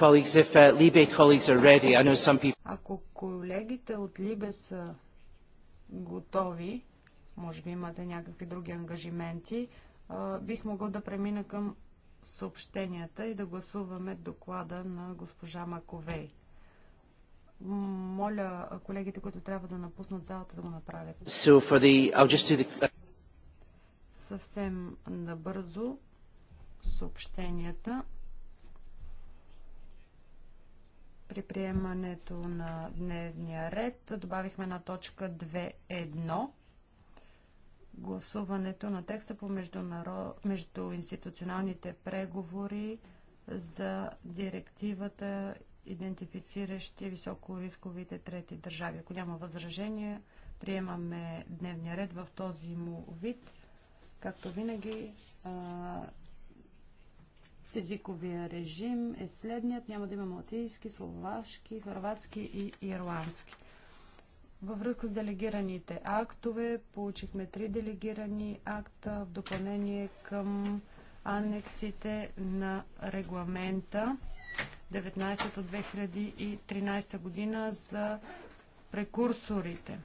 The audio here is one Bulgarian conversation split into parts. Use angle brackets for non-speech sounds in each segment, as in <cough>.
Uh, Ако колегите от Либе са готови, може би имате някакви други ангажименти, бих могъл да премина към съобщенията и да гласуваме доклада на госпожа Маковей. Моля колегите, които трябва да напуснат залата, да го направят. So for the... I'll just do the... Съвсем набързо съобщенията. при приемането на дневния ред добавихме на точка 2.1 гласуването на текста по междуинституционалните преговори за директивата, идентифициращи високорисковите трети държави. Ако няма възражение, приемаме дневния ред в този му вид. Както винаги, езиковия режим е следният. Няма да има малтийски, словашки, хорватски и ирландски. Във връзка с делегираните актове получихме три делегирани акта в допълнение към анексите на регламента 19 от 2013 година за прекурсорите.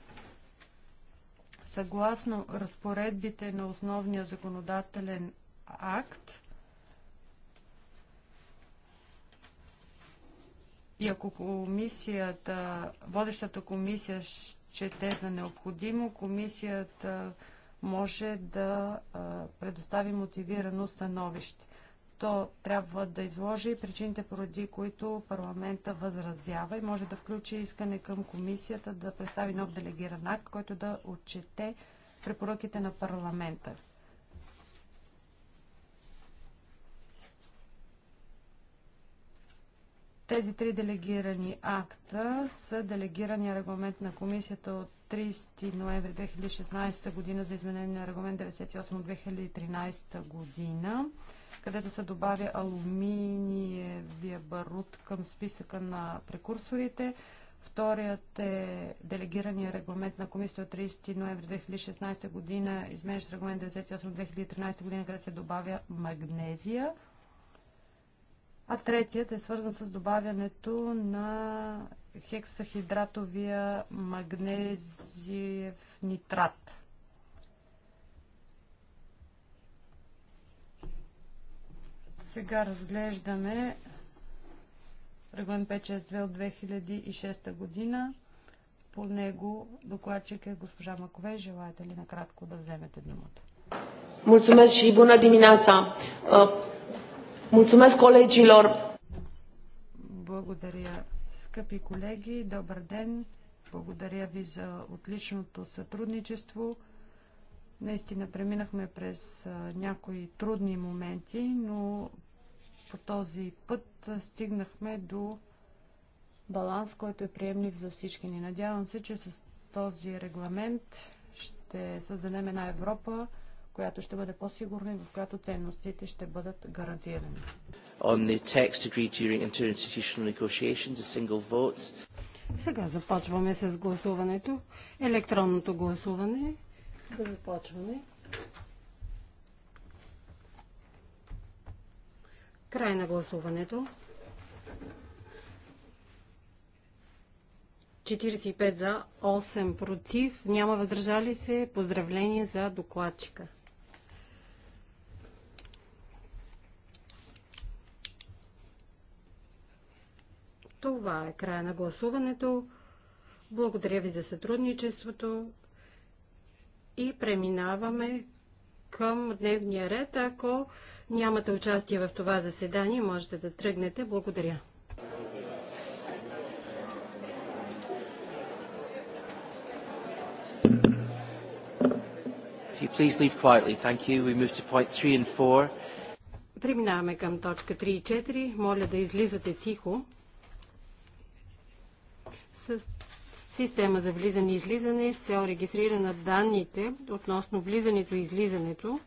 Съгласно разпоредбите на основния законодателен акт, И ако комисията, водещата комисия чете за необходимо, комисията може да предостави мотивирано становище. То трябва да изложи причините, поради които парламента възразява и може да включи искане към комисията да представи нов делегиран акт, който да отчете препоръките на парламента. Тези три делегирани акта са делегирания регламент на комисията от 30 ноември 2016 година за изменение на регламент 98 от 2013 година, където се добавя алуминиевия барут към списъка на прекурсорите. Вторият е делегирания регламент на комисията от 30 ноември 2016 година, изменящ регламент 98 от 2013 година, където се добавя магнезия – а третият е свързан с добавянето на хексахидратовия магнезиев нитрат. Сега разглеждаме регламент 562 от 2006 година. По него докладчик е госпожа Макове. Желаете ли накратко да вземете думата? Mulțumesc și bună dimineața! Mulțumesc colegilor! Благодаря, скъпи колеги! Добър ден! Благодаря ви за отличното сътрудничество. Наистина преминахме през някои трудни моменти, но по този път стигнахме до баланс, който е приемлив за всички ни. Надявам се, че с този регламент ще създадем една Европа, която ще бъде по-сигурна и в която ценностите ще бъдат гарантирани. Сега започваме с гласуването. Електронното гласуване. Да започваме. Край на гласуването. 45 за, 8 против, няма въздържали се. Поздравление за докладчика. Това е края на гласуването. Благодаря ви за сътрудничеството и преминаваме към дневния ред. Ако нямате участие в това заседание, можете да тръгнете. Благодаря. Преминаваме към точка 3 и 4. Моля да излизате тихо с система за влизане и излизане с цел регистриране на данните относно влизането и излизането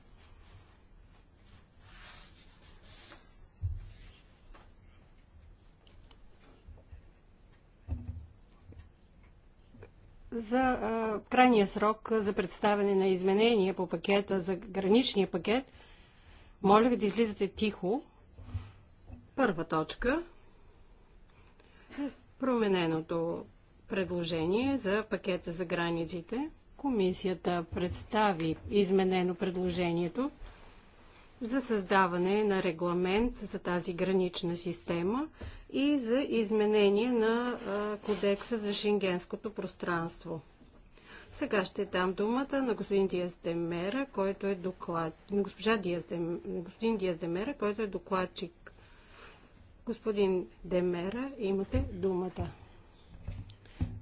за а, крайния срок за представяне на изменения по пакета, за граничния пакет. Моля ви да излизате тихо. Първа точка – промененото предложение за пакета за границите. Комисията представи изменено предложението за създаване на регламент за тази гранична система и за изменение на кодекса за шенгенското пространство. Сега ще дам думата на господин Диас Демера, който е доклад... госпожа Диас Демера, който е докладчик Господин Демера, имате думата.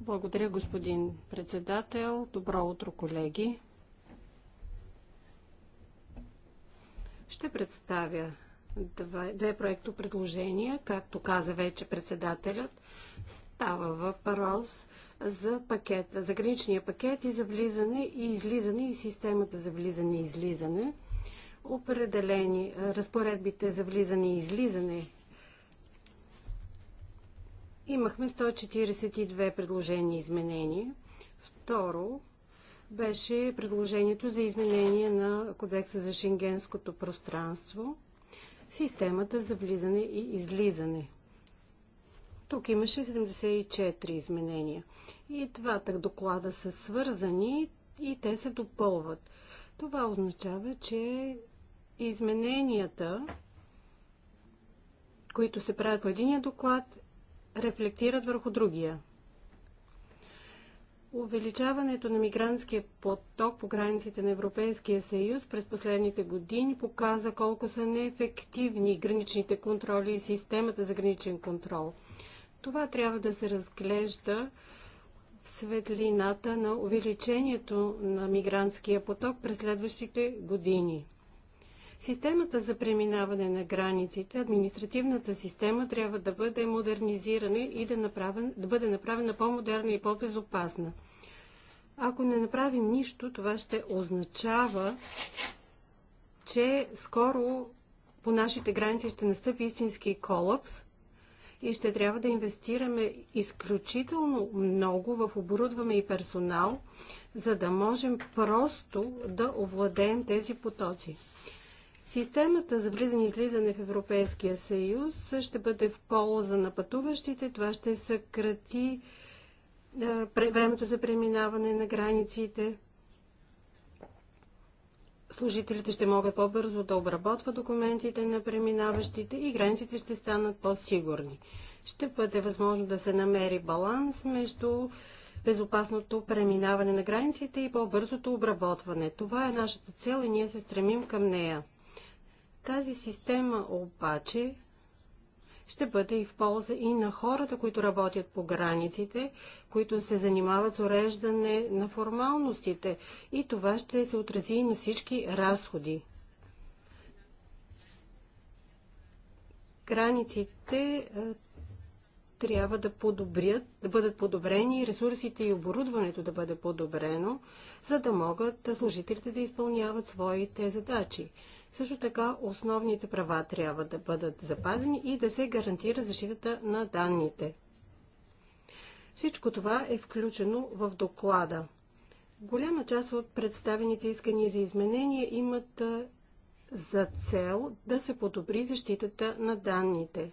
Благодаря, господин председател. Добро утро, колеги. Ще представя две, проекто предложения. Както каза вече председателят, става въпрос за пакет, за граничния пакет и за влизане и излизане и системата за влизане и излизане. Определени разпоредбите за влизане и излизане Имахме 142 предложения изменения. Второ беше предложението за изменение на Кодекса за шенгенското пространство, системата за влизане и излизане. Тук имаше 74 изменения. И двата доклада са свързани и те се допълват. Това означава, че измененията, които се правят по единия доклад, рефлектират върху другия. Увеличаването на мигрантския поток по границите на Европейския съюз през последните години показа колко са неефективни граничните контроли и системата за граничен контрол. Това трябва да се разглежда в светлината на увеличението на мигрантския поток през следващите години. Системата за преминаване на границите, административната система трябва да бъде модернизирана и да, направен, да бъде направена по-модерна и по-безопасна. Ако не направим нищо, това ще означава, че скоро по нашите граници ще настъпи истински колапс и ще трябва да инвестираме изключително много в оборудване и персонал, за да можем просто да овладеем тези потоци. Системата за влизане и излизане в Европейския съюз ще бъде в полза на пътуващите. Това ще съкрати времето за преминаване на границите. Служителите ще могат по-бързо да обработват документите на преминаващите и границите ще станат по-сигурни. Ще бъде възможно да се намери баланс между безопасното преминаване на границите и по-бързото обработване. Това е нашата цел и ние се стремим към нея. Тази система обаче ще бъде и в полза и на хората, които работят по границите, които се занимават с уреждане на формалностите. И това ще се отрази и на всички разходи. Границите трябва да подобрят, да бъдат подобрени ресурсите и оборудването да бъде подобрено, за да могат служителите да изпълняват своите задачи. Също така основните права трябва да бъдат запазени и да се гарантира защитата на данните. Всичко това е включено в доклада. Голяма част от представените искания за изменения имат за цел да се подобри защитата на данните.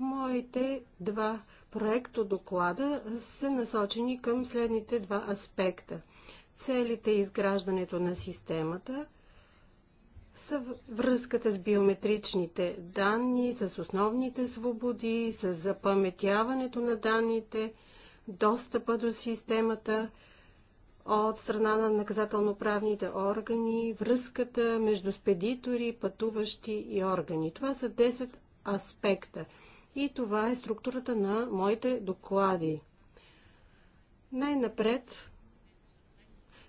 Моите два проекто доклада са насочени към следните два аспекта. Целите и изграждането на системата са връзката с биометричните данни, с основните свободи, с запаметяването на данните, достъпа до системата от страна на наказателно-правните органи, връзката между спедитори, пътуващи и органи. Това са 10 аспекта – и това е структурата на моите доклади. Най-напред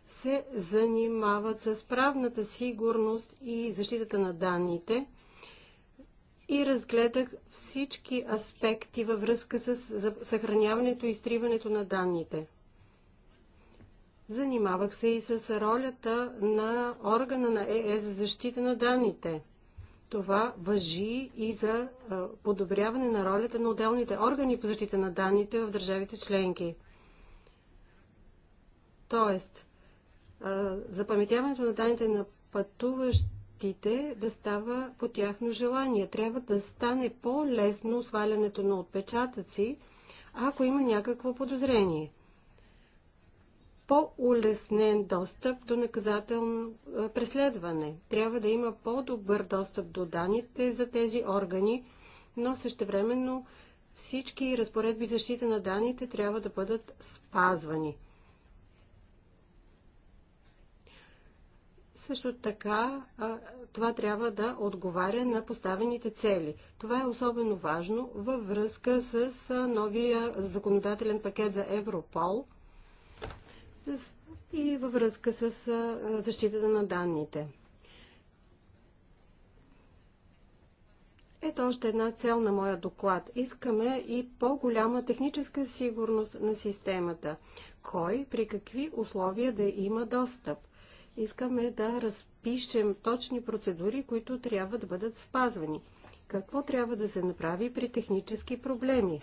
се занимават с правната сигурност и защитата на данните и разгледах всички аспекти във връзка с съхраняването и изтриването на данните. Занимавах се и с ролята на органа на ЕС е за защита на данните – това въжи и за подобряване на ролята на отделните органи по защита на данните в държавите членки. Тоест, запаметяването на данните на пътуващите да става по тяхно желание. Трябва да стане по-лесно свалянето на отпечатъци, ако има някакво подозрение по-улеснен достъп до наказателно преследване. Трябва да има по-добър достъп до данните за тези органи, но същевременно всички разпоредби защита на данните трябва да бъдат спазвани. Също така, това трябва да отговаря на поставените цели. Това е особено важно във връзка с новия законодателен пакет за Европол – и във връзка с защитата на данните. Ето още една цел на моя доклад. Искаме и по-голяма техническа сигурност на системата. Кой, при какви условия да има достъп? Искаме да разпишем точни процедури, които трябва да бъдат спазвани. Какво трябва да се направи при технически проблеми?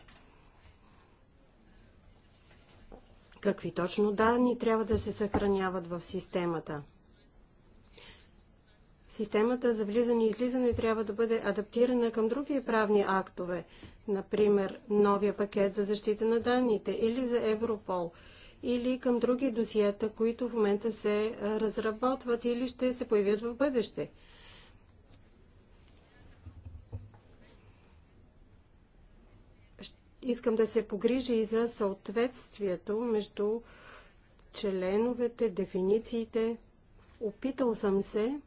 какви точно данни трябва да се съхраняват в системата. Системата за влизане и излизане трябва да бъде адаптирана към други правни актове, например новия пакет за защита на данните или за Европол, или към други досиета, които в момента се разработват или ще се появят в бъдеще. искам да се погрижа и за съответствието между членовете, дефинициите. Опитал съм се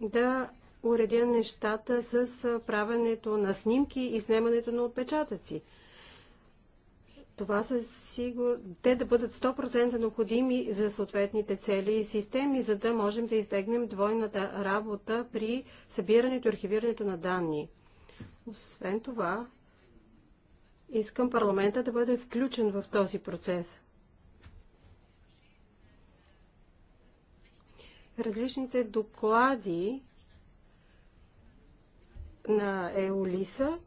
да уредя нещата с правенето на снимки и снимането на отпечатъци. Това са сигур... те да бъдат 100% необходими за съответните цели и системи, за да можем да избегнем двойната работа при събирането и архивирането на данни. Освен това, искам парламента да бъде включен в този процес. Различните доклади на ЕОЛИСа,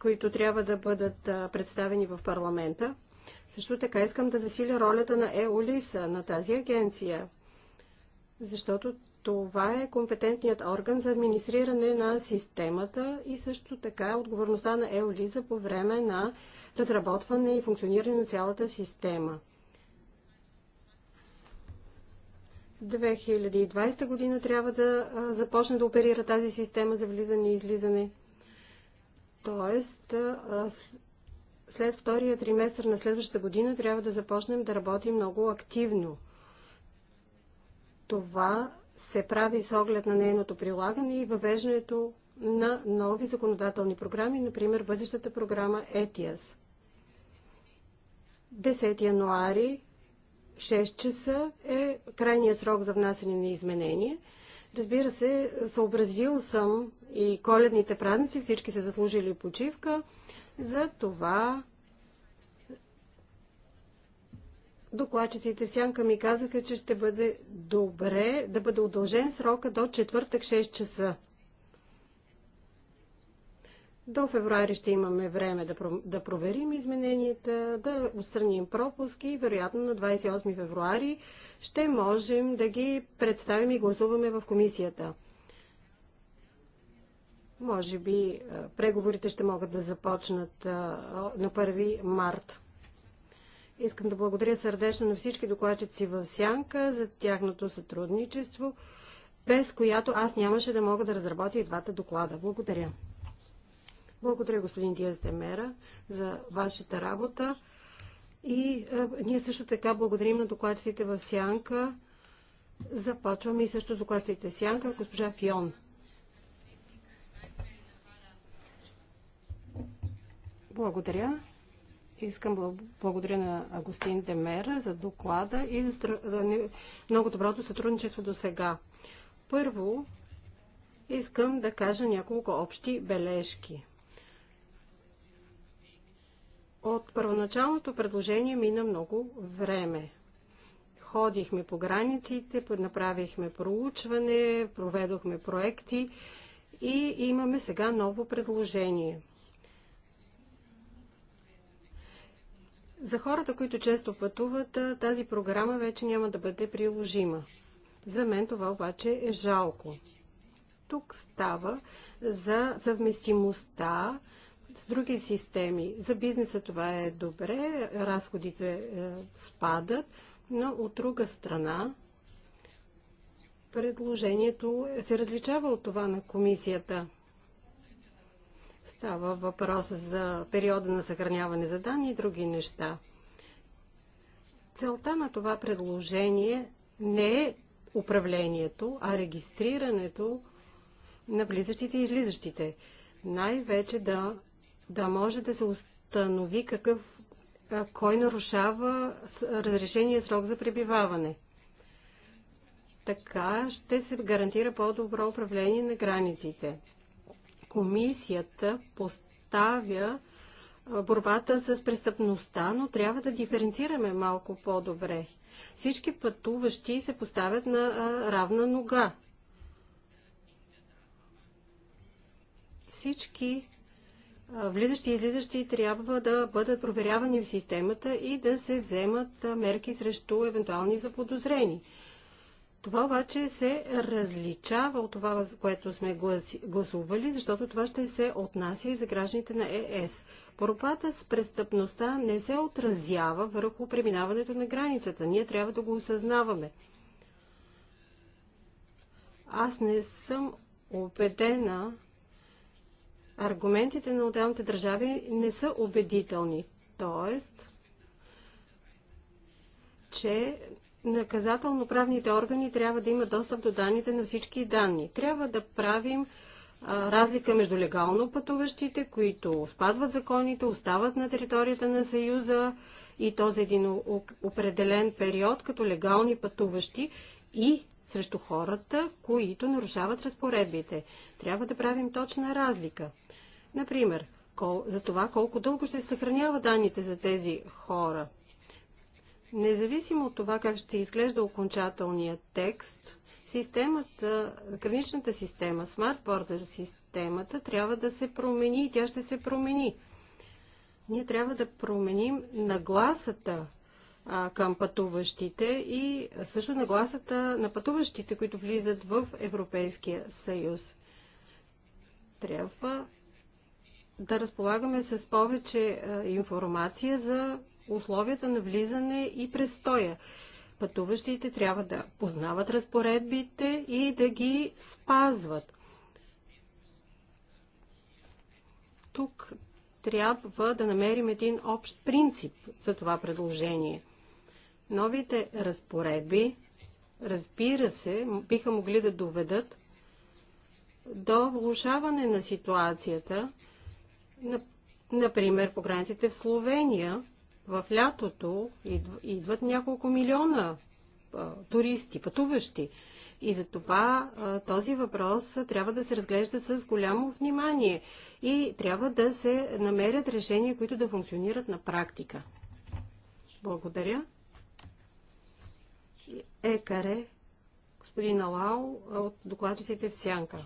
които трябва да бъдат представени в парламента. Също така искам да засиля ролята на ЕОЛИСа, на тази агенция, защото това е компетентният орган за администриране на системата и също така отговорността на Еолиза по време на разработване и функциониране на цялата система. 2020 година трябва да започне да оперира тази система за влизане и излизане. Тоест, след втория триместър на следващата година трябва да започнем да работим много активно. Това се прави с оглед на нейното прилагане и въвеждането на нови законодателни програми, например бъдещата програма ETIAS. 10 януари, 6 часа е крайният срок за внасяне на изменения. Разбира се, съобразил съм и коледните празници, всички са заслужили почивка. За това докладчиците в Сянка ми казаха, че ще бъде добре да бъде удължен срока до четвъртък 6 часа. До февруари ще имаме време да, да проверим измененията, да отстраним пропуски и вероятно на 28 февруари ще можем да ги представим и гласуваме в комисията. Може би преговорите ще могат да започнат на 1 март. Искам да благодаря сърдечно на всички докладчици в Сянка за тяхното сътрудничество, без която аз нямаше да мога да разработя и двата доклада. Благодаря. Благодаря, господин Диас Демера, за вашата работа. И а, е, ние също така благодарим на докладчиците в Сянка. Започваме и също докладчиците в Сянка, госпожа Фион. Благодаря. Искам благодаря на Агустин Демер за доклада и за много доброто сътрудничество до сега. Първо, искам да кажа няколко общи бележки. От първоначалното предложение мина много време. Ходихме по границите, направихме проучване, проведохме проекти и имаме сега ново предложение – За хората, които често пътуват, тази програма вече няма да бъде приложима. За мен това обаче е жалко. Тук става за съвместимостта с други системи. За бизнеса това е добре, разходите е, спадат, но от друга страна предложението се различава от това на комисията. Става въпрос за периода на съхраняване за данни и други неща. Целта на това предложение не е управлението, а регистрирането на влизащите и излизащите. Най-вече да, да може да се установи какъв, кой нарушава разрешение срок за пребиваване. Така ще се гарантира по-добро управление на границите комисията поставя борбата с престъпността, но трябва да диференцираме малко по-добре. Всички пътуващи се поставят на равна нога. Всички влизащи и излизащи трябва да бъдат проверявани в системата и да се вземат мерки срещу евентуални заподозрени. Това обаче се различава от това, което сме гласували, защото това ще се отнася и за гражданите на ЕС. Борбата с престъпността не се отразява върху преминаването на границата. Ние трябва да го осъзнаваме. Аз не съм убедена. Аргументите на отделните държави не са убедителни. Тоест, че наказателно-правните органи трябва да имат достъп до данните на всички данни. Трябва да правим а, разлика между легално пътуващите, които спазват законите, остават на територията на Съюза и този един определен период като легални пътуващи и срещу хората, които нарушават разпоредбите. Трябва да правим точна разлика. Например, за това колко дълго ще съхранява данните за тези хора – Независимо от това как ще изглежда окончателният текст, системата, граничната система, Smart Border системата трябва да се промени и тя ще се промени. Ние трябва да променим нагласата а, към пътуващите и също нагласата на пътуващите, които влизат в Европейския съюз. Трябва да разполагаме с повече а, информация за условията на влизане и престоя. Пътуващите трябва да познават разпоредбите и да ги спазват. Тук трябва да намерим един общ принцип за това предложение. Новите разпоредби, разбира се, биха могли да доведат до влушаване на ситуацията, например по границите в Словения, в лятото идват няколко милиона туристи, пътуващи. И за това този въпрос трябва да се разглежда с голямо внимание и трябва да се намерят решения, които да функционират на практика. Благодаря. Екаре, господин Алао от докладчиците в Сянка.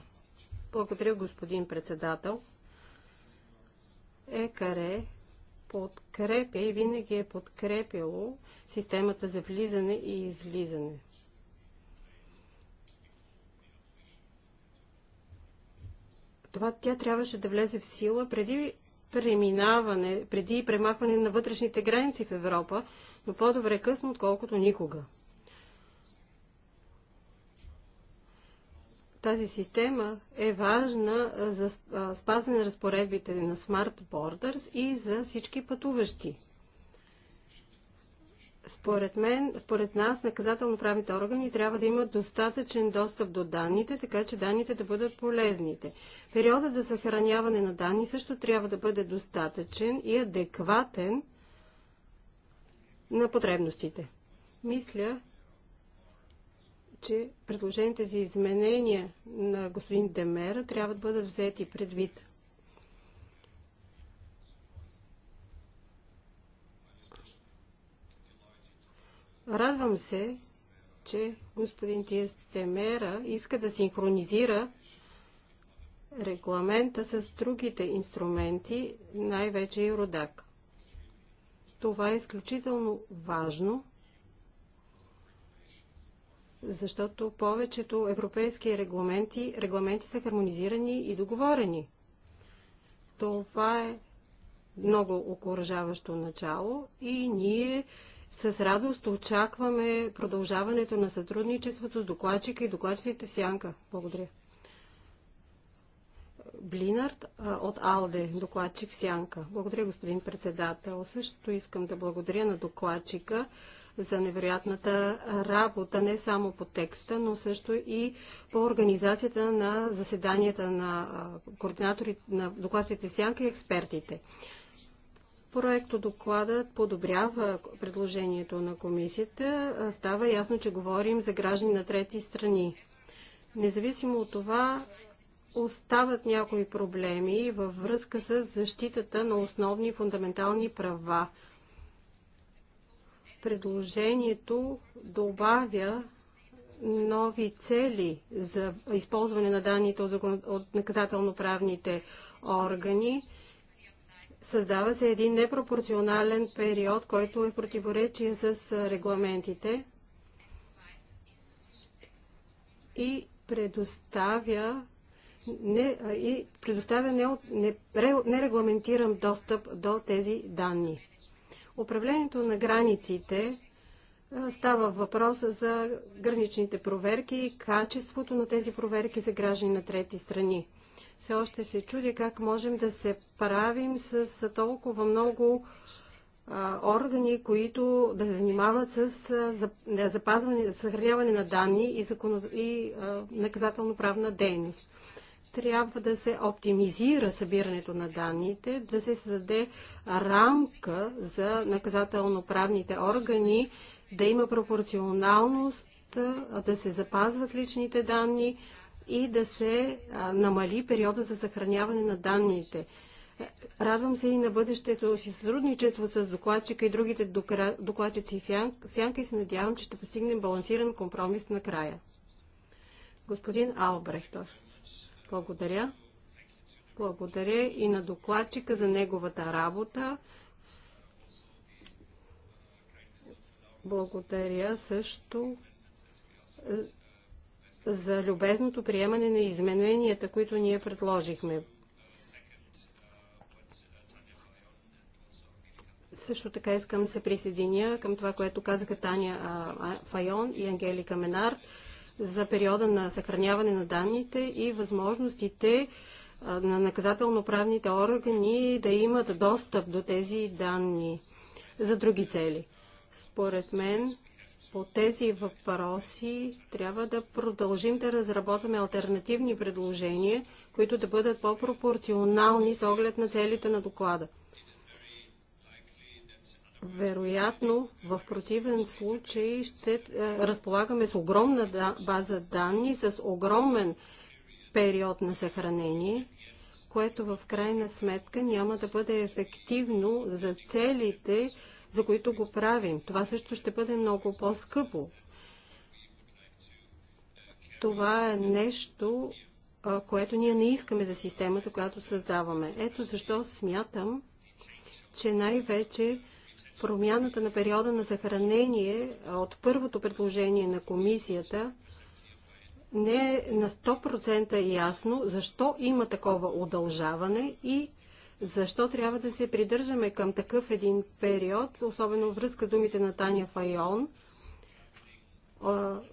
Благодаря, господин председател. Екаре подкрепя и винаги е подкрепило системата за влизане и излизане. Това тя трябваше да влезе в сила преди преминаване, преди премахване на вътрешните граници в Европа, но по-добре късно, отколкото никога. тази система е важна за спазване на разпоредбите на Smart Borders и за всички пътуващи. Според мен, според нас, наказателно-правните органи трябва да имат достатъчен достъп до данните, така че данните да бъдат полезните. Периодът за съхраняване на данни също трябва да бъде достатъчен и адекватен на потребностите. Мисля, че предложените за изменения на господин Демера трябва да бъдат взети предвид. Радвам се, че господин Тиес Темера иска да синхронизира регламента с другите инструменти, най-вече и Родак. Това е изключително важно – защото повечето европейски регламенти, регламенти са хармонизирани и договорени. Това е много окоръжаващо начало и ние с радост очакваме продължаването на сътрудничеството с докладчика и докладчиците в Сянка. Благодаря. Блинард от АЛДЕ, докладчик в Сянка. Благодаря, господин председател. Също искам да благодаря на докладчика за невероятната работа, не само по текста, но също и по организацията на заседанията на координаторите, на докладчите в сянка и експертите. Проекто докладът подобрява предложението на комисията. Става ясно, че говорим за граждани на трети страни. Независимо от това, остават някои проблеми във връзка с защитата на основни фундаментални права, Предложението добавя нови цели за използване на данните от наказателно-правните органи. Създава се един непропорционален период, който е в противоречие с регламентите и предоставя не, и предоставя нерегламентиран не, не достъп до тези данни. Управлението на границите става въпрос за граничните проверки и качеството на тези проверки за граждани на трети страни. Все още се чуди как можем да се правим с толкова много органи, които да се занимават с запазване, съхраняване на данни и, законов... и наказателно-правна дейност трябва да се оптимизира събирането на данните, да се създаде рамка за наказателно-правните органи, да има пропорционалност, да се запазват личните данни и да се намали периода за съхраняване на данните. Радвам се и на бъдещето си сътрудничество с докладчика и другите докладчици в Сянка и се надявам, че ще постигнем балансиран компромис накрая. Господин Албрехтов. Благодаря. Благодаря и на докладчика за неговата работа. Благодаря също е, за любезното приемане на измененията, които ние предложихме. Също така искам да се присъединя към това, което казаха Таня Файон и Ангелика Менар за периода на съхраняване на данните и възможностите на наказателно-правните органи да имат достъп до тези данни за други цели. Според мен, по тези въпроси трябва да продължим да разработваме альтернативни предложения, които да бъдат по-пропорционални с оглед на целите на доклада. Вероятно, в противен случай ще е, разполагаме с огромна база данни, с огромен период на съхранение, което в крайна сметка няма да бъде ефективно за целите, за които го правим. Това също ще бъде много по-скъпо. Това е нещо, което ние не искаме за системата, която създаваме. Ето защо смятам, че най-вече промяната на периода на съхранение от първото предложение на комисията не е на 100% ясно защо има такова удължаване и защо трябва да се придържаме към такъв един период, особено връзка с думите на Таня Файон.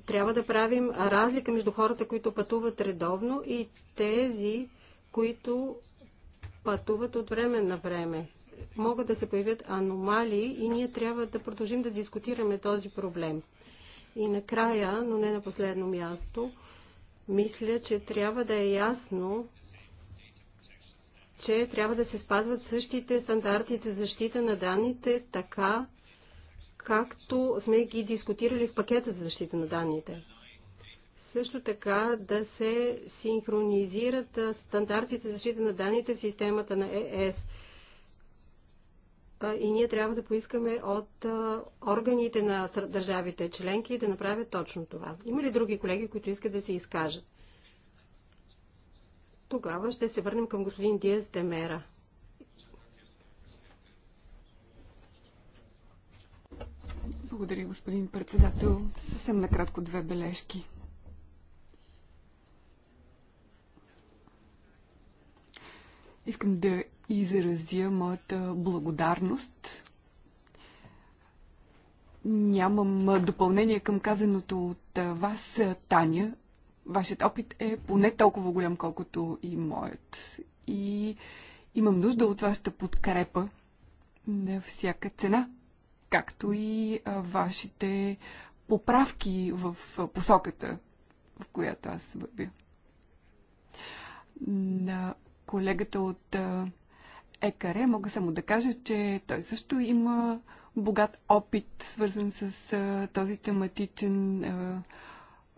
Трябва да правим разлика между хората, които пътуват редовно и тези, които пътуват от време на време. Могат да се появят аномалии и ние трябва да продължим да дискутираме този проблем. И накрая, но не на последно място, мисля, че трябва да е ясно, че трябва да се спазват същите стандарти за защита на данните, така както сме ги дискутирали в пакета за защита на данните. Също така да се синхронизират стандартите за защита на данните в системата на ЕС. И ние трябва да поискаме от органите на държавите членки да направят точно това. Има ли други колеги, които искат да се изкажат? Тогава ще се върнем към господин Диас Демера. Благодаря, господин председател. Съвсем накратко две бележки. Искам да изразя моята благодарност. Нямам допълнение към казаното от вас, Таня. Вашият опит е поне толкова голям, колкото и моят. И имам нужда от вашата подкрепа на всяка цена, както и вашите поправки в посоката, в която аз вървя. На колегата от ЕКАРЕ, мога само да кажа, че той също има богат опит, свързан с а, този тематичен а,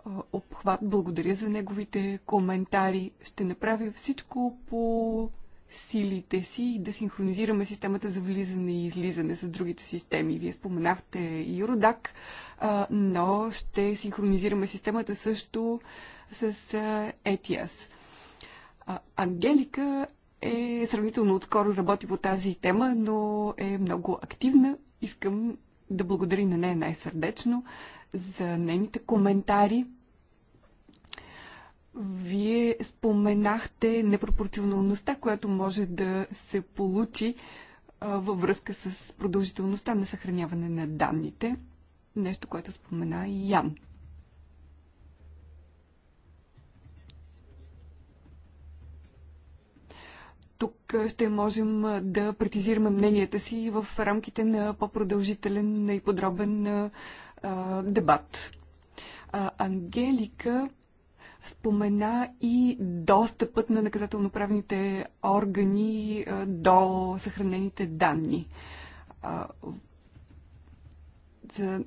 а, обхват. Благодаря за неговите коментари. Ще направя всичко по силите си и да синхронизираме системата за влизане и излизане с другите системи. Вие споменахте Юродак, но ще синхронизираме системата също с а, ETIAS. Ангелика е сравнително отскоро работи по тази тема, но е много активна. Искам да благодаря на нея най-сърдечно за нейните коментари. Вие споменахте непропорционалността, която може да се получи във връзка с продължителността на съхраняване на данните. Нещо, което спомена и Ян. тук ще можем да претизираме мненията си в рамките на по-продължителен и подробен дебат. Ангелика спомена и достъпът на наказателноправните органи до съхранените данни. За,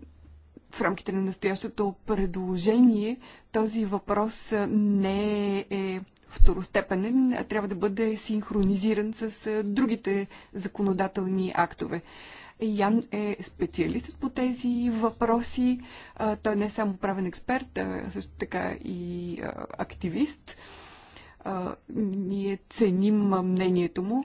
в рамките на настоящото предложение този въпрос не е второстепенен, а трябва да бъде синхронизиран с другите законодателни актове. Ян е специалист по тези въпроси. Той не е само правен експерт, а също така и активист. Ние ценим мнението му.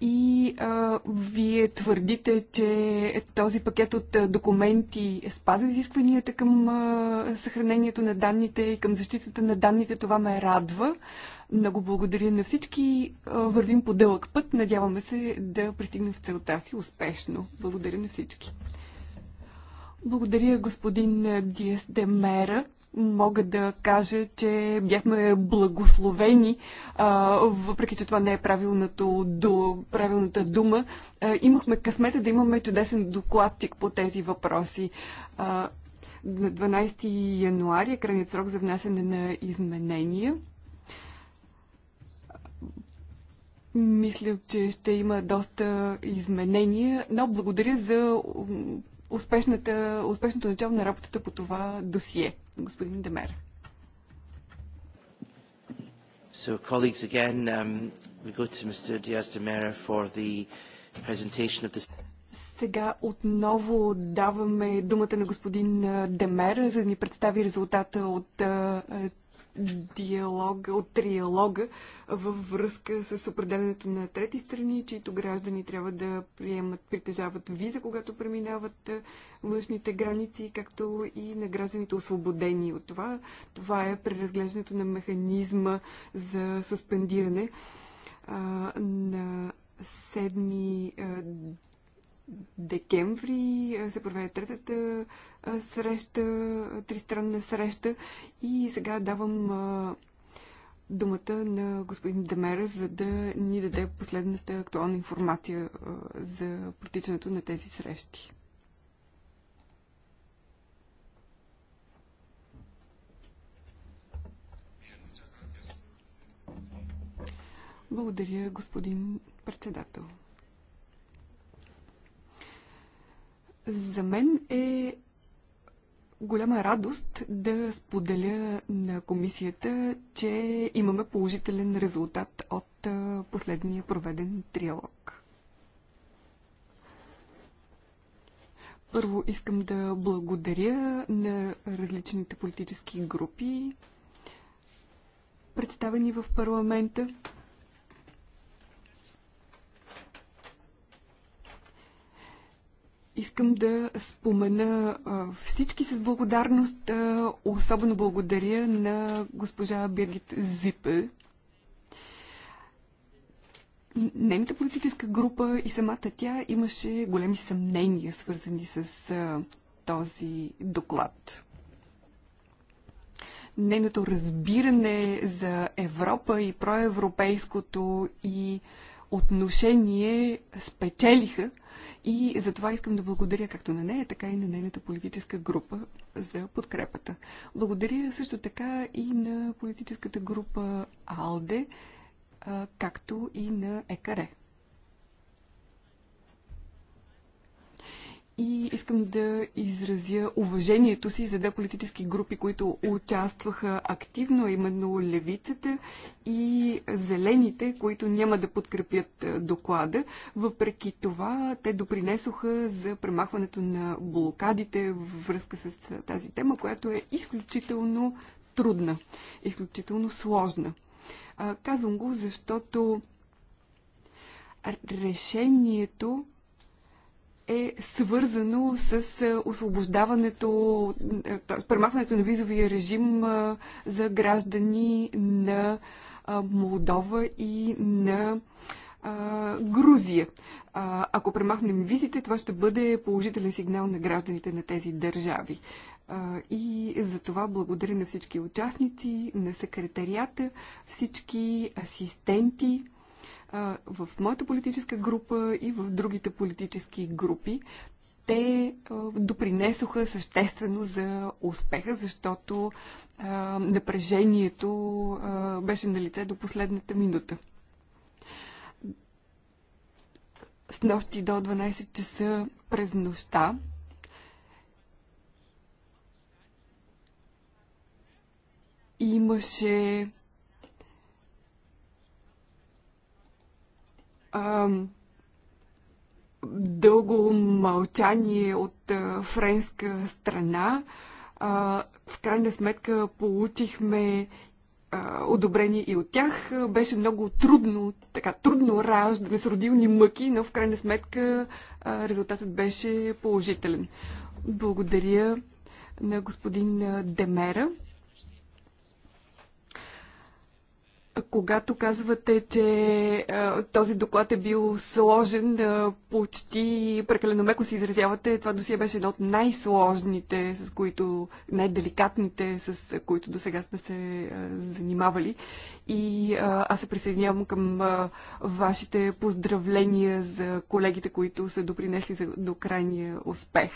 И а, вие твърдите, че този пакет от документи е спазва изискванията към а, съхранението на данните и към защитата на данните. Това ме радва. Много благодаря на всички. А, вървим по дълъг път. Надяваме се да пристигнем в целта си успешно. Благодаря на всички. Благодаря господин Диес Демера мога да кажа, че бяхме благословени, а, въпреки че това не е правилното, правилната дума. А, имахме късмета да имаме чудесен докладчик по тези въпроси. А, на 12 януари е крайният срок за внасяне на изменения. Мисля, че ще има доста изменения, но благодаря за успешната, успешното начало на работата по това досие. Господин Демер. So, colleagues, again, um, we go to Mr. Diaz de Mera for the presentation of this. Сега отново даваме думата на господин Демер, за да ни представи резултата от диалога, от триалога във връзка с определенето на трети страни, чието граждани трябва да приемат, притежават виза, когато преминават външните граници, както и на гражданите освободени от това. Това е преразглеждането на механизма за суспендиране а, на 7 декември се проведе третата среща, тристранна среща и сега давам думата на господин Демера, за да ни даде последната актуална информация за протичането на тези срещи. Благодаря, господин председател. За мен е голяма радост да споделя на комисията, че имаме положителен резултат от последния проведен триалог. Първо искам да благодаря на различните политически групи, представени в парламента, Искам да спомена всички с благодарност. Особено благодаря на госпожа Биргит Зипе. Нейната политическа група и самата тя имаше големи съмнения, свързани с този доклад. Нейното разбиране за Европа и проевропейското и отношение спечелиха и за това искам да благодаря както на нея, така и на нейната политическа група за подкрепата. Благодаря също така и на политическата група АЛДЕ, както и на ЕКАРЕ. и искам да изразя уважението си за две политически групи, които участваха активно, именно левицата и зелените, които няма да подкрепят доклада. Въпреки това, те допринесоха за премахването на блокадите във връзка с тази тема, която е изключително трудна, изключително сложна. Казвам го, защото решението е свързано с е, освобождаването, е, премахването на визовия режим е, за граждани на Молдова и на Грузия. Ако премахнем визите, това ще бъде положителен сигнал на гражданите на тези държави. И за това благодаря на всички участници, на секретарията, всички асистенти в моята политическа група и в другите политически групи те допринесоха съществено за успеха, защото напрежението беше на лице до последната минута. С нощи до 12 часа през нощта имаше а, дълго мълчание от а, френска страна. А, в крайна сметка получихме а, одобрение и от тях. Беше много трудно, така трудно раждане с родилни мъки, но в крайна сметка а, резултатът беше положителен. Благодаря на господин Демера. Когато казвате, че а, този доклад е бил сложен, а, почти прекалено меко се изразявате. Това досие беше едно от най-сложните, с които, най-деликатните, с които до сега сте се а, занимавали. И а, аз се присъединявам към а, вашите поздравления за колегите, които са допринесли за, до крайния успех.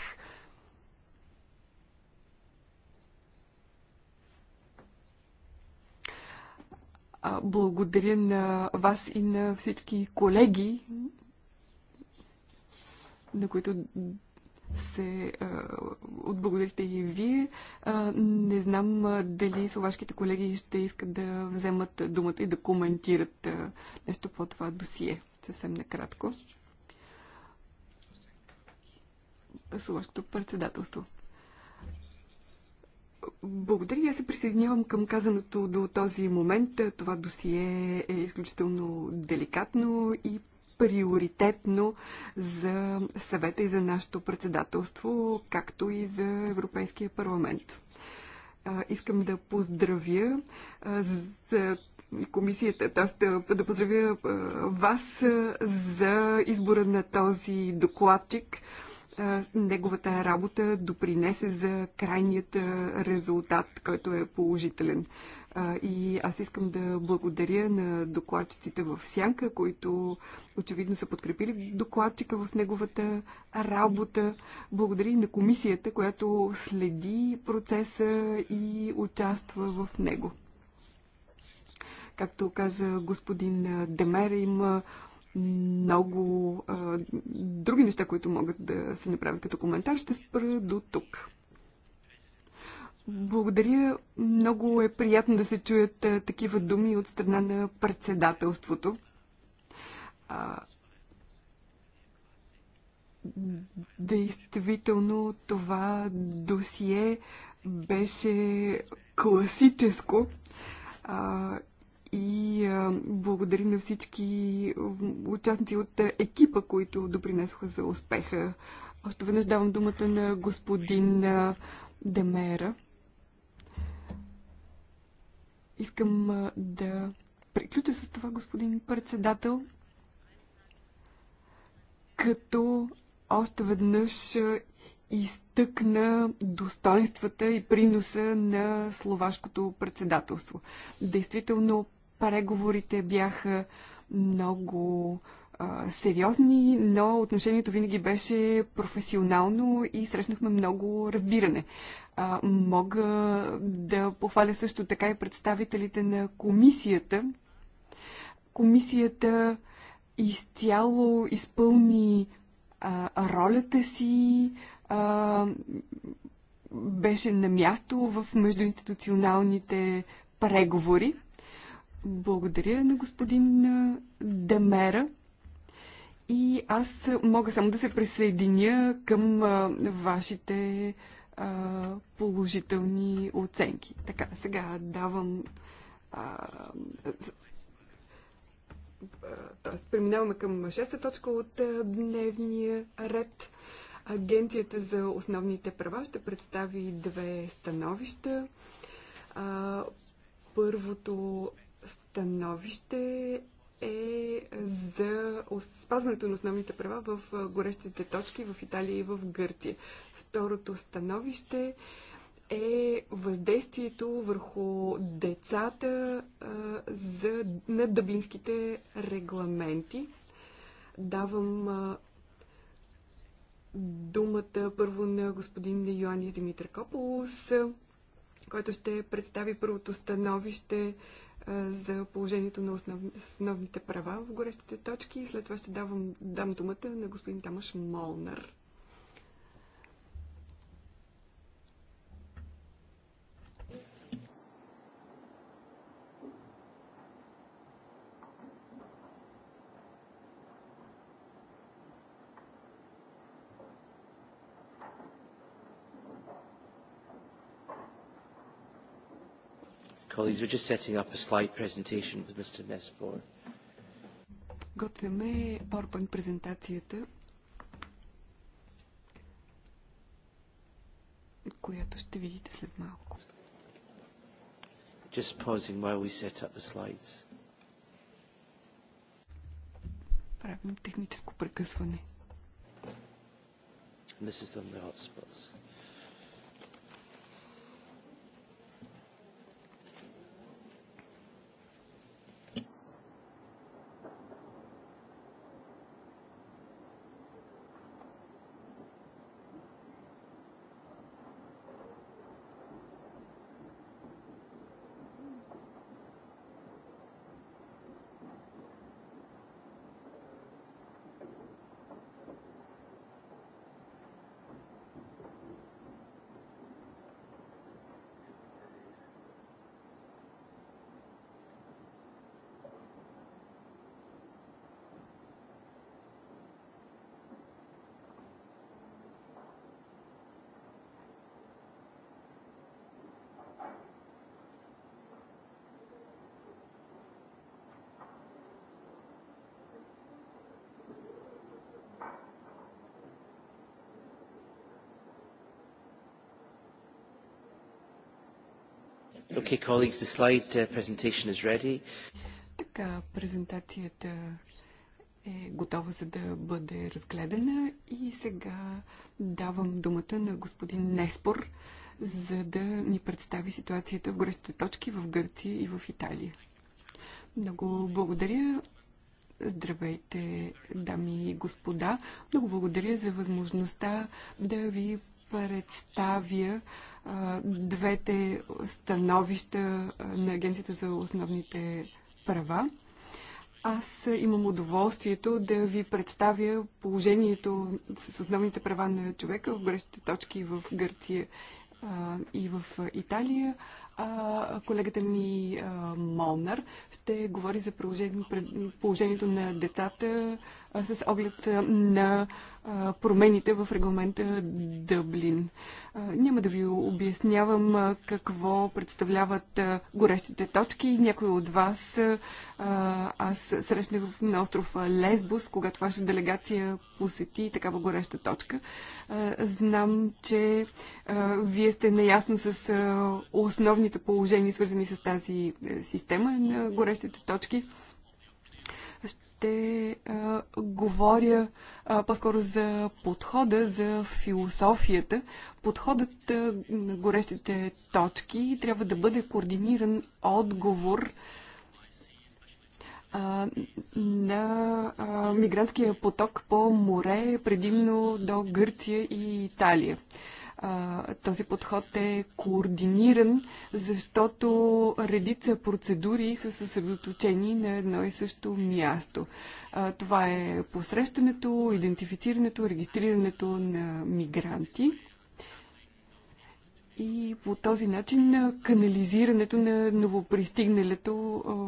Благодаря на вас и на всички колеги, на които се отблагодарите и вие. не знам дали словашките колеги ще искат да вземат думата и да коментират нещо по това досие. Съвсем накратко. Словашкото председателство. Благодаря. Аз се присъединявам към казаното до този момент. Това досие е изключително деликатно и приоритетно за съвета и за нашето председателство, както и за Европейския парламент. Искам да поздравя за комисията, т.е. да поздравя вас за избора на този докладчик неговата работа допринесе за крайният резултат, който е положителен. И аз искам да благодаря на докладчиците в Сянка, които очевидно са подкрепили докладчика в неговата работа. Благодаря и на комисията, която следи процеса и участва в него. Както каза господин Демер, има много а, други неща, които могат да се направят като коментар. Ще спра до тук. Благодаря. Много е приятно да се чуят а, такива думи от страна на председателството. А, действително това досие беше класическо а, и благодарим на всички участници от екипа, които допринесоха за успеха. Още веднъж давам думата на господин Демера. Искам да приключа с това, господин председател, като още веднъж изтъкна достоинствата и приноса на словашкото председателство. Действително Преговорите бяха много а, сериозни, но отношението винаги беше професионално и срещнахме много разбиране. А, мога да похваля също така и представителите на комисията. Комисията изцяло изпълни а, ролята си, а, беше на място в междуинституционалните преговори. Благодаря на господин Демера. И аз мога само да се присъединя към вашите положителни оценки. Така, сега давам. Тоест, преминаваме към шеста точка от дневния ред. Агенцията за основните права ще представи две становища. първото становище е за спазването на основните права в горещите точки в Италия и в Гърция. Второто становище е въздействието върху децата а, за, на дъблинските регламенти. Давам а, думата първо на господин Йоанис Димитър Кополус, който ще представи първото становище за положението на основ... основните права в горещите точки. След това ще давам, дам думата на господин Тамаш Молнар. colleagues, we're just setting up a slide presentation with Mr. Nespor. Готвяме PowerPoint презентацията, която ще видите след малко. Just pausing while we set up the slides. Правим техническо прекъсване. And this is the hotspots. Okay, colleagues, the slide uh, presentation is ready. Така, презентацията е готова за да бъде разгледана и сега давам думата на господин Неспор, за да ни представи ситуацията в горещите точки в Гърция и в Италия. Много благодаря. Здравейте, дами и господа. Много благодаря за възможността да ви представя двете становища на Агенцията за основните права. Аз имам удоволствието да ви представя положението с основните права на човека в горещите точки в Гърция и в Италия. А, колегата ми Молнар ще говори за положението на децата с оглед на промените в регламента Дъблин. Няма да ви обяснявам какво представляват горещите точки. Някои от вас аз срещнах на остров Лесбус, когато ваша делегация посети такава гореща точка. Знам, че вие сте наясно с основните положения, свързани с тази система на горещите точки ще а, говоря по-скоро за подхода, за философията. Подходът а, на горещите точки трябва да бъде координиран отговор а, на а, мигрантския поток по море, предимно до Гърция и Италия този подход е координиран, защото редица процедури са съсредоточени на едно и също място. това е посрещането, идентифицирането, регистрирането на мигранти – и по този начин канализирането на новопристигналето,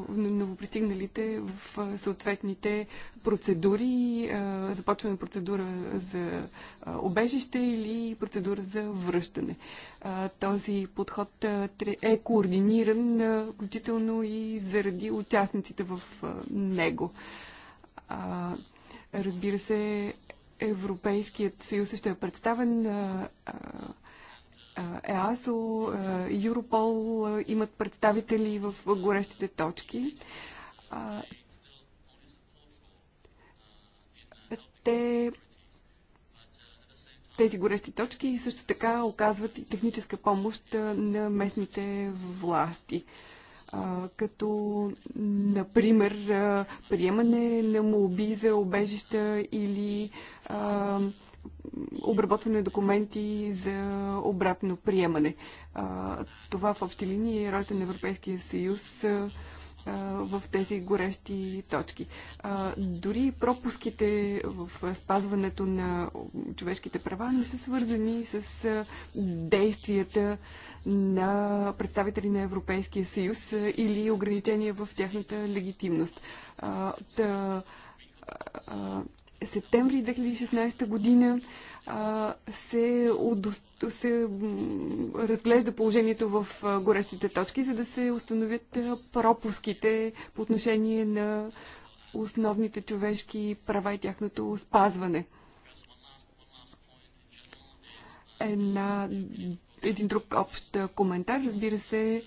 на новопристигналите в съответните процедури, започваме процедура за обежище или процедура за връщане. Този подход е координиран, включително и заради участниците в него. Разбира се, Европейският съюз също е представен ЕАСО, е, Юропол е, имат представители в горещите точки. Те тези горещи точки също така оказват и техническа помощ е, на местните власти. Като, например, приемане на молби за обежища или обработване на документи за обратно приемане. това в общи линии е ролята на Европейския съюз в тези горещи точки. дори пропуските в спазването на човешките права не са свързани с действията на представители на Европейския съюз или ограничения в тяхната легитимност септември 2016 година се, удост... се разглежда положението в горещите точки, за да се установят пропуските по отношение на основните човешки права и тяхното спазване. Една, един друг общ коментар, разбира се,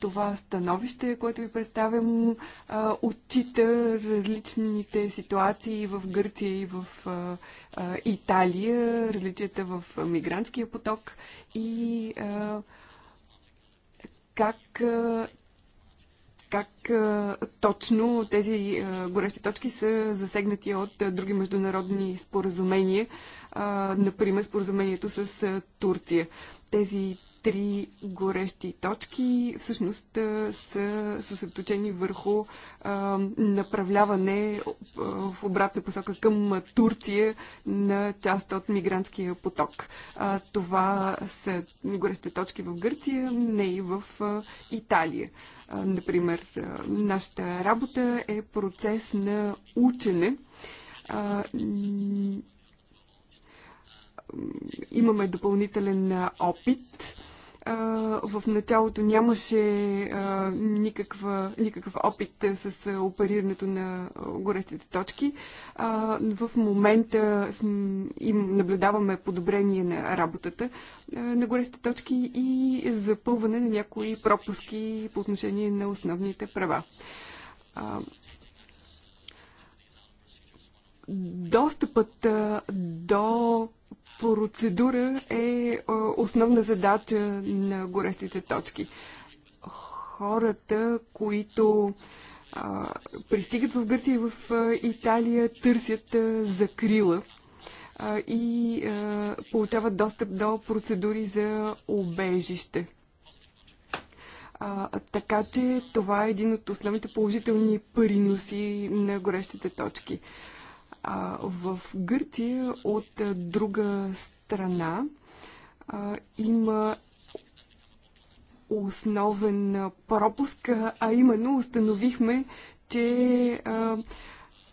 това становище, което ви представям, отчита различните ситуации в Гърция и в Италия, различията в мигрантския поток и как как точно тези горещи точки са засегнати от други международни споразумения, например споразумението с Турция. Тези три горещи точки всъщност са съсредоточени върху а, направляване в обратна посока към Турция на част от мигрантския поток. А, това са горещите точки в Гърция, не и в а, Италия. А, например, а, нашата работа е процес на учене. А, имаме допълнителен опит в началото нямаше никаква, никакъв опит с оперирането на горещите точки. в момента им наблюдаваме подобрение на работата на горещите точки и запълване на някои пропуски по отношение на основните права достъпът до процедура е основна задача на горещите точки. Хората, които а, пристигат в Гърция и в Италия, търсят а, закрила а, и а, получават достъп до процедури за обежище. А, така че това е един от основните положителни приноси на горещите точки. А, а, в Гърция от а, друга страна а, има основен пропуск, а именно установихме, че а,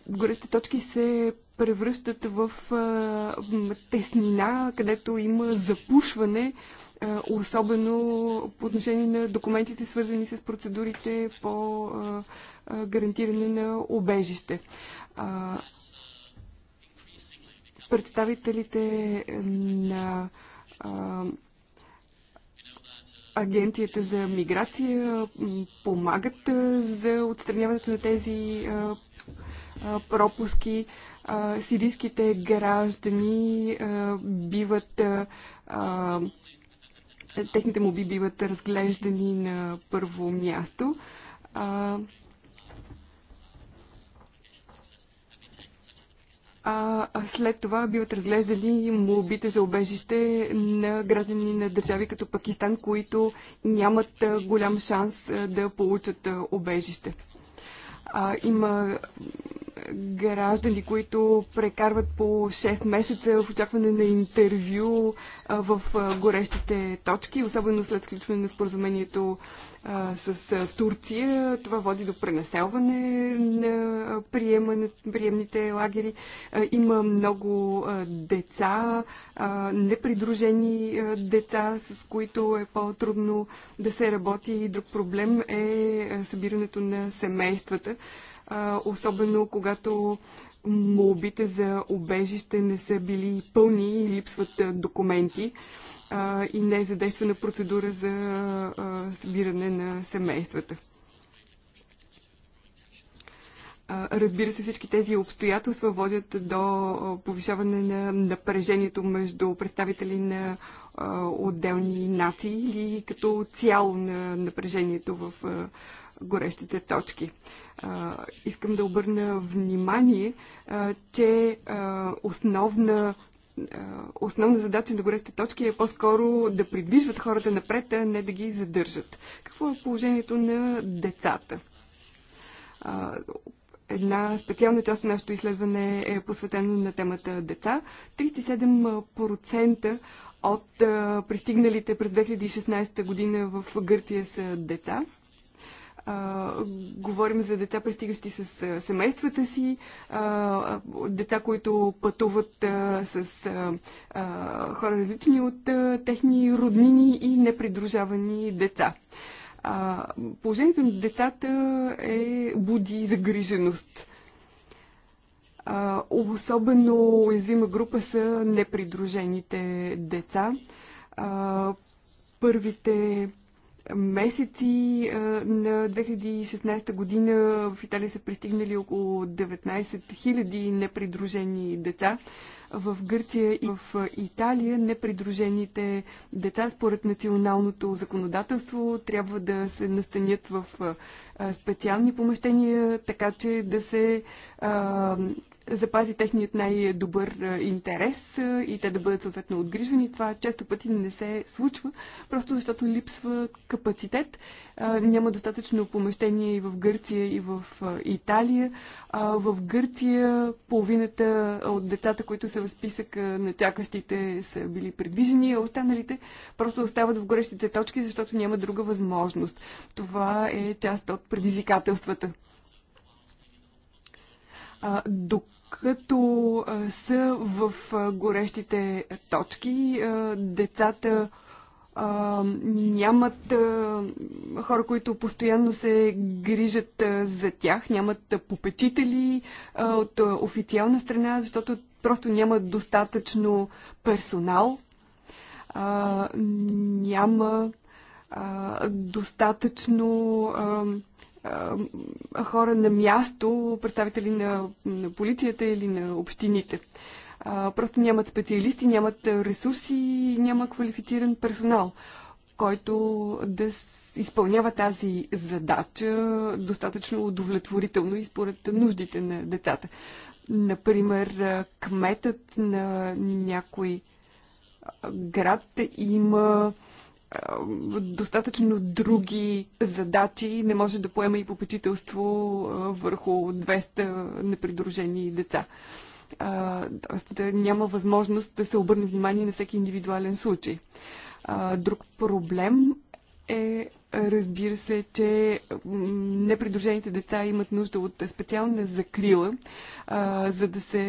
горещите точки се превръщат в а, теснина, където има запушване, а, особено по отношение на документите, свързани с процедурите по а, а, гарантиране на обежище. А, представителите на а, Агенцията за миграция помагат за отстраняването на тези а, пропуски. А, сирийските граждани а, биват а, техните моби биват разглеждани на първо място. А, а след това биват разглеждали молбите за обежище на граждани на държави като Пакистан, които нямат голям шанс да получат обежище. А, има граждани, които прекарват по 6 месеца в очакване на интервю а, в а, горещите точки, особено след сключване на споразумението а, с а, Турция. Това води до пренаселване на приемните лагери. А, има много а, деца, а, непридружени а, деца, с които е по-трудно да се работи. И друг проблем е събирането на семействата, а, особено когато молбите за обежище не са били пълни и липсват документи а, и не е задействана процедура за а, събиране на семействата. Разбира се, всички тези обстоятелства водят до повишаване на напрежението между представители на отделни нации или като цяло на напрежението в горещите точки. Искам да обърна внимание, че основна основна задача на горещите точки е по-скоро да придвижват хората напред, а не да ги задържат. Какво е положението на децата? Една специална част от нашето изследване е посветено на темата деца. 37% от пристигналите през 2016 година в Гърция са деца. А, говорим за деца, пристигащи с семействата си, а, деца, които пътуват а, с а, хора различни от а, техни роднини и непридружавани деца. А, положението на децата е буди загриженост. Uh, особено уязвима група са непридружените деца. Uh, първите месеци на 2016 година в Италия са пристигнали около 19 000 непридружени деца. В Гърция и в Италия непридружените деца според националното законодателство трябва да се настанят в специални помещения, така че да се а, запази техният най-добър интерес и те да бъдат съответно отгрижвани. Това често пъти не се случва, просто защото липсва капацитет. Няма достатъчно помещение и в Гърция, и в Италия. В Гърция половината от децата, които са в списък на чакащите, са били предвижени, а останалите просто остават в горещите точки, защото няма друга възможност. Това е част от предизвикателствата. А, до като са в горещите точки. Децата нямат хора, които постоянно се грижат за тях, нямат попечители от официална страна, защото просто нямат достатъчно персонал, няма достатъчно хора на място, представители на, на полицията или на общините. А, просто нямат специалисти, нямат ресурси, няма квалифициран персонал, който да изпълнява тази задача достатъчно удовлетворително и според нуждите на децата. Например, кметът на някой град има достатъчно други задачи, не може да поема и попечителство върху 200 непридружени деца. Тоест няма възможност да се обърне внимание на всеки индивидуален случай. Друг проблем е Разбира се, че непридружените деца имат нужда от специална закрила, а, за да се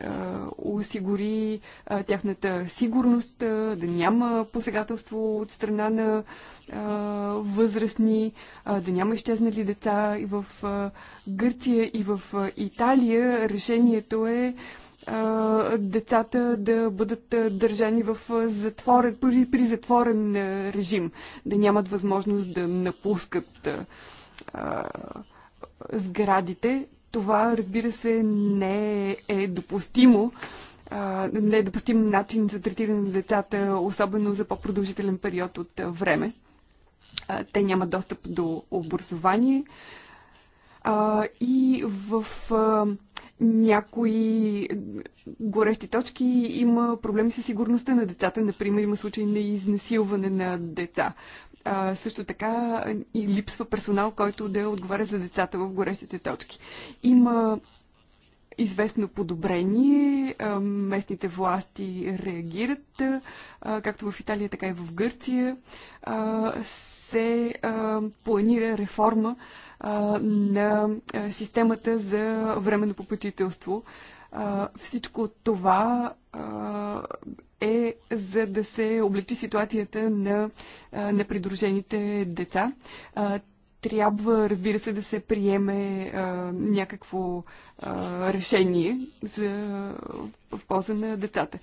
а, осигури а, тяхната сигурност, а, да няма посегателство от страна на а, възрастни, а, да няма изчезнали деца и в а, Гърция и в а, Италия. Решението е а, децата да бъдат държани в затворен, при, при затворен режим, да нямат възможност да напускат сградите. Това, разбира се, не е допустимо. не е допустим начин за третиране на децата, особено за по-продължителен период от време. те нямат достъп до образование. и в някои горещи точки, има проблеми с сигурността на децата. Например, има случай на изнасилване на деца. А, също така и липсва персонал, който да отговаря за децата в горещите точки. Има известно подобрение. Местните власти реагират, както в Италия, така и в Гърция. Се планира реформа на системата за временно попечителство. Всичко това е за да се облегчи ситуацията на непридружените деца. Трябва, разбира се, да се приеме а, някакво а, решение за, в полза на децата.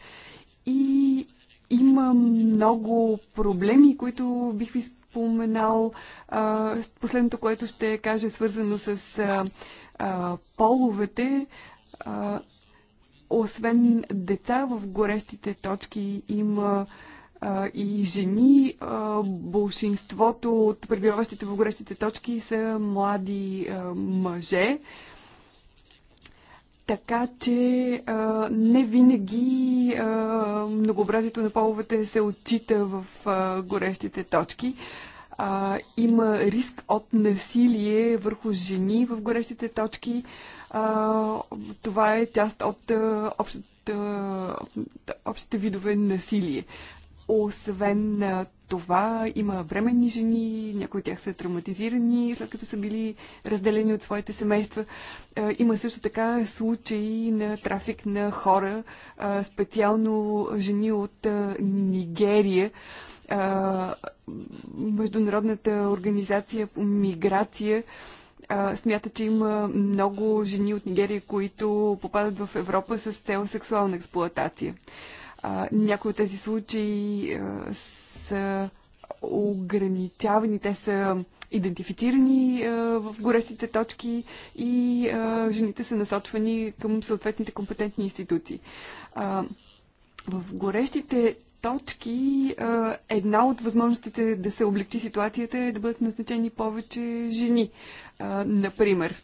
И има много проблеми, които бих ви споменал. последното, което ще кажа, е свързано с а, а, половете. А, освен деца в горещите точки има а, и жени. А, большинството от пребиваващите в горещите точки са млади а, мъже. А, така че а, не винаги а, многообразието на половете се отчита в а, горещите точки. А, има риск от насилие върху жени в горещите точки. А, това е част от а, а, общите видове насилие. Освен а, това има временни жени, някои от тях са травматизирани, след като са били разделени от своите семейства. Има също така случаи на трафик на хора, специално жени от Нигерия. Международната организация по миграция смята, че има много жени от Нигерия, които попадат в Европа с цел сексуална експлоатация. Някои от тези случаи са ограничавани, те са идентифицирани в горещите точки и жените са насочвани към съответните компетентни институции. В горещите точки една от възможностите да се облегчи ситуацията е да бъдат назначени повече жени, например.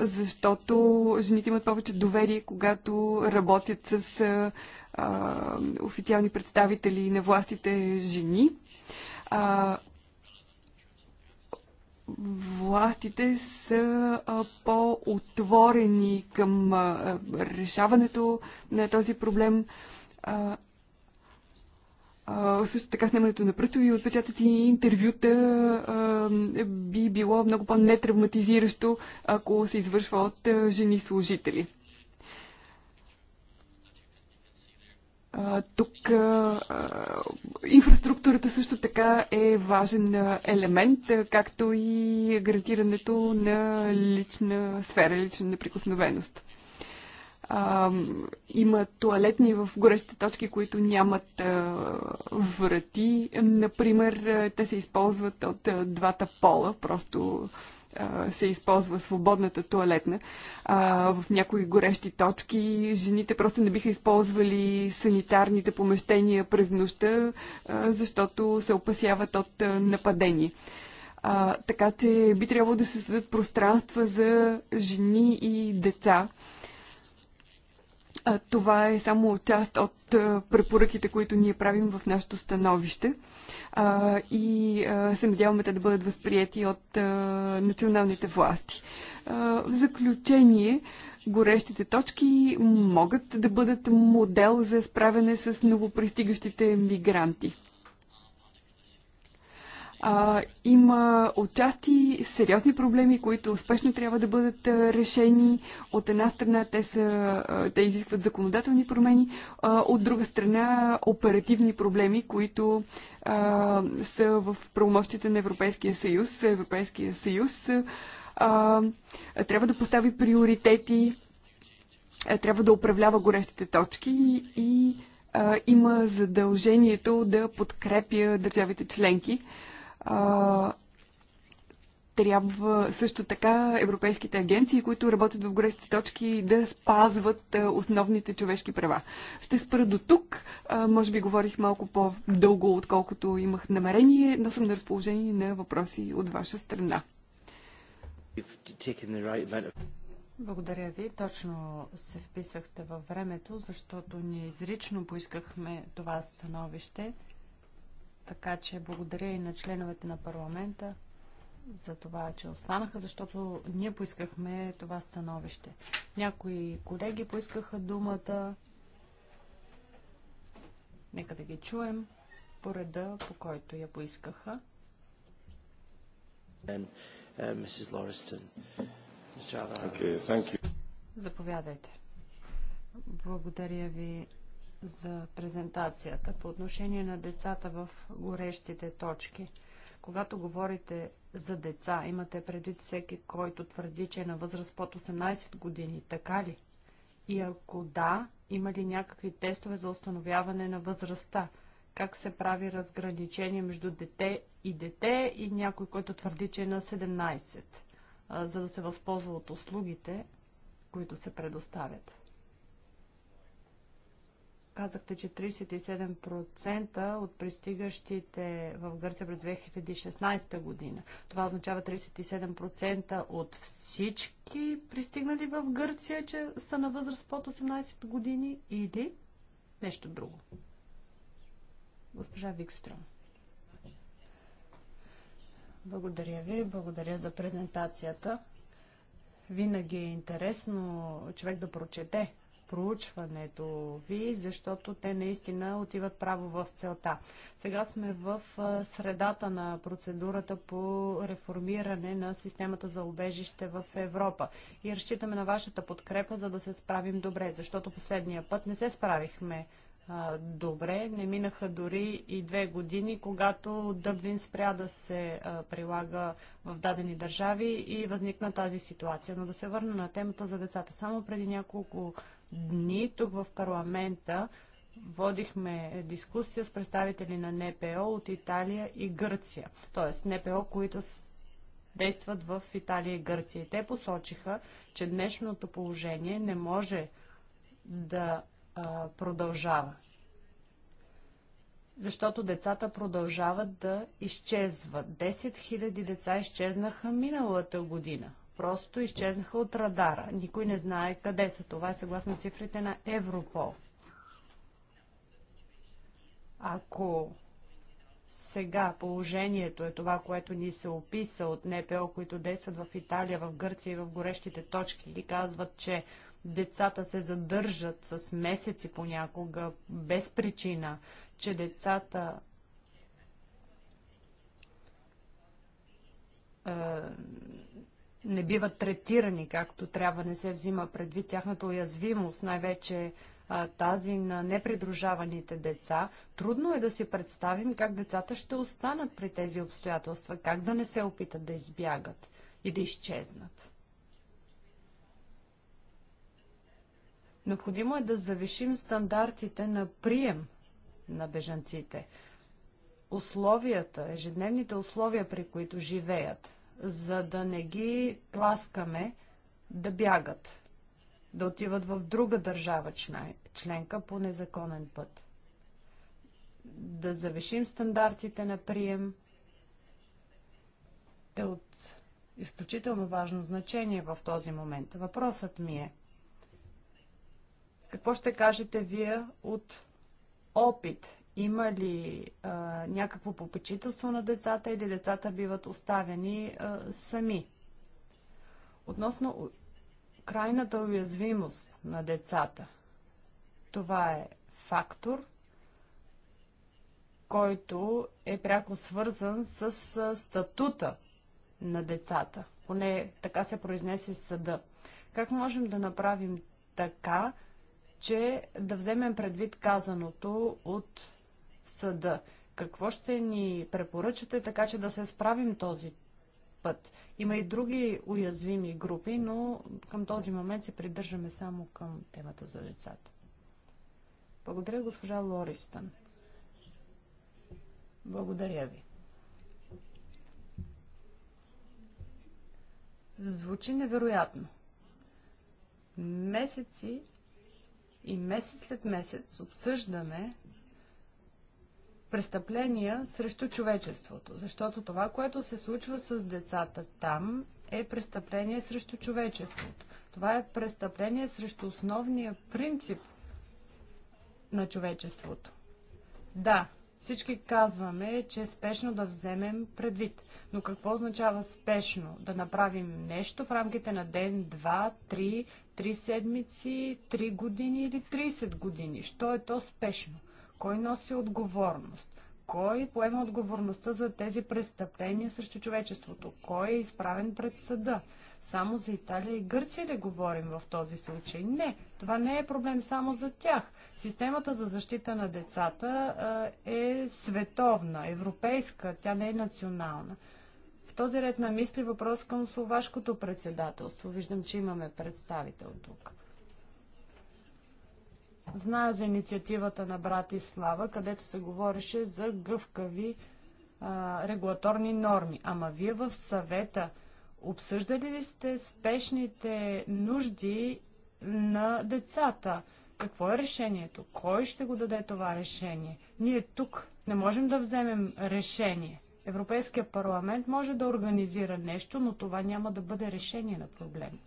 Защото жените имат повече доверие, когато работят с а, официални представители на властите жени. А, властите са по-отворени към а, решаването на този проблем. А, а, също така снимането на пръстови отпечатъци и интервюта а, би било много по-нетравматизиращо, ако се извършва от а, жени служители. Тук инфраструктурата също така е важен елемент, както и гарантирането на лична сфера, лична неприкосновеност. Има туалетни в горещите точки, които нямат врати. Например, те се използват от двата пола, просто се използва свободната туалетна. А, в някои горещи точки жените просто не биха използвали санитарните помещения през нощта, а, защото се опасяват от а, нападение. А, така че би трябвало да се създадат пространства за жени и деца. А, това е само част от препоръките, които ние правим в нашето становище а, и а, се надяваме те да бъдат възприяти от а, националните власти. А, в заключение, горещите точки могат да бъдат модел за справяне с новопристигащите мигранти а, има отчасти сериозни проблеми, които успешно трябва да бъдат решени. От една страна те, са, те изискват законодателни промени, а, от друга страна оперативни проблеми, които а, са в правомощите на Европейския съюз. Европейския съюз а, трябва да постави приоритети, а, трябва да управлява горещите точки и, и а, има задължението да подкрепя държавите членки. А, трябва също така европейските агенции, които работят в горещите точки, да спазват основните човешки права. Ще спра до тук. Може би говорих малко по-дълго, отколкото имах намерение, но съм на разположение на въпроси от ваша страна. Благодаря ви. Точно се вписахте във времето, защото ние изрично поискахме това становище. Така че благодаря и на членовете на парламента за това, че останаха, защото ние поискахме това становище. Някои колеги поискаха думата. Нека да ги чуем по реда, по който я поискаха. Uh, Заповядайте. Благодаря ви за презентацията по отношение на децата в горещите точки. Когато говорите за деца, имате предвид всеки, който твърди, че е на възраст под 18 години, така ли? И ако да, има ли някакви тестове за установяване на възрастта? Как се прави разграничение между дете и дете и някой, който твърди, че е на 17, за да се възползва от услугите, които се предоставят? казахте, че 37% от пристигащите в Гърция през 2016 година. Това означава 37% от всички пристигнали в Гърция, че са на възраст под 18 години или нещо друго. Госпожа Викстрон. Благодаря ви, благодаря за презентацията. Винаги е интересно човек да прочете проучването ви, защото те наистина отиват право в целта. Сега сме в средата на процедурата по реформиране на системата за обежище в Европа и разчитаме на вашата подкрепа, за да се справим добре, защото последния път не се справихме добре. Не минаха дори и две години, когато Дъблин спря да се прилага в дадени държави и възникна тази ситуация. Но да се върна на темата за децата. Само преди няколко дни тук в парламента водихме дискусия с представители на НПО от Италия и Гърция. Тоест НПО, които действат в Италия и Гърция. И те посочиха, че днешното положение не може да а, продължава. Защото децата продължават да изчезват. 10 000 деца изчезнаха миналата година просто изчезнаха от радара. Никой не знае къде са. Това е съгласно цифрите на Европол. Ако сега положението е това, което ни се описа от НПО, които действат в Италия, в Гърция и в горещите точки и казват, че децата се задържат с месеци понякога без причина, че децата е, не биват третирани както трябва, не се взима предвид тяхната уязвимост, най-вече тази на непридружаваните деца, трудно е да си представим как децата ще останат при тези обстоятелства, как да не се опитат да избягат и да изчезнат. Необходимо е да завишим стандартите на прием на бежанците, условията, ежедневните условия, при които живеят, за да не ги тласкаме да бягат, да отиват в друга държава членка по незаконен път. Да завишим стандартите на прием е от изключително важно значение в този момент. Въпросът ми е, какво ще кажете вие от опит има ли а, някакво попечителство на децата или децата биват оставени а, сами? Относно крайната уязвимост на децата, това е фактор, който е пряко свързан с статута на децата. Поне така се произнесе съда. Как можем да направим така, че да вземем предвид казаното от съда. Какво ще ни препоръчате, така че да се справим този път? Има и други уязвими групи, но към този момент се придържаме само към темата за децата. Благодаря, госпожа Лористън. Благодаря ви. Звучи невероятно. Месеци и месец след месец обсъждаме престъпления срещу човечеството, защото това, което се случва с децата там, е престъпление срещу човечеството. Това е престъпление срещу основния принцип на човечеството. Да, всички казваме, че е спешно да вземем предвид. Но какво означава спешно? Да направим нещо в рамките на ден, два, три, три седмици, три години или 30 години. Що е то спешно? Кой носи отговорност? Кой поема отговорността за тези престъпления срещу човечеството? Кой е изправен пред съда? Само за Италия и Гърция ли говорим в този случай? Не, това не е проблем само за тях. Системата за защита на децата е световна, европейска, тя не е национална. В този ред на мисли въпрос към словашкото председателство. Виждам, че имаме представител тук. Зная за инициативата на Братислава, където се говореше за гъвкави а, регулаторни норми. Ама вие в съвета обсъждали ли сте спешните нужди на децата? Какво е решението? Кой ще го даде това решение? Ние тук не можем да вземем решение. Европейския парламент може да организира нещо, но това няма да бъде решение на проблема.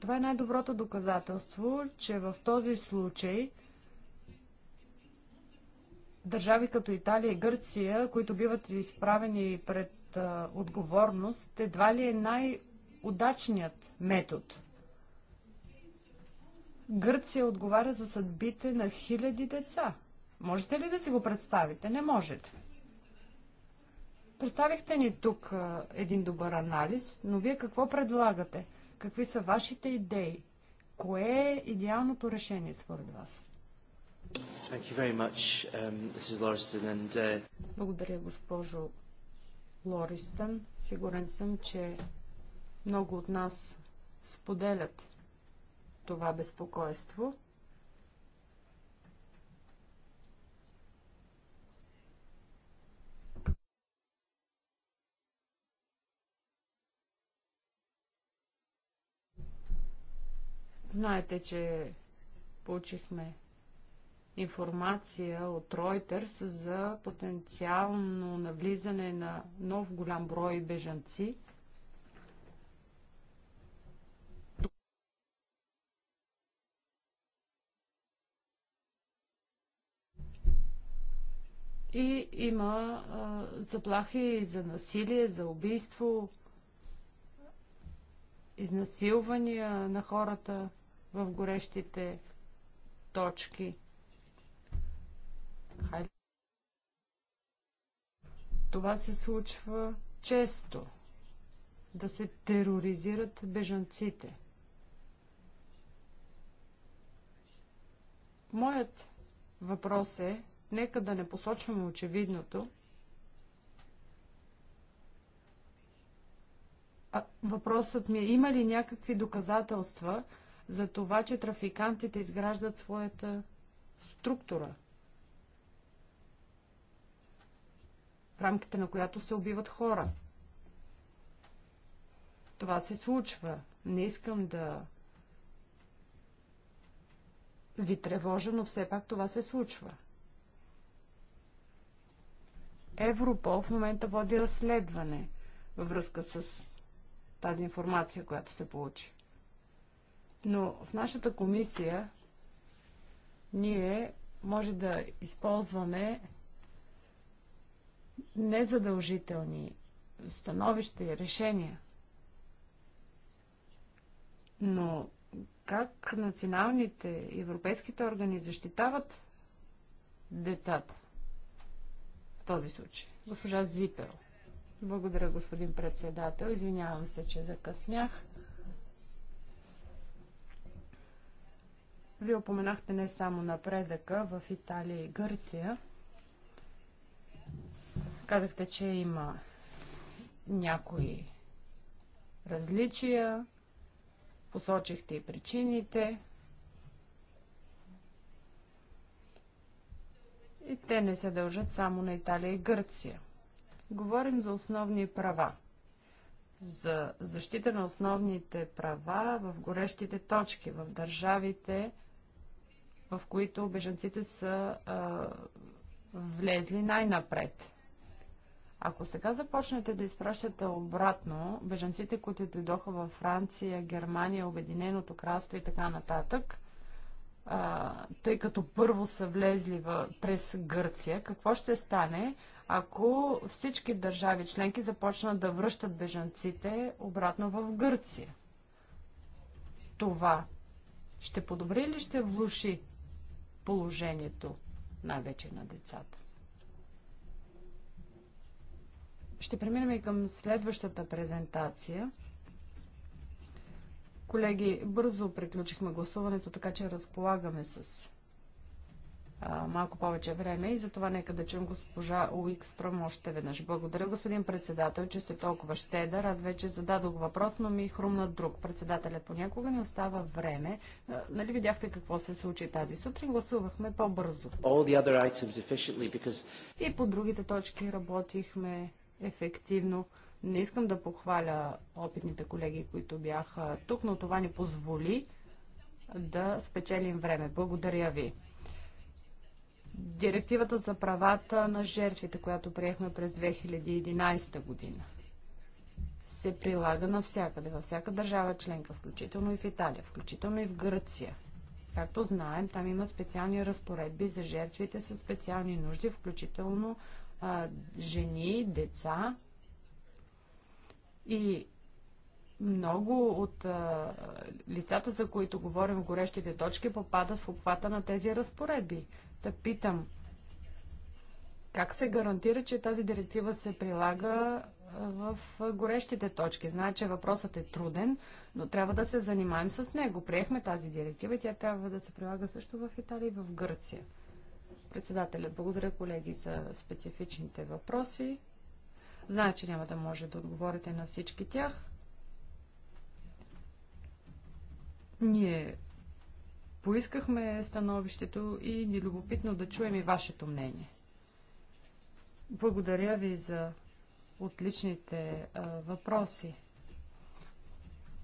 Това е най-доброто доказателство, че в този случай държави като Италия и Гърция, които биват изправени пред а, отговорност, едва ли е най-удачният метод. Гърция отговаря за съдбите на хиляди деца. Можете ли да си го представите? Не можете. Представихте ни тук а, един добър анализ, но вие какво предлагате? Какви са вашите идеи? Кое е идеалното решение според вас? Um, and, uh... Благодаря, госпожо Лористън. Сигурен съм, че много от нас споделят това безпокойство. Знаете, че получихме информация от Reuters за потенциално навлизане на нов голям брой бежанци. И има а, заплахи за насилие, за убийство, изнасилвания на хората в горещите точки. Това се случва често. Да се тероризират бежанците. Моят въпрос е, нека да не посочваме очевидното, а, въпросът ми е, има ли някакви доказателства, за това, че трафикантите изграждат своята структура, в рамките на която се убиват хора. Това се случва. Не искам да ви тревожа, но все пак това се случва. Европол в момента води разследване във връзка с тази информация, която се получи. Но в нашата комисия ние може да използваме незадължителни становища и решения. Но как националните и европейските органи защитават децата в този случай? Госпожа Зипел. Благодаря, господин председател. Извинявам се, че закъснях. Вие опоменахте не само напредъка в Италия и Гърция. Казахте, че има някои различия, посочихте и причините. И те не се дължат само на Италия и Гърция. Говорим за основни права за защита на основните права в горещите точки, в държавите, в които бежанците са а, влезли най-напред. Ако сега започнете да изпращате обратно бежанците, които дойдоха във Франция, Германия, Обединеното кралство и така нататък, а, тъй като първо са влезли в, през Гърция, какво ще стане, ако всички държави членки започнат да връщат бежанците обратно в Гърция? Това ще подобри или ще влуши положението най-вече на децата. Ще преминем и към следващата презентация. Колеги, бързо приключихме гласуването, така че разполагаме с а, малко повече време и затова нека да чуем госпожа Уикстром още веднъж. Благодаря, господин председател, че сте толкова щедър. Аз вече зададох въпрос, но ми хрумна друг. Председателят понякога не остава време. Нали видяхте какво се случи тази сутрин? Гласувахме по-бързо. Because... И по другите точки работихме ефективно. Не искам да похваля опитните колеги, които бяха тук, но това ни позволи да спечелим време. Благодаря ви директивата за правата на жертвите, която приехме през 2011 година, се прилага навсякъде, във всяка държава членка, включително и в Италия, включително и в Гърция. Както знаем, там има специални разпоредби за жертвите с специални нужди, включително а, жени, деца. И много от а, лицата, за които говорим в горещите точки, попадат в обхвата на тези разпоредби. Да питам, как се гарантира, че тази директива се прилага в горещите точки? Знае, че въпросът е труден, но трябва да се занимаем с него. Приехме тази директива и тя трябва да се прилага също в Италия и в Гърция. Председателят, благодаря колеги за специфичните въпроси. Знае, че няма да може да отговорите на всички тях. Ние Поискахме становището и ни любопитно да чуем и вашето мнение. Благодаря ви за отличните а, въпроси.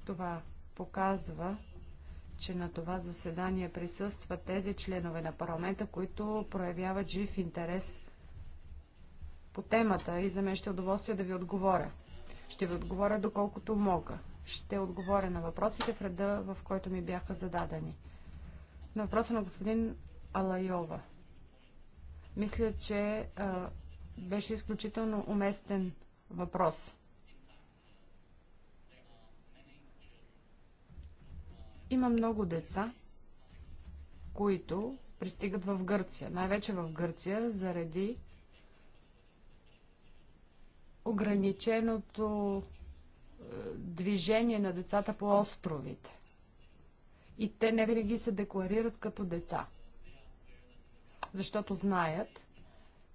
Това показва, че на това заседание присъстват тези членове на парламента, които проявяват жив интерес по темата и за мен ще е удоволствие да ви отговоря. Ще ви отговоря доколкото мога. Ще отговоря на въпросите в реда, в който ми бяха зададени. На въпроса на господин Алайова. Мисля, че а, беше изключително уместен въпрос. Има много деца, които пристигат в Гърция, най-вече в Гърция, заради ограниченото движение на децата по островите. И те не винаги се декларират като деца. Защото знаят,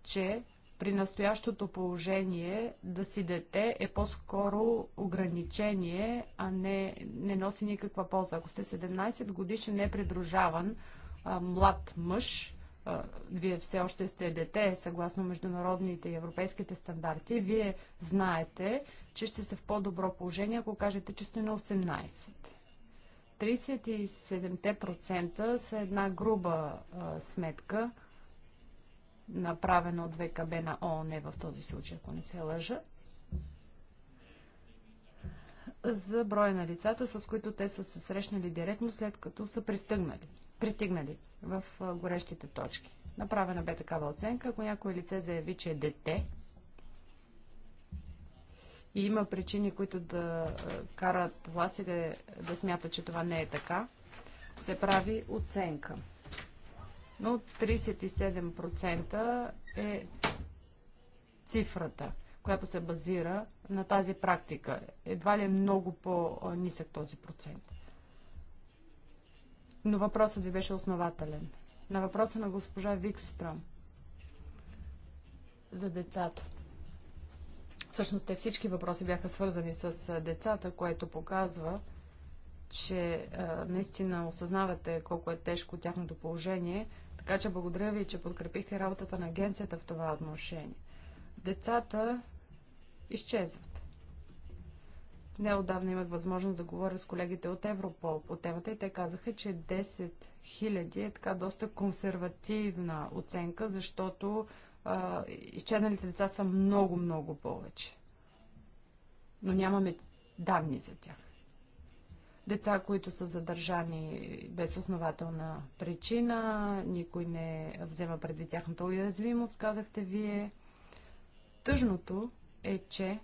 че при настоящото положение да си дете е по-скоро ограничение, а не, не носи никаква полза. Ако сте 17 годишен непридружаван е а, млад мъж, а, вие все още сте дете, съгласно международните и европейските стандарти, вие знаете, че ще сте в по-добро положение, ако кажете, че сте на 18. 37% са една груба а, сметка, направена от ВКБ на ООН в този случай, ако не се лъжа, за броя на лицата, с които те са се срещнали директно след като са пристигнали, пристигнали в горещите точки. Направена бе такава оценка. Ако някое лице заяви, че е дете, и има причини, които да е, карат властите да смятат, че това не е така. Се прави оценка. Но 37% е цифрата, която се базира на тази практика. Едва ли е много по-нисък този процент. Но въпросът ви беше основателен. На въпроса на госпожа Викстрам за децата – Всъщност те всички въпроси бяха свързани с децата, което показва, че а, наистина осъзнавате колко е тежко тяхното положение. Така че благодаря ви, че подкрепихте работата на агенцията в това отношение. Децата изчезват. Неодавна имах възможност да говоря с колегите от Европол по темата и те казаха, че 10 000 е така доста консервативна оценка, защото а, изчезналите деца са много, много повече. Но нямаме данни за тях. Деца, които са задържани без основателна причина, никой не взема преди тяхната уязвимост, казахте вие. Тъжното е, че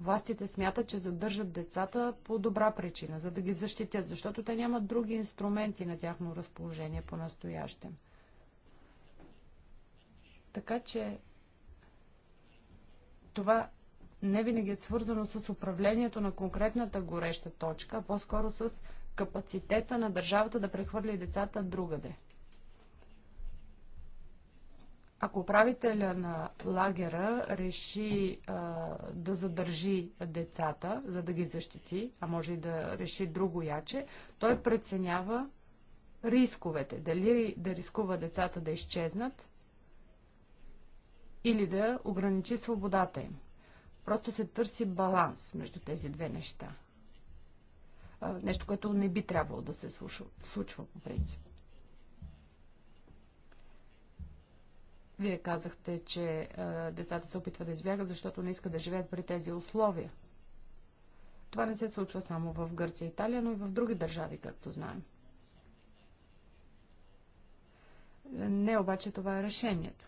властите смятат, че задържат децата по добра причина, за да ги защитят, защото те нямат други инструменти на тяхно разположение по-настоящем. Така че това не винаги е свързано с управлението на конкретната гореща точка, а по-скоро с капацитета на държавата да прехвърли децата другаде. Ако управителя на лагера реши а, да задържи децата, за да ги защити, а може и да реши друго яче, той преценява рисковете. Дали да рискува децата да изчезнат или да ограничи свободата им. Просто се търси баланс между тези две неща. Нещо, което не би трябвало да се случва по принцип. Вие казахте, че а, децата се опитват да избягат, защото не искат да живеят при тези условия. Това не се случва само в Гърция и Италия, но и в други държави, както знаем. Не обаче това е решението.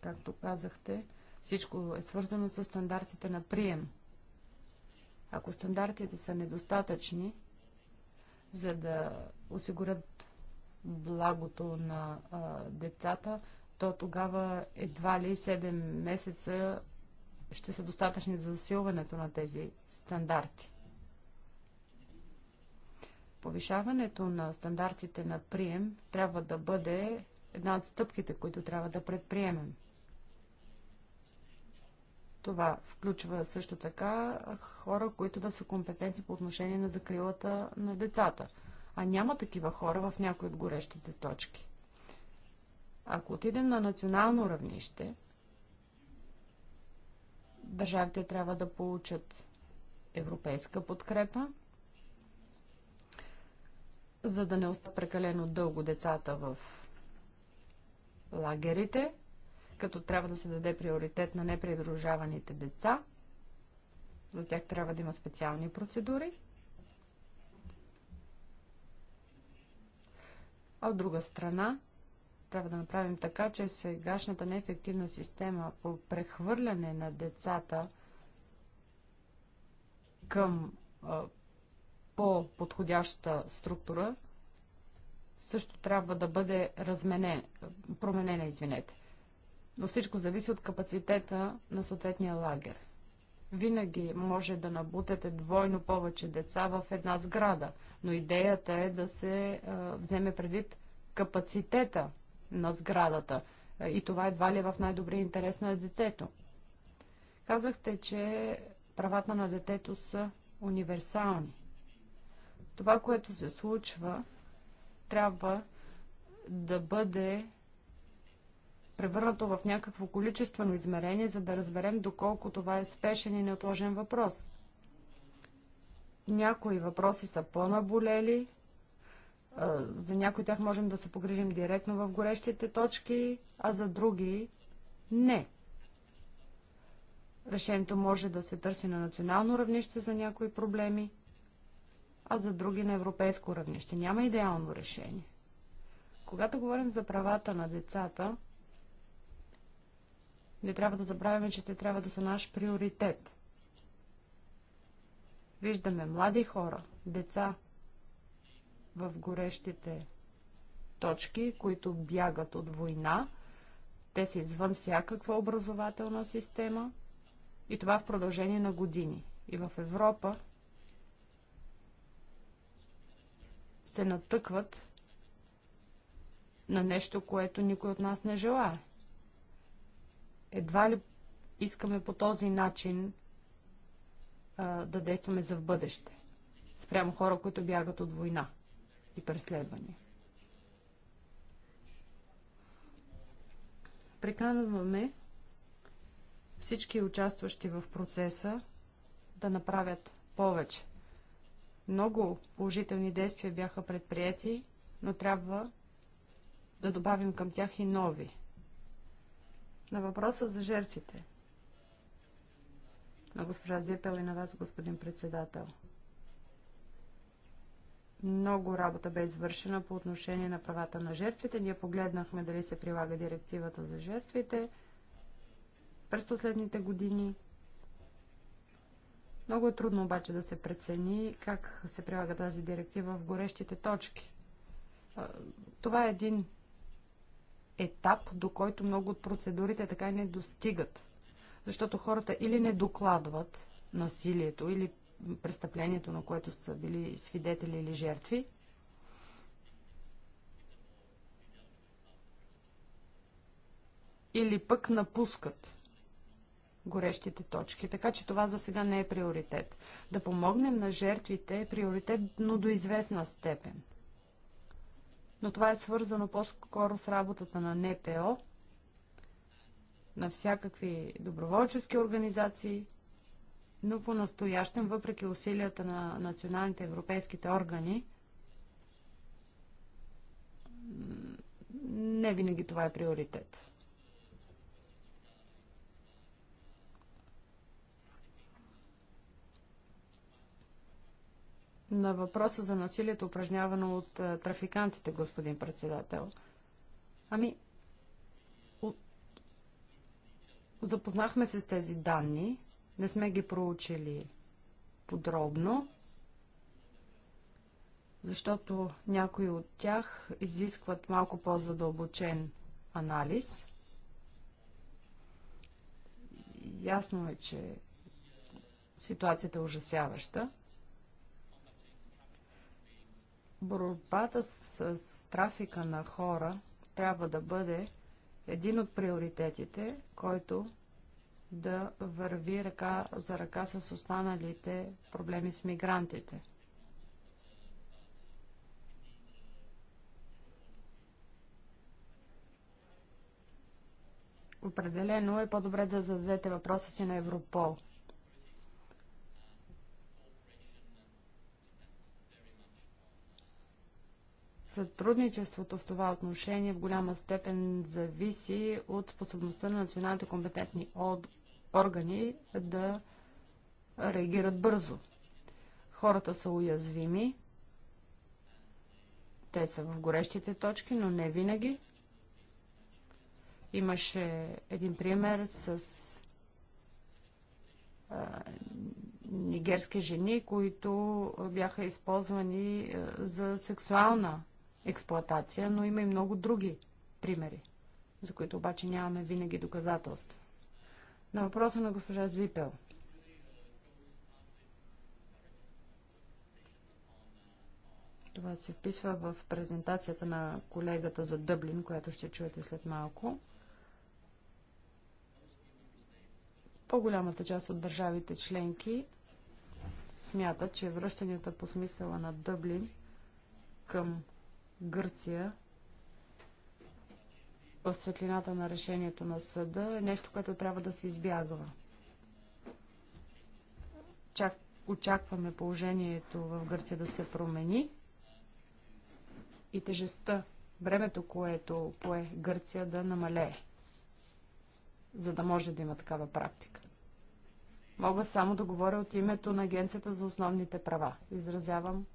Както казахте, всичко е свързано с стандартите на прием. Ако стандартите са недостатъчни, за да осигурят благото на а, децата, то тогава едва ли 7 месеца ще са достатъчни за засилването на тези стандарти. Повишаването на стандартите на прием трябва да бъде една от стъпките, които трябва да предприемем. Това включва също така хора, които да са компетентни по отношение на закрилата на децата. А няма такива хора в някои от горещите точки. Ако отидем на национално равнище, държавите трябва да получат европейска подкрепа, за да не остат прекалено дълго децата в лагерите – като трябва да се даде приоритет на непридружаваните деца. За тях трябва да има специални процедури. А от друга страна, трябва да направим така, че сегашната неефективна система по прехвърляне на децата към по-подходяща структура също трябва да бъде разменен, променена, извинете но всичко зависи от капацитета на съответния лагер. Винаги може да набутете двойно повече деца в една сграда, но идеята е да се а, вземе предвид капацитета на сградата. И това едва ли е в най-добрия интерес на детето. Казахте, че правата на детето са универсални. Това, което се случва, трябва да бъде превърнато в някакво количествено измерение, за да разберем доколко това е спешен и неотложен въпрос. Някои въпроси са по-наболели, е, за някои тях можем да се погрижим директно в горещите точки, а за други не. Решението може да се търси на национално равнище за някои проблеми, а за други на европейско равнище. Няма идеално решение. Когато говорим за правата на децата, не трябва да забравяме, че те трябва да са наш приоритет. Виждаме млади хора, деца в горещите точки, които бягат от война. Те са извън всякаква образователна система и това в продължение на години. И в Европа се натъкват на нещо, което никой от нас не желая едва ли искаме по този начин а, да действаме за в бъдеще спрямо хора, които бягат от война и преследвания. Приканваме всички участващи в процеса да направят повече. Много положителни действия бяха предприяти, но трябва да добавим към тях и нови. На въпроса за жертвите. На госпожа Зепел и на вас, господин председател. Много работа бе извършена по отношение на правата на жертвите. Ние погледнахме дали се прилага директивата за жертвите през последните години. Много е трудно обаче да се прецени как се прилага тази директива в горещите точки. Това е един етап, до който много от процедурите така и не достигат. Защото хората или не докладват насилието или престъплението, на което са били свидетели или жертви, или пък напускат горещите точки. Така че това за сега не е приоритет. Да помогнем на жертвите е приоритет, но до известна степен – но това е свързано по-скоро с работата на НПО, на всякакви доброволчески организации, но по-настоящем, въпреки усилията на националните европейските органи, не винаги това е приоритет. на въпроса за насилието, упражнявано от е, трафикантите, господин председател. Ами, от... запознахме се с тези данни, не сме ги проучили подробно, защото някои от тях изискват малко по-задълбочен анализ. Ясно е, че ситуацията е ужасяваща. Борбата с, с трафика на хора трябва да бъде един от приоритетите, който да върви ръка за ръка с останалите проблеми с мигрантите. Определено е по-добре да зададете въпроса си на Европол – Сътрудничеството в това отношение в голяма степен зависи от способността на националните компетентни органи да реагират бързо. Хората са уязвими, те са в горещите точки, но не винаги. Имаше един пример с а, нигерски жени, които бяха използвани а, за сексуална експлоатация, но има и много други примери, за които обаче нямаме винаги доказателства. На въпроса на госпожа Зипел. Това се вписва в презентацията на колегата за Дъблин, която ще чуете след малко. По-голямата част от държавите членки смятат, че връщанията по смисъла на Дъблин към Гърция в светлината на решението на съда е нещо, което трябва да се избягва. Чак, очакваме положението в Гърция да се промени и тежестта, времето, което пое Гърция да намалее, за да може да има такава практика. Мога само да говоря от името на Агенцията за основните права. Изразявам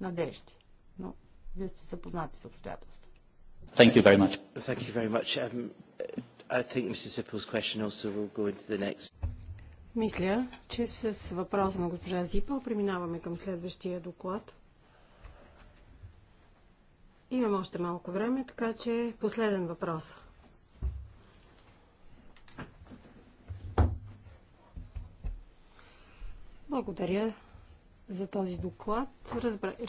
надежди, но вие сте запознати с обстоятелството. Thank you very much. Thank you very much. Um, I think Mrs. Zippel's question also will go into the next. Мисля, че с въпроса на госпожа Зипъл преминаваме към следващия доклад. Имам още малко време, така че последен въпрос. Благодаря за този доклад.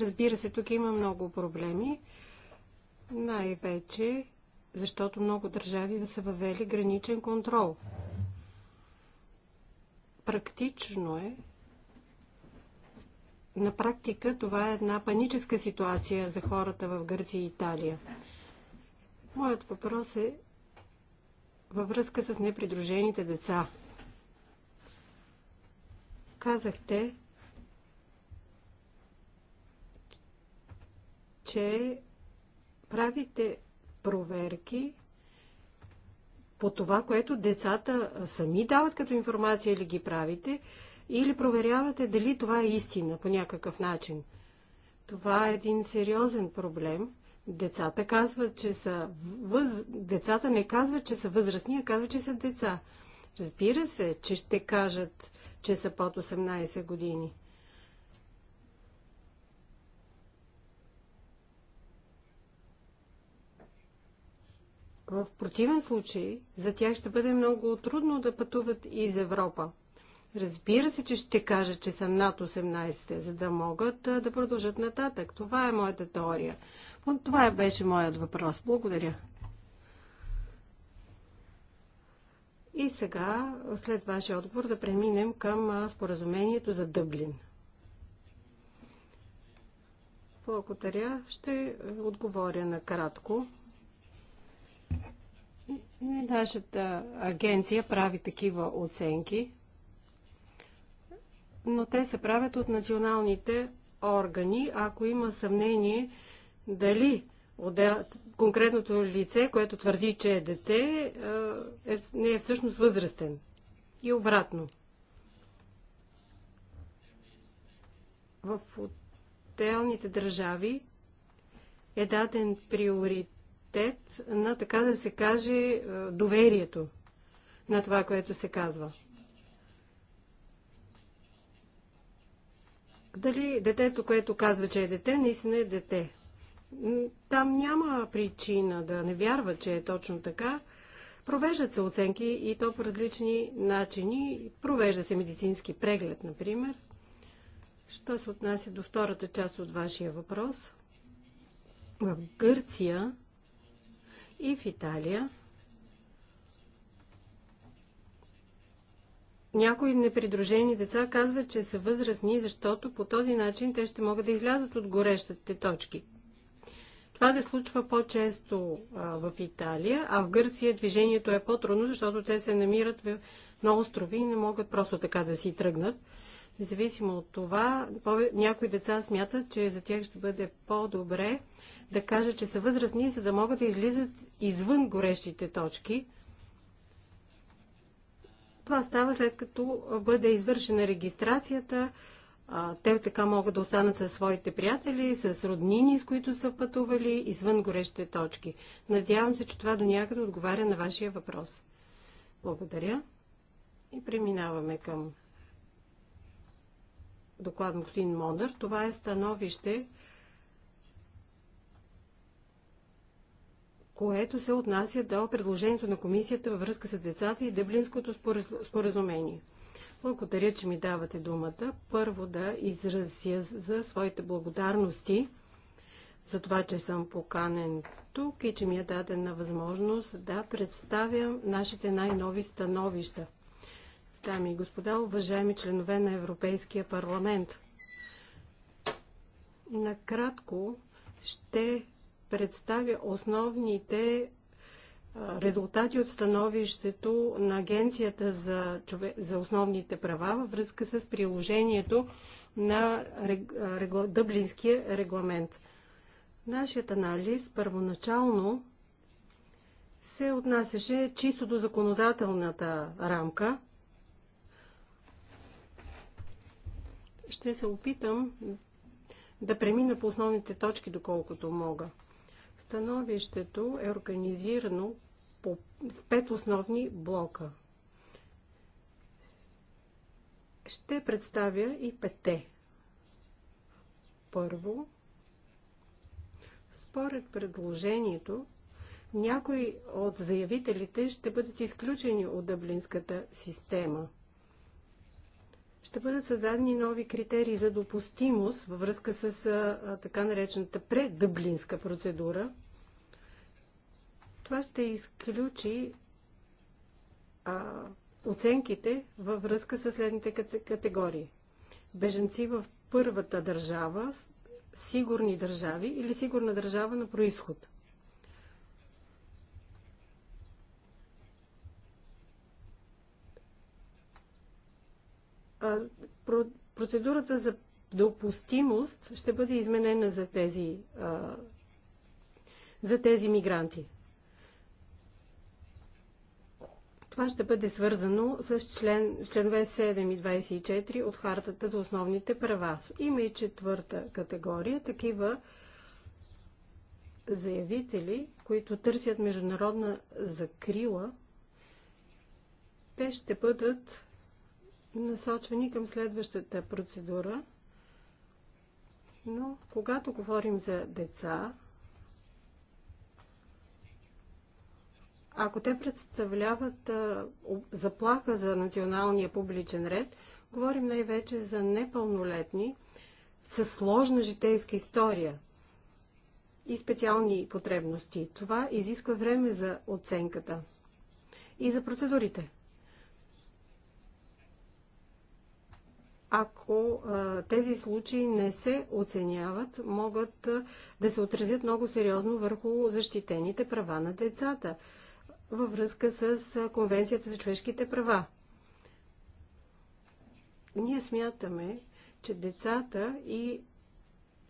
Разбира се, тук има много проблеми. Най-вече, защото много държави са въвели граничен контрол. Практично е. На практика това е една паническа ситуация за хората в Гърция и Италия. Моят въпрос е във връзка с непридружените деца. Казахте, че правите проверки по това, което децата сами дават като информация или ги правите, или проверявате дали това е истина по някакъв начин. Това е един сериозен проблем. Децата казват, че са въз... Децата не казват, че са възрастни, а казват, че са деца. Разбира се, че ще кажат, че са под 18 години. В противен случай за тях ще бъде много трудно да пътуват из Европа. Разбира се, че ще кажа, че са над 18, за да могат да продължат нататък. Това е моята теория. Това е, беше моят въпрос. Благодаря. И сега, след вашия отговор, да преминем към споразумението за Дъблин. Благодаря. Ще отговоря накратко. Нашата агенция прави такива оценки, но те се правят от националните органи, ако има съмнение дали отдел... конкретното лице, което твърди, че е дете, е... е не е всъщност възрастен. И обратно. В отделните държави е даден приоритет приоритет на, така да се каже, е, доверието на това, което се казва. Дали детето, което казва, че е дете, наистина е дете. Там няма причина да не вярва, че е точно така. Провеждат се оценки и то по различни начини. Провежда се медицински преглед, например. Що се отнася до втората част от вашия въпрос? В Гърция и в Италия. Някои непридружени деца казват, че са възрастни, защото по този начин те ще могат да излязат от горещите точки. Това се случва по-често в Италия, а в Гърция движението е по-трудно, защото те се намират в, на острови и не могат просто така да си тръгнат. Независимо от това, някои деца смятат, че за тях ще бъде по-добре да кажат, че са възрастни, за да могат да излизат извън горещите точки. Това става след като бъде извършена регистрацията. Те така могат да останат със своите приятели, с роднини, с които са пътували извън горещите точки. Надявам се, че това до някъде отговаря на вашия въпрос. Благодаря. И преминаваме към доклад на господин Мондър. Това е становище, което се отнася до предложението на комисията във връзка с децата и Дъблинското споразумение. Благодаря, че ми давате думата. Първо да изразя за своите благодарности за това, че съм поканен тук и че ми е дадена възможност да представя нашите най-нови становища – Дами и господа, уважаеми членове на Европейския парламент, накратко ще представя основните резултати от становището на Агенцията за, чове... за основните права във връзка с приложението на рег... Регла... Дъблинския регламент. Нашият анализ първоначално се отнасяше чисто до законодателната рамка – ще се опитам да премина по основните точки, доколкото мога. Становището е организирано по, в пет основни блока. Ще представя и пете. Първо, според предложението, някои от заявителите ще бъдат изключени от дъблинската система – ще бъдат създадени нови критерии за допустимост във връзка с а, така наречената преддъблинска процедура. Това ще изключи а, оценките във връзка с следните категории. Беженци в първата държава, сигурни държави или сигурна държава на происход – процедурата за допустимост ще бъде изменена за тези, за тези мигранти. Това ще бъде свързано с член, членове 7 и 24 от Хартата за основните права. Има и четвърта категория, такива заявители, които търсят международна закрила, те ще бъдат насочвани към следващата процедура. Но когато говорим за деца, ако те представляват а, заплаха за националния публичен ред, говорим най-вече за непълнолетни с сложна житейска история и специални потребности. Това изисква време за оценката и за процедурите. ако а, тези случаи не се оценяват, могат а, да се отразят много сериозно върху защитените права на децата във връзка с а, Конвенцията за човешките права. Ние смятаме, че децата и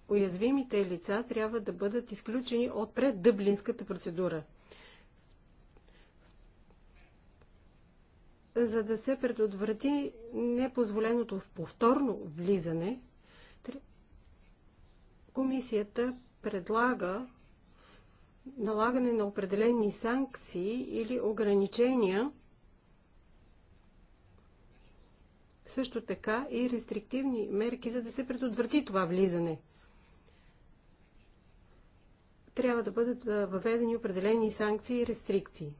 уязвимите лица трябва да бъдат изключени от преддъблинската процедура – за да се предотврати непозволеното в повторно влизане, комисията предлага налагане на определени санкции или ограничения, също така и рестриктивни мерки, за да се предотврати това влизане. Трябва да бъдат въведени определени санкции и рестрикции.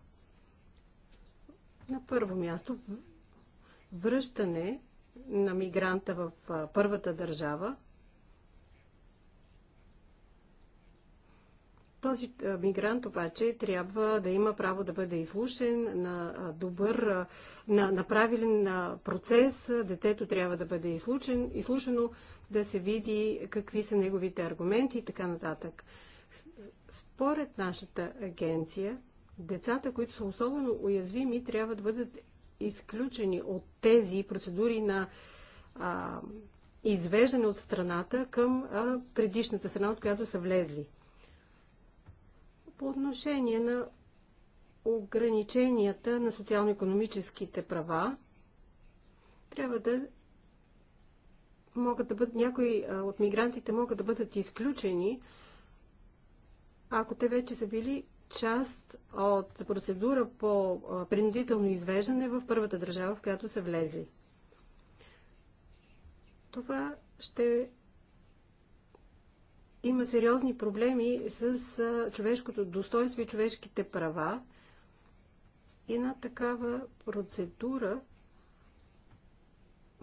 На първо място, връщане на мигранта в първата държава. Този мигрант обаче трябва да има право да бъде изслушен на добър, на, на правилен процес. Детето трябва да бъде изслушен, изслушено, да се види какви са неговите аргументи и така нататък. Според нашата агенция, Децата, които са особено уязвими, трябва да бъдат изключени от тези процедури на а, извеждане от страната към а, предишната страна, от която са влезли. По отношение на ограниченията на социално-економическите права, трябва да могат да бъдат, някои от мигрантите могат да бъдат изключени, ако те вече са били част от процедура по принудително извеждане в първата държава, в която са влезли. Това ще има сериозни проблеми с човешкото достоинство и човешките права. Една такава процедура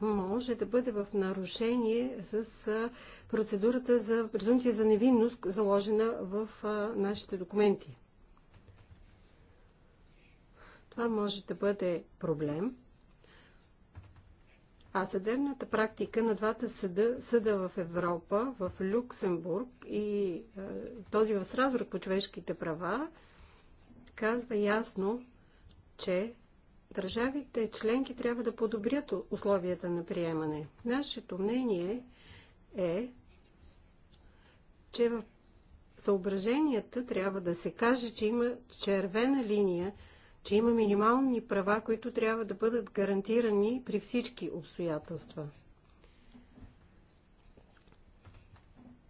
може да бъде в нарушение с процедурата за презумпция за невинност, заложена в нашите документи. Това може да бъде проблем. А съдебната практика на двата съда, съда в Европа, в Люксембург и е, този в Сразбург по човешките права, казва ясно, че държавите членки трябва да подобрят условията на приемане. Нашето мнение е, че в съображенията трябва да се каже, че има червена линия – че има минимални права, които трябва да бъдат гарантирани при всички обстоятелства.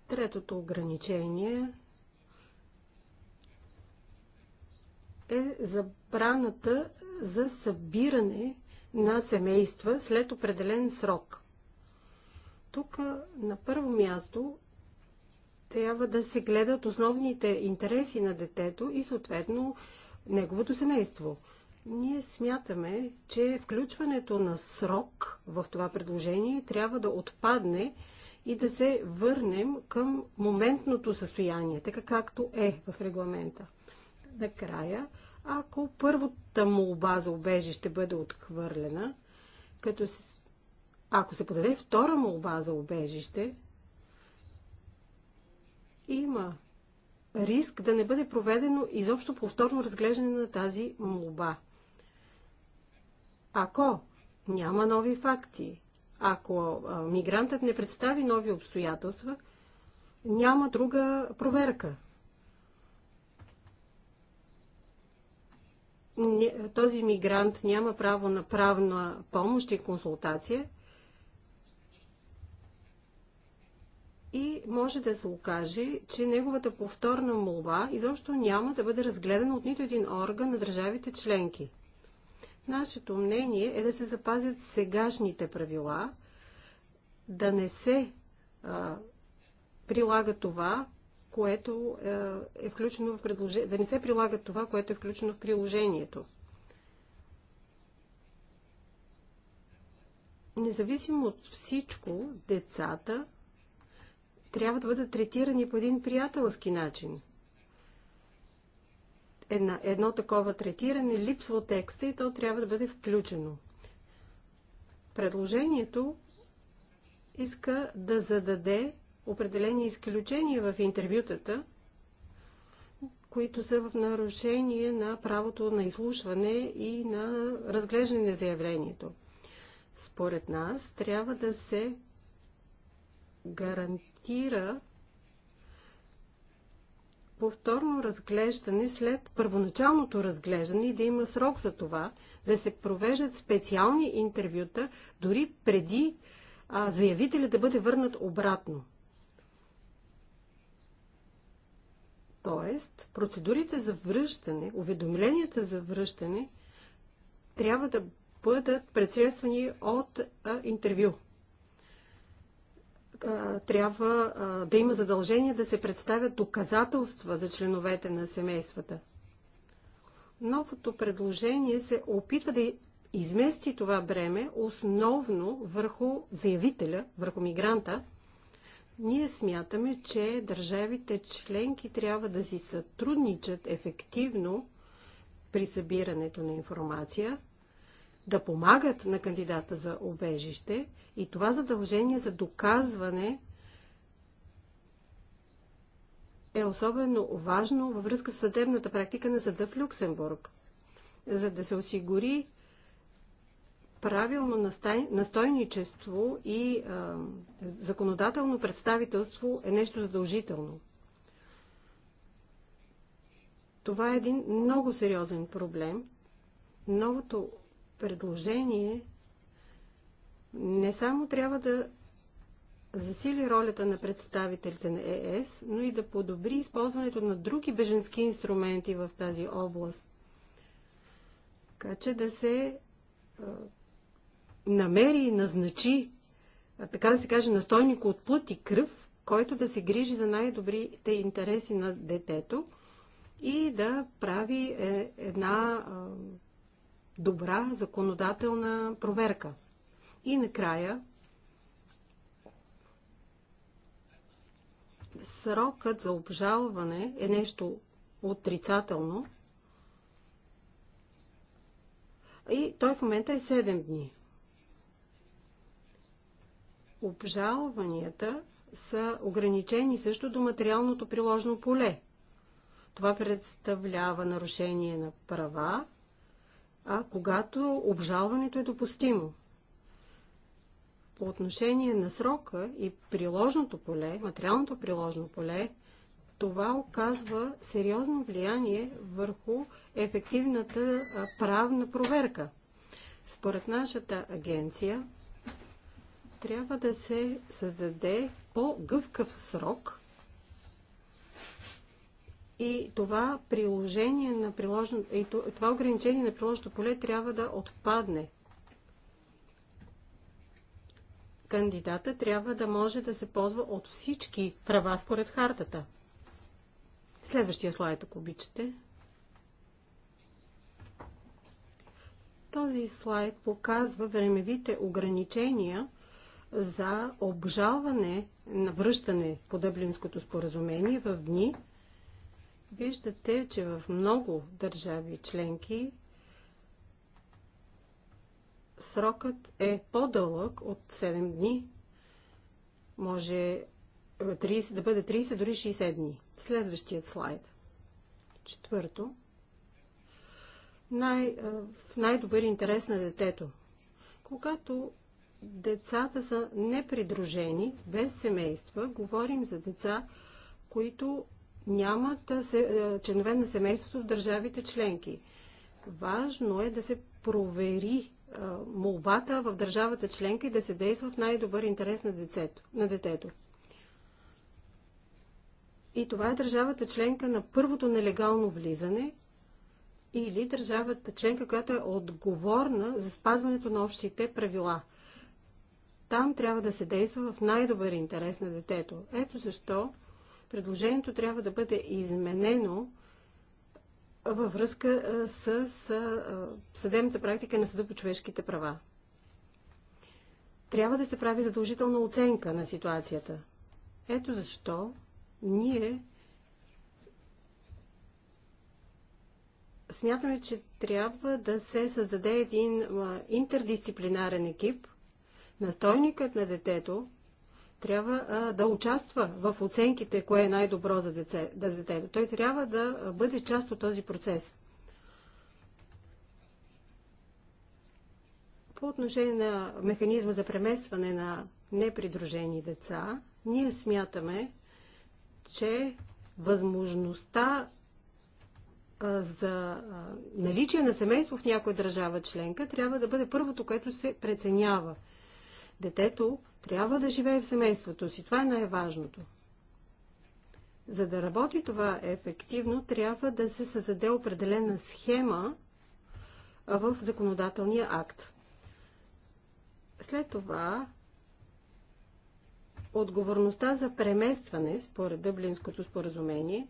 Третото ограничение е забраната за събиране на семейства след определен срок. Тук на първо място трябва да се гледат основните интереси на детето и съответно неговото семейство. Ние смятаме, че включването на срок в това предложение трябва да отпадне и да се върнем към моментното състояние, така както е в регламента. Накрая, ако първата молба за обежище бъде отхвърлена, като се... ако се подаде втора молба за обежище, има риск да не бъде проведено изобщо повторно разглеждане на тази молба. Ако няма нови факти, ако мигрантът не представи нови обстоятелства, няма друга проверка. Този мигрант няма право на правна помощ и консултация – и може да се окаже, че неговата повторна молба изобщо няма да бъде разгледана от нито един орган на държавите членки. Нашето мнение е да се запазят сегашните правила, да не се а, прилага това, което е, включено в предложението, да не се прилага това, което е включено в приложението. Независимо от всичко, децата трябва да бъдат третирани по един приятелски начин. Една, едно такова третиране липсва от текста и то трябва да бъде включено. Предложението иска да зададе определени изключения в интервютата, които са в нарушение на правото на изслушване и на разглеждане на заявлението. Според нас трябва да се гарантира гарантира повторно разглеждане след първоначалното разглеждане и да има срок за това, да се провеждат специални интервюта, дори преди а, заявителя да бъде върнат обратно. Тоест, процедурите за връщане, уведомленията за връщане трябва да бъдат предсредствани от а, интервю трябва да има задължение да се представят доказателства за членовете на семействата. Новото предложение се опитва да измести това бреме основно върху заявителя, върху мигранта. Ние смятаме, че държавите членки трябва да си сътрудничат ефективно при събирането на информация – да помагат на кандидата за обежище и това задължение за доказване е особено важно във връзка с съдебната практика на съда в Люксембург, за да се осигури правилно настойничество и а, законодателно представителство е нещо задължително. Това е един много сериозен проблем. Новото предложение не само трябва да засили ролята на представителите на ЕС, но и да подобри използването на други беженски инструменти в тази област. Така че да се а, намери и назначи, а, така да се каже, настойник от плът и кръв, който да се грижи за най-добрите интереси на детето и да прави е, една а, добра законодателна проверка. И накрая, срокът за обжалване е нещо отрицателно и той в момента е 7 дни. Обжалванията са ограничени също до материалното приложно поле. Това представлява нарушение на права, а когато обжалването е допустимо. По отношение на срока и приложното поле, материалното приложно поле, това оказва сериозно влияние върху ефективната правна проверка. Според нашата агенция трябва да се създаде по-гъвкав срок, и това, приложение на приложен... и това ограничение на приложното поле трябва да отпадне. Кандидата трябва да може да се ползва от всички права според хартата. Следващия слайд, ако обичате. Този слайд показва времевите ограничения за обжалване на връщане по Дъблинското споразумение в дни, виждате, че в много държави членки срокът е по-дълъг от 7 дни. Може 30, да бъде 30, дори 60 дни. Следващият слайд. Четвърто. Най, в най-добър интерес на детето. Когато децата са непридружени, без семейства, говорим за деца, които нямат е, членове на семейството в държавите членки. Важно е да се провери е, молбата в държавата членка и да се действа в най-добър интерес на, децето, на детето. И това е държавата членка на първото нелегално влизане или държавата членка, която е отговорна за спазването на общите правила. Там трябва да се действа в най-добър интерес на детето. Ето защо предложението трябва да бъде изменено във връзка с съдебната практика на Съда по човешките права. Трябва да се прави задължителна оценка на ситуацията. Ето защо ние смятаме, че трябва да се създаде един интердисциплинарен екип. Настойникът на детето трябва а, да участва в оценките, кое е най-добро за, деце, да за детето. Той трябва да бъде част от този процес. По отношение на механизма за преместване на непридружени деца, ние смятаме, че възможността за наличие на семейство в някоя държава членка трябва да бъде първото, което се преценява – Детето трябва да живее в семейството си. Това е най-важното. За да работи това ефективно, трябва да се създаде определена схема в законодателния акт. След това отговорността за преместване според Дъблинското споразумение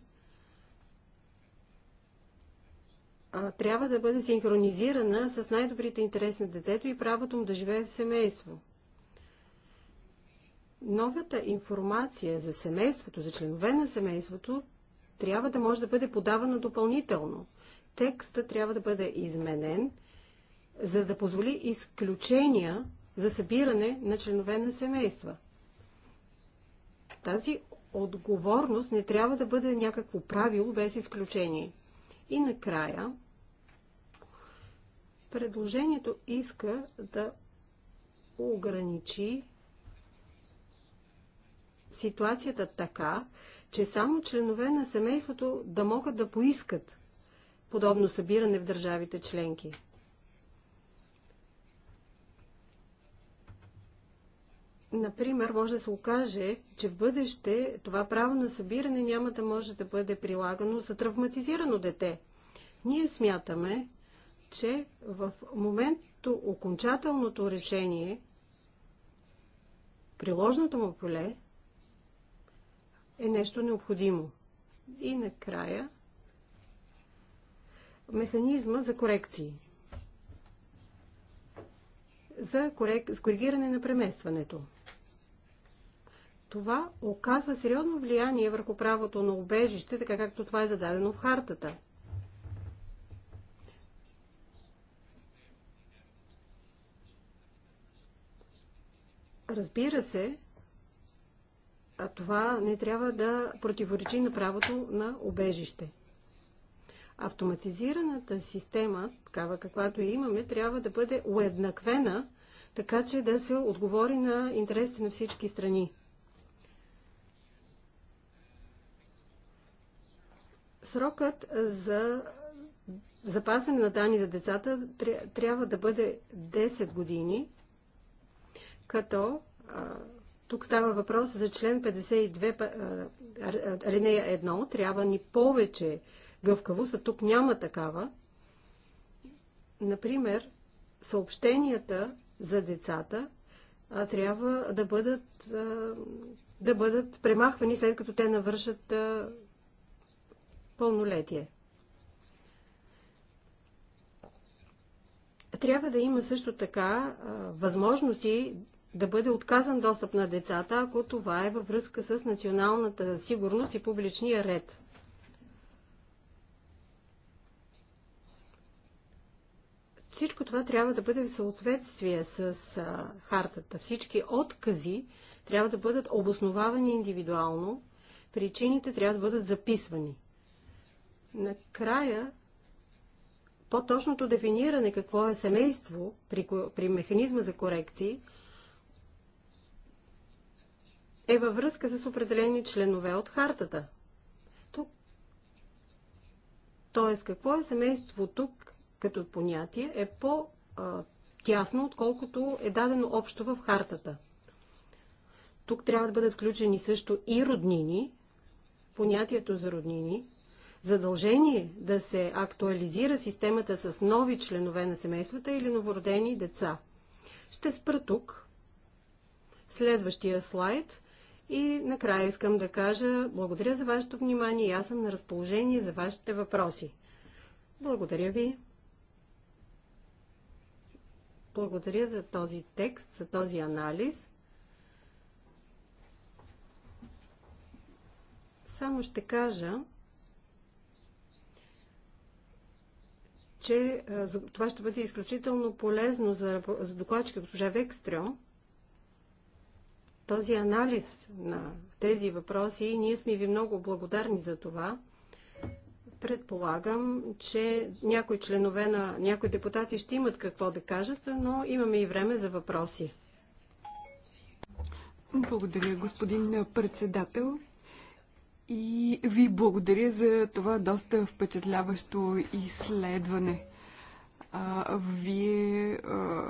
трябва да бъде синхронизирана с най-добрите интереси на детето и правото му да живее в семейство новата информация за семейството, за членове на семейството, трябва да може да бъде подавана допълнително. Текстът трябва да бъде изменен, за да позволи изключения за събиране на членове на семейства. Тази отговорност не трябва да бъде някакво правило без изключение. И накрая, предложението иска да ограничи ситуацията така, че само членове на семейството да могат да поискат подобно събиране в държавите членки. Например, може да се окаже, че в бъдеще това право на събиране няма да може да бъде прилагано за травматизирано дете. Ние смятаме, че в момента окончателното решение, приложното му поле, е нещо необходимо. И накрая механизма за корекции. За, корек... с коригиране на преместването. Това оказва сериозно влияние върху правото на убежище, така както това е зададено в хартата. Разбира се, а това не трябва да противоречи на правото на обежище. Автоматизираната система, такава каквато имаме, трябва да бъде уеднаквена, така че да се отговори на интересите на всички страни. Срокът за запазване на данни за децата трябва да бъде 10 години, като тук става въпрос за член 52, алинея 1. Трябва ни повече гъвкавост, а тук няма такава. Например, съобщенията за децата трябва да бъдат, да бъдат премахвани след като те навършат пълнолетие. Трябва да има също така а, възможности да бъде отказан достъп на децата, ако това е във връзка с националната сигурност и публичния ред. Всичко това трябва да бъде в съответствие с а, хартата. Всички откази трябва да бъдат обосновавани индивидуално, причините трябва да бъдат записвани. Накрая по-точното дефиниране какво е семейство при, при механизма за корекции е във връзка с определени членове от хартата. Тук. Тоест, какво е семейство тук като понятие е по-тясно, отколкото е дадено общо в хартата. Тук трябва да бъдат включени също и роднини, понятието за роднини, задължение да се актуализира системата с нови членове на семействата или новородени деца. Ще спра тук. Следващия слайд и накрая искам да кажа благодаря за вашето внимание и аз съм на разположение за вашите въпроси. Благодаря ви. Благодаря за този текст, за този анализ. Само ще кажа, че това ще бъде изключително полезно за, за докладчика госпожа Векстрем, този анализ на тези въпроси. и Ние сме ви много благодарни за това. Предполагам, че някои членове на някои депутати ще имат какво да кажат, но имаме и време за въпроси. Благодаря, господин председател. И ви благодаря за това доста впечатляващо изследване. А, вие а,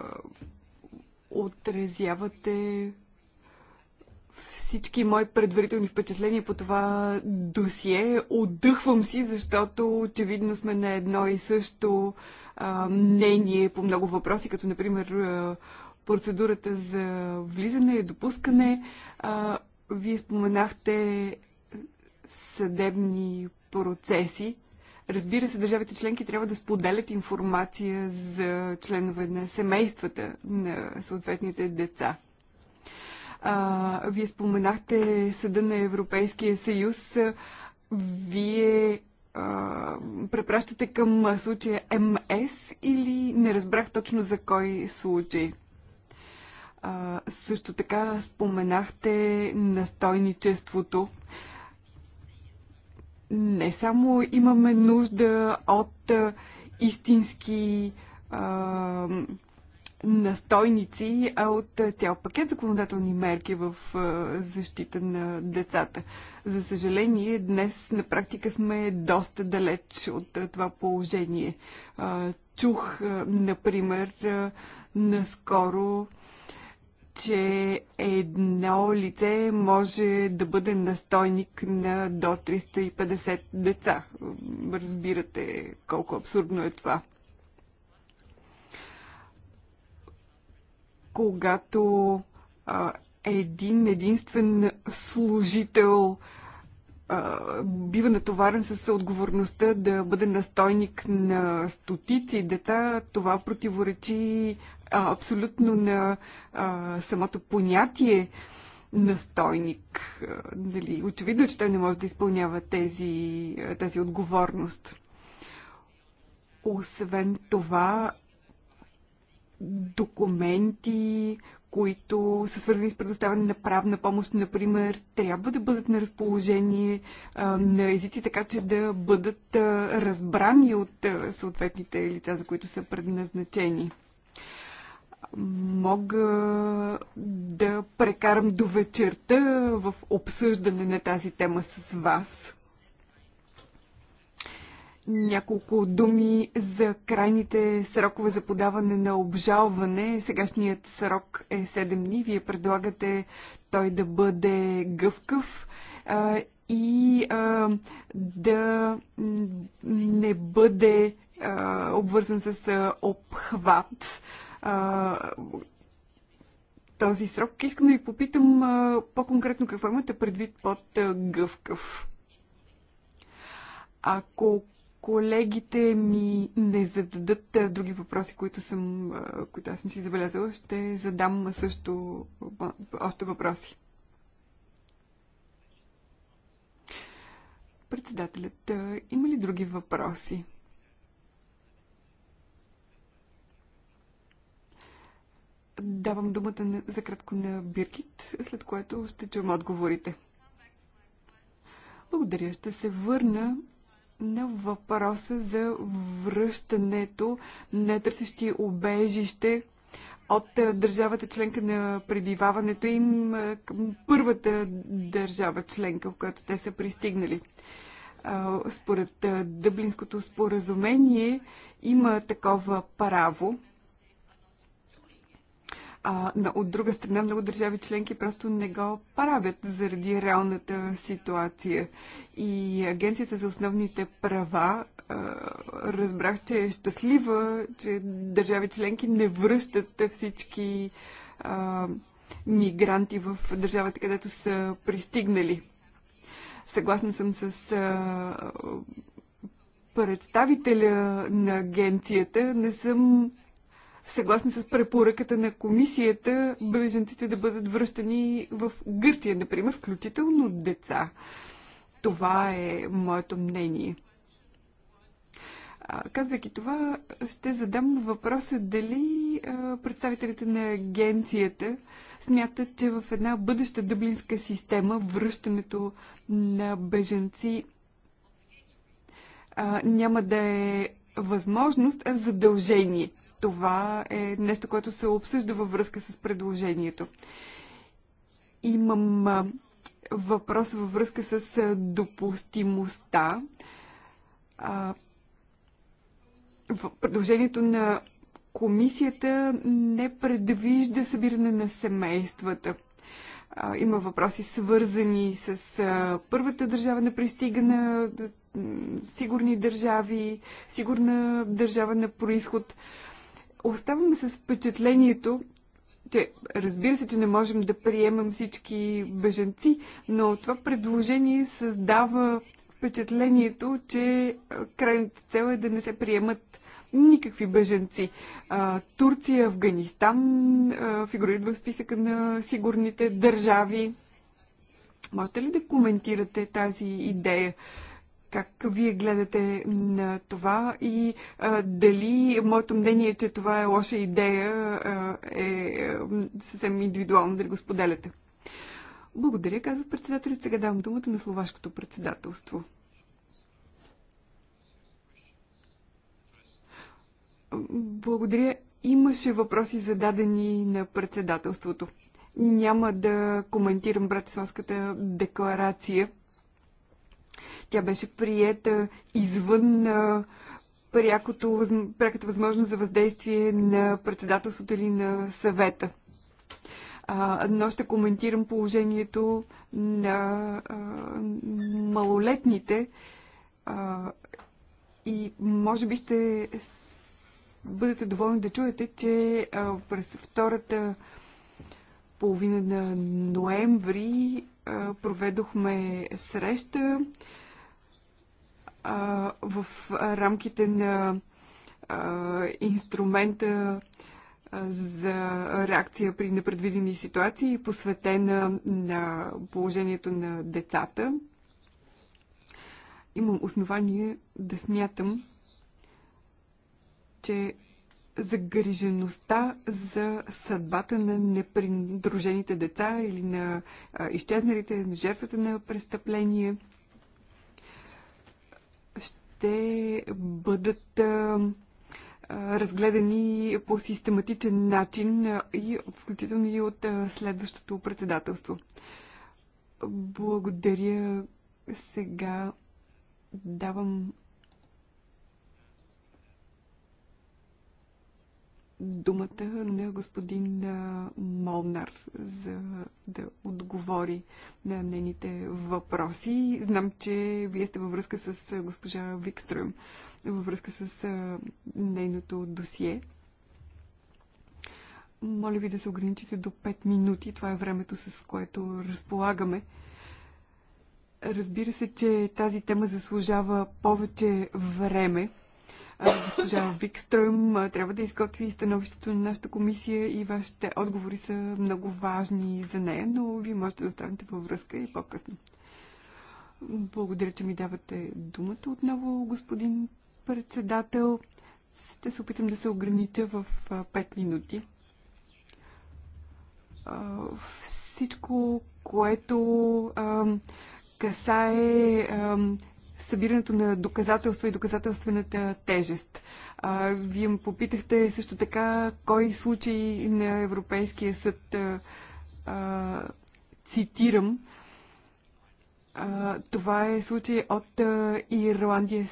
всички мои предварителни впечатления по това досие. Отдъхвам си, защото очевидно сме на едно и също а, мнение по много въпроси, като например а, процедурата за влизане и допускане. А, вие споменахте съдебни процеси. Разбира се, държавите членки трябва да споделят информация за членове на семействата на съответните деца. А, вие споменахте Съда на Европейския съюз. Вие а, препращате към случая МС или не разбрах точно за кой случай? А, също така споменахте настойничеството. Не само имаме нужда от истински а, настойници, от цял пакет законодателни мерки в защита на децата. За съжаление, днес на практика сме доста далеч от това положение. Чух, например, наскоро че едно лице може да бъде настойник на до 350 деца. Разбирате колко абсурдно е това. когато а, един единствен служител а, бива натоварен с отговорността да бъде настойник на стотици деца, това противоречи а, абсолютно на а, самото понятие настойник. Дали, очевидно, че той не може да изпълнява тези, тази отговорност. Освен това, документи, които са свързани с предоставяне на правна помощ, например, трябва да бъдат на разположение а, на езици, така че да бъдат а, разбрани от а, съответните лица, за които са предназначени. Мога да прекарам до вечерта в обсъждане на тази тема с вас. Няколко думи за крайните срокове за подаване на обжалване. Сегашният срок е 7 дни. Вие предлагате той да бъде гъвкав а, и а, да не бъде а, обвързан с а, обхват. А, този срок. Искам да ви попитам по-конкретно какво имате предвид под гъвкав. Ако колегите ми не зададат други въпроси, които, съм, които аз съм си забелязала, ще задам също още въпроси. Председателят, има ли други въпроси? Давам думата за кратко на Биркит, след което ще чуем отговорите. Благодаря. Ще се върна на въпроса за връщането на търсещи обежище от е, държавата членка на пребиваването им е, към първата държава членка, в която те са пристигнали. Е, според Дъблинското споразумение има такова право а, но от друга страна, много държави членки просто не го правят заради реалната ситуация. И Агенцията за основните права а, разбрах, че е щастлива, че държави членки не връщат всички а, мигранти в държавата, където са пристигнали. Съгласна съм с а, представителя на агенцията. Не съм Съгласни с препоръката на комисията беженците да бъдат връщани в Гъртия, например, включително деца. Това е моето мнение. Казвайки това, ще задам въпроса дали представителите на агенцията смятат, че в една бъдеща дъблинска система връщането на беженци няма да е възможност, а е задължение. Това е нещо, което се обсъжда във връзка с предложението. Имам въпрос във връзка с допустимостта. В предложението на комисията не предвижда събиране на семействата. Има въпроси свързани с първата държава на пристигане, сигурни държави, сигурна държава на происход. Оставаме с впечатлението, че разбира се, че не можем да приемем всички бежанци, но това предложение създава впечатлението, че крайната цел е да не се приемат никакви беженци. Турция, Афганистан фигурират в списъка на сигурните държави. Можете ли да коментирате тази идея? Как вие гледате на това и а, дали моето мнение, е, че това е лоша идея, а, е, е съвсем индивидуално, да го споделяте? Благодаря, казва председателят. Сега давам думата на словашкото председателство. Благодаря. Имаше въпроси зададени на председателството. Няма да коментирам братиславската декларация тя беше приета извън прякото, пряката възможност за въздействие на председателството или на съвета. А, но ще коментирам положението на а, малолетните а, и може би ще бъдете доволни да чуете, че а, през втората половина на ноември проведохме среща в рамките на инструмента за реакция при непредвидени ситуации, посветена на положението на децата. Имам основание да смятам, че загрижеността за съдбата на непридружените деца или на изчезналите, на жертвата на престъпление ще бъдат разгледани по систематичен начин и включително и от следващото председателство. Благодаря. Сега давам думата на господин Молнар, за да отговори на нейните въпроси. Знам, че вие сте във връзка с госпожа Викстрем, във връзка с нейното досие. Моля ви да се ограничите до 5 минути. Това е времето, с което разполагаме. Разбира се, че тази тема заслужава повече време Госпожа Викстрем трябва да изготви становището на нашата комисия и вашите отговори са много важни за нея, но вие можете да останете във връзка и по-късно. Благодаря, че ми давате думата отново, господин председател. Ще се опитам да се огранича в 5 минути. Всичко, което касае събирането на доказателства и доказателствената тежест. А, вие ме попитахте също така кой случай на Европейския съд а, а, цитирам. А, това е случай от а, Ирландия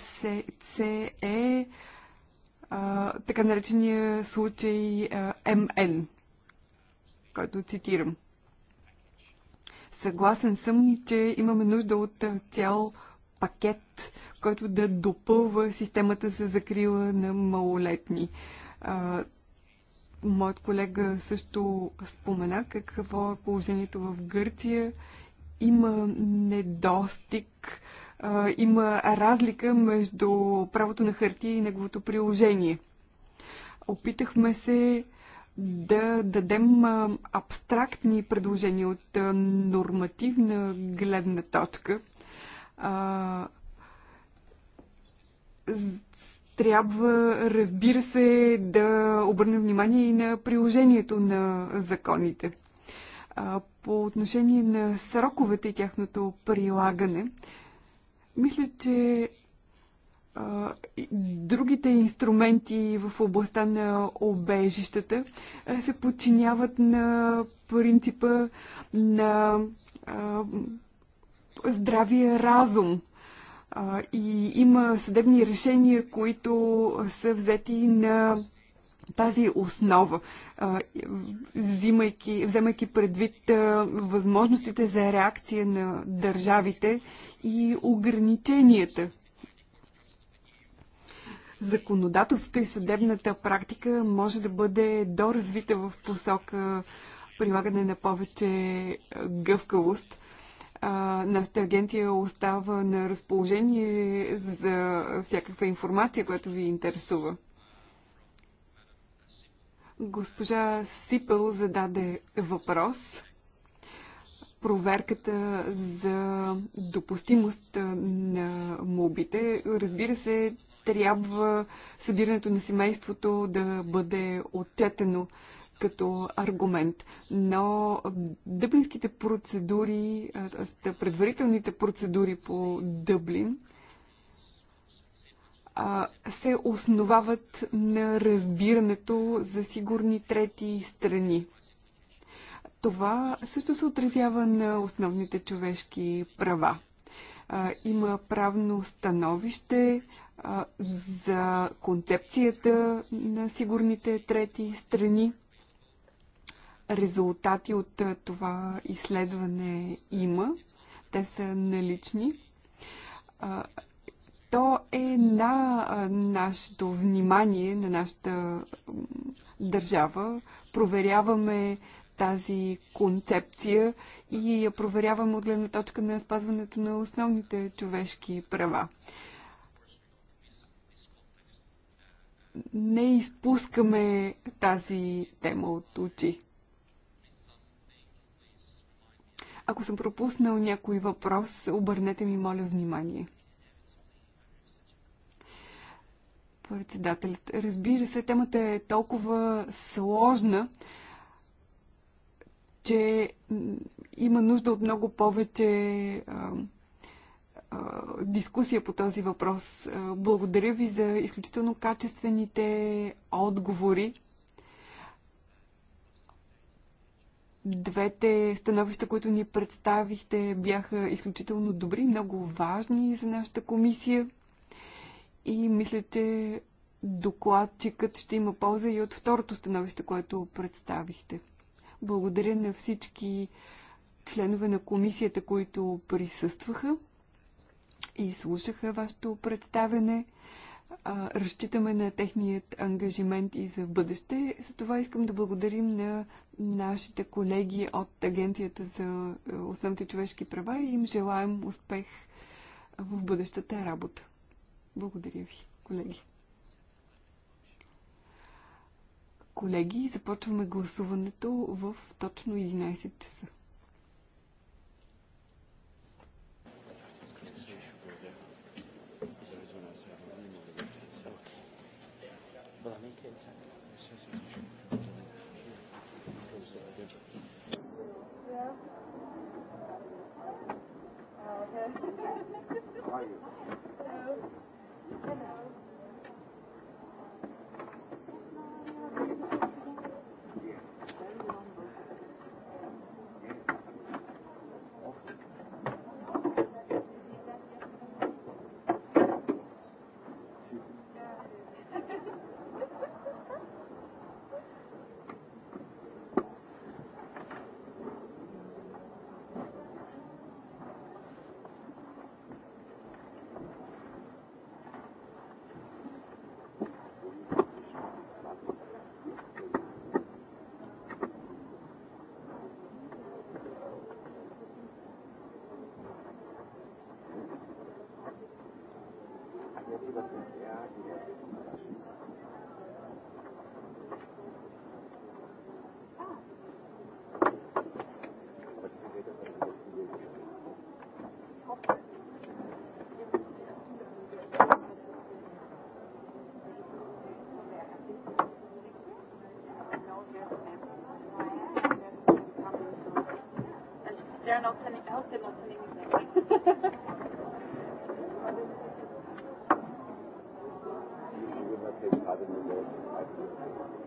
СЕ, така наречения случай а, МН, който цитирам. Съгласен съм, че имаме нужда от цял пакет, който да допълва системата за закрила на малолетни. Моят колега също спомена какво е положението в Гърция. Има недостиг, има разлика между правото на хартия и неговото приложение. Опитахме се да дадем абстрактни предложения от нормативна гледна точка – а, трябва, разбира се, да обърнем внимание и на приложението на законите. А, по отношение на сроковете и тяхното прилагане, мисля, че другите инструменти в областта на обежищата се подчиняват на принципа на здравия разум. И има съдебни решения, които са взети на тази основа, взимайки, вземайки предвид възможностите за реакция на държавите и ограниченията. Законодателството и съдебната практика може да бъде доразвита в посока прилагане на повече гъвкавост – а, нашата агенция остава на разположение за всякаква информация, която ви интересува. Госпожа Сипел зададе въпрос. Проверката за допустимост на мобите. Разбира се, трябва събирането на семейството да бъде отчетено като аргумент. Но дъблинските процедури, т.е. предварителните процедури по Дъблин, се основават на разбирането за сигурни трети страни. Това също се отразява на основните човешки права. Има правно становище за концепцията на сигурните трети страни резултати от е, това изследване има. Те са налични. То е на нашето внимание, на нашата държава. Проверяваме тази концепция и я проверяваме от гледна точка на спазването на основните човешки права. Не изпускаме тази тема от очи. Ако съм пропуснал някой въпрос, обърнете ми, моля, внимание. Председателят. Разбира се, темата е толкова сложна, че има нужда от много повече а, а, дискусия по този въпрос. Благодаря ви за изключително качествените отговори. Двете становища, които ни представихте, бяха изключително добри, много важни за нашата комисия и мисля, че докладчикът ще има полза и от второто становище, което представихте. Благодаря на всички членове на комисията, които присъстваха и слушаха вашето представене а, разчитаме на техният ангажимент и за бъдеще. За това искам да благодарим на нашите колеги от Агенцията за е, основните човешки права и им желаем успех в бъдещата работа. Благодаря ви, колеги. Колеги, започваме гласуването в точно 11 часа. are you? Yarın haftanın, haftanın haftanın güzel. Thank you.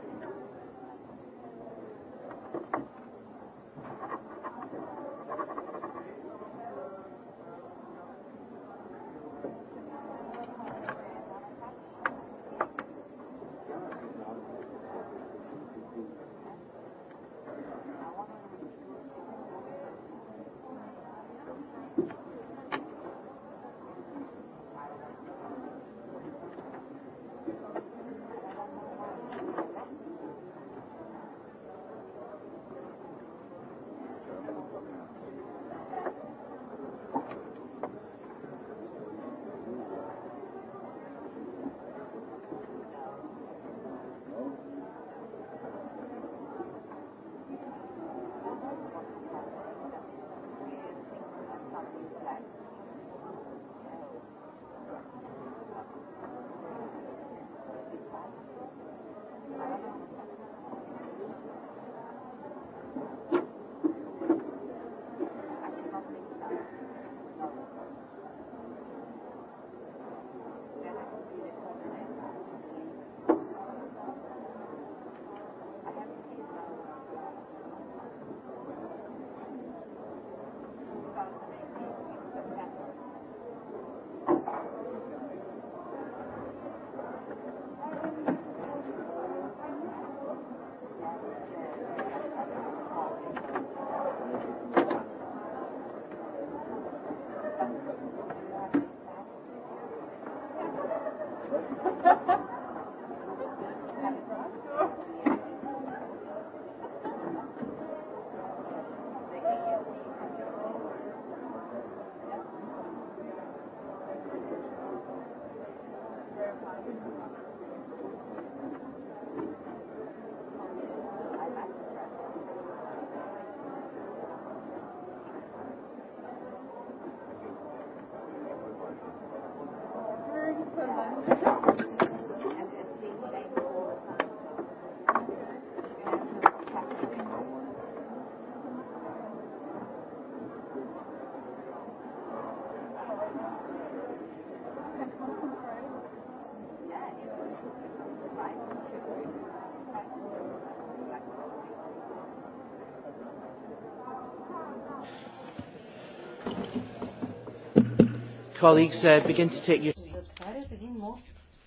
Colleagues, uh, begin to take your...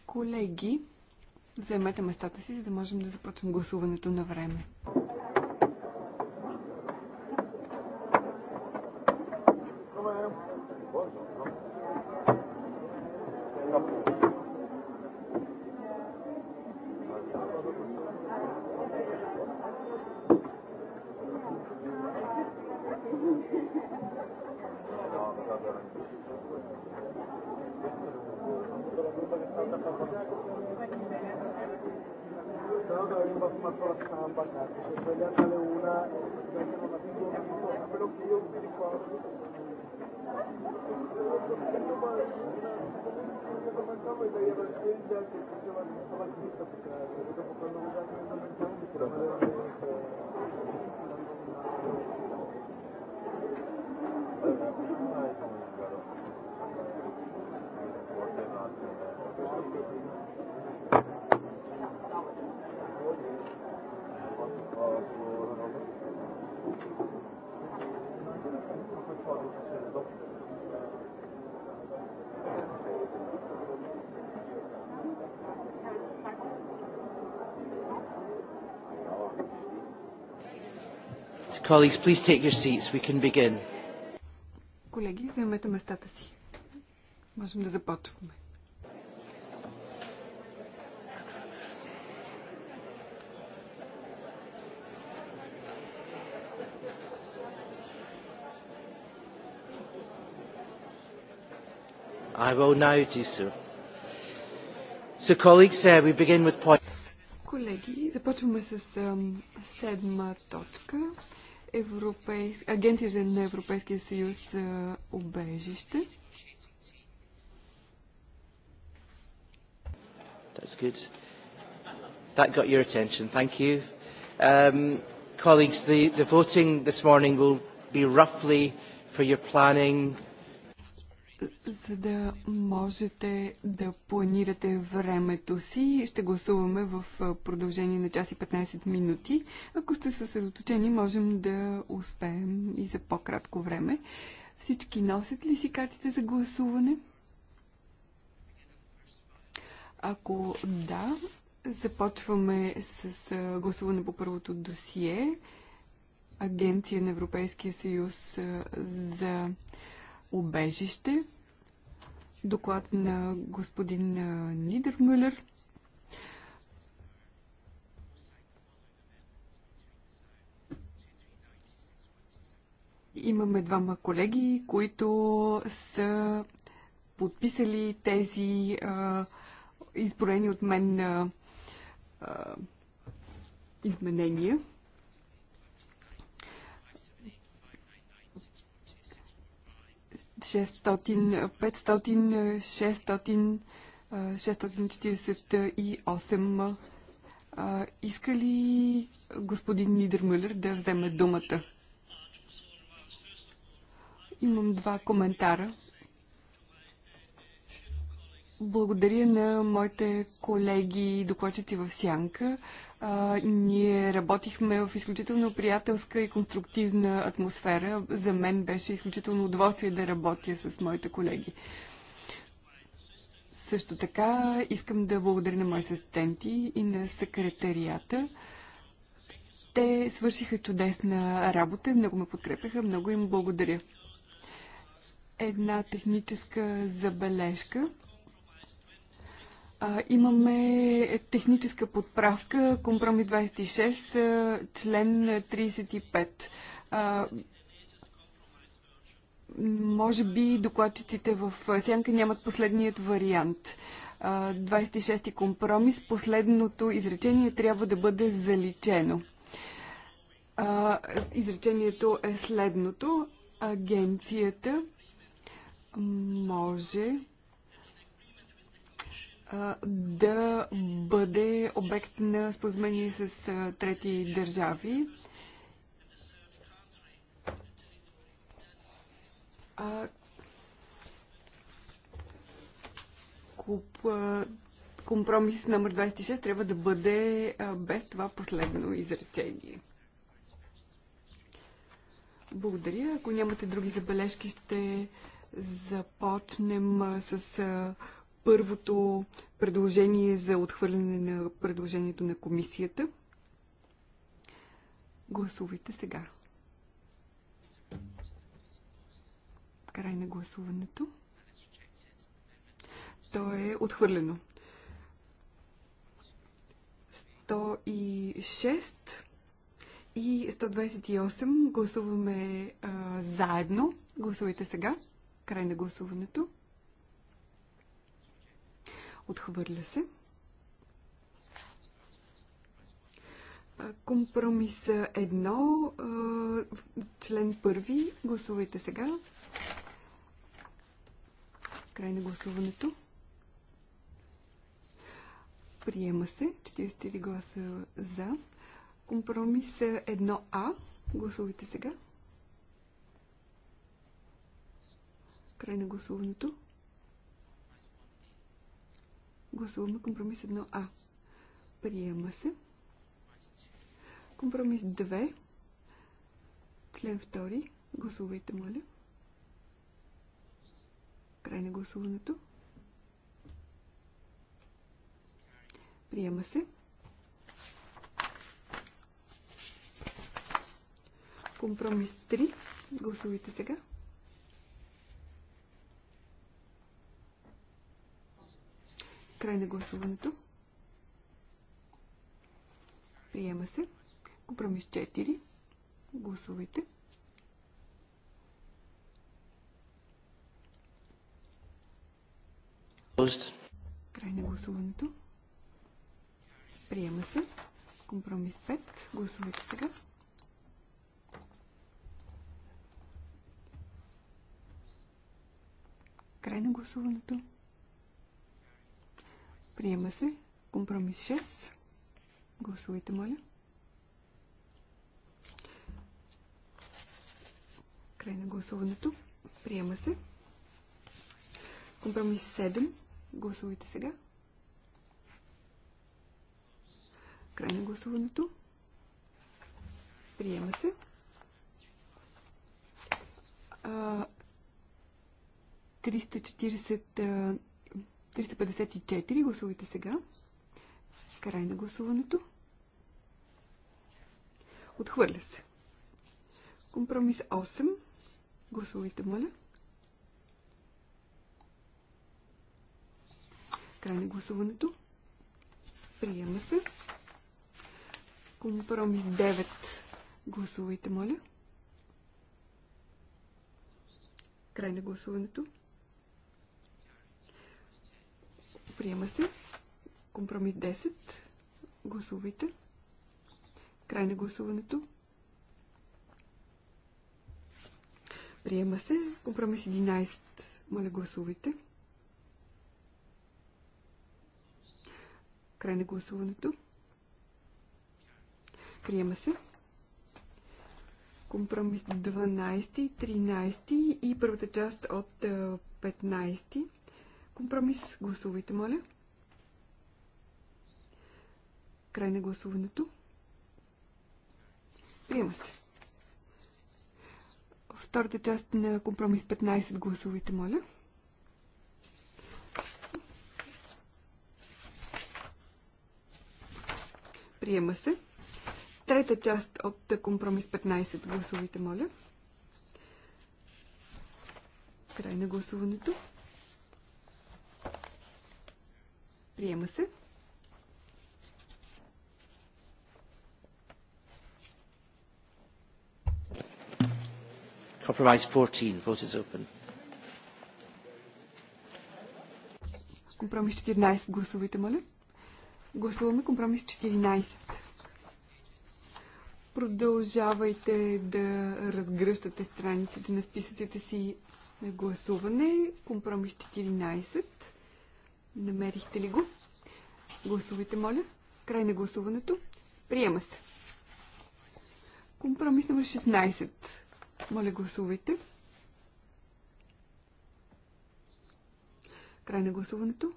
Колеги, заемете местата си, за да можем да започнем гласуването на време. Colleagues, please take your seats. We can begin. Колеги, заемете местата си. Можем да започваме. I will now do so. So colleagues, uh, we begin with point. Колеги, започваме с седма точка. Европейс... Агенция за на Европейския съюз за убежище. That's good. That got your attention. Thank you. Um, colleagues, the, the voting this morning will be roughly for your planning за да можете да планирате времето си. Ще гласуваме в продължение на час и 15 минути. Ако сте съсредоточени, можем да успеем и за по-кратко време. Всички носят ли си картите за гласуване? Ако да, започваме с гласуване по първото досие. Агенция на Европейския съюз за убежище доклад на господин Нидермюлер. Имаме двама колеги, които са подписали тези а, изброени от мен а, а, изменения. 648. Иска ли господин Нидермюлер да вземе думата? Имам два коментара. Благодаря на моите колеги и докладчици в Сянка. А, ние работихме в изключително приятелска и конструктивна атмосфера. За мен беше изключително удоволствие да работя с моите колеги. Също така искам да благодаря на мои асистенти и на секретарията. Те свършиха чудесна работа, много ме подкрепяха, много им благодаря. Една техническа забележка. А, имаме техническа подправка, компромис 26, член 35. А, може би докладчиците в сянка нямат последният вариант. 26-ти компромис, последното изречение трябва да бъде заличено. Изречението е следното. Агенцията може да бъде обект на споразумение с трети държави. А, куп, компромис номер 26 трябва да бъде без това последно изречение. Благодаря. Ако нямате други забележки, ще започнем с. А, първото предложение за отхвърляне на предложението на комисията. Гласувайте сега. Край на гласуването. То е отхвърлено. 106 и 128 гласуваме а, заедно. Гласувайте сега. Край на гласуването. Отхвърля се. Компромис 1, член 1. Гласувайте сега. Край на гласуването. Приема се. 43 гласа за. Компромис 1А. Гласувайте сега. Край на гласуването. Гласуваме компромис 1А. Приема се. Компромис 2. Член 2. Гласувайте, моля. Край на гласуването. Приема се. Компромис 3. Гласувайте сега. Край на гласуването. Приема се. Компромис 4. Гласувайте. Край на гласуването. Приема се. Компромис 5. Гласувайте сега. Край на гласуването. Приема се. Компромис 6. Гласувайте, моля. Край на гласуването. Приема се. Компромис 7. Гласувайте сега. Край на гласуването. Приема се. А, 340 354. Гласувайте сега. Край на гласуването. Отхвърля се. Компромис 8. Гласувайте, моля. Край на гласуването. Приема се. Компромис 9. Гласувайте, моля. Край на гласуването. Приема се. Компромис 10. Гласувайте. Край на гласуването. Приема се. Компромис 11. Моля, гласувайте. Край на гласуването. Приема се. Компромис 12, 13 и първата част от 15 компромис. Гласувайте, моля. Край на гласуването. Приема се. Втората част на компромис 15 гласувайте, моля. Приема се. Трета част от компромис 15 гласувайте, моля. Край на гласуването. Приема се. Compromise 14. Vote is open. Компромис 14. Гласувайте, моля. Гласуваме компромис 14. Продължавайте да разгръщате страниците на списъците си на гласуване. Компромис 14. Намерихте ли го? Гласувайте, моля. Край на гласуването. Приема се. Компромис номер 16. Моля, гласувайте. Край на гласуването.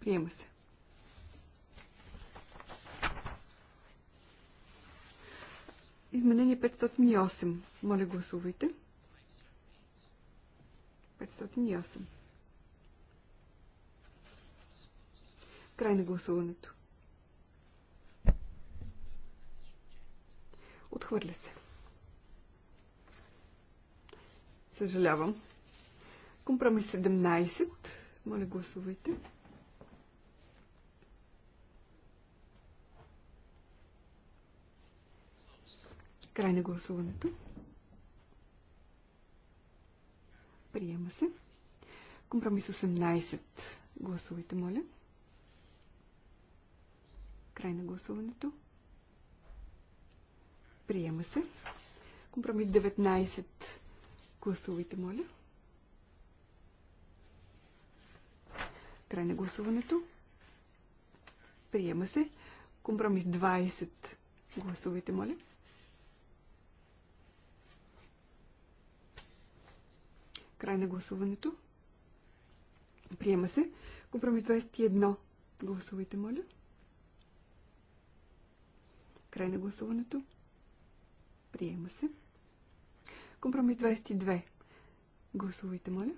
Приема се. Изменение 508. Моля, гласувайте. 508. Край на гласуването. Отхвърля се. Съжалявам. Компромис 17. Моля, гласувайте. Край на гласуването. Приема се. Компромис 18. Гласувайте, моля. Край на гласуването. Приема се. Компромис 19. Гласувайте, моля. Край на гласуването. Приема се. Компромис 20. Гласувайте, моля. Край на гласуването. Приема се. Компромис 21. Гласувайте, моля. Край на гласуването. Приема се. Компромис 22. Гласувайте, моля.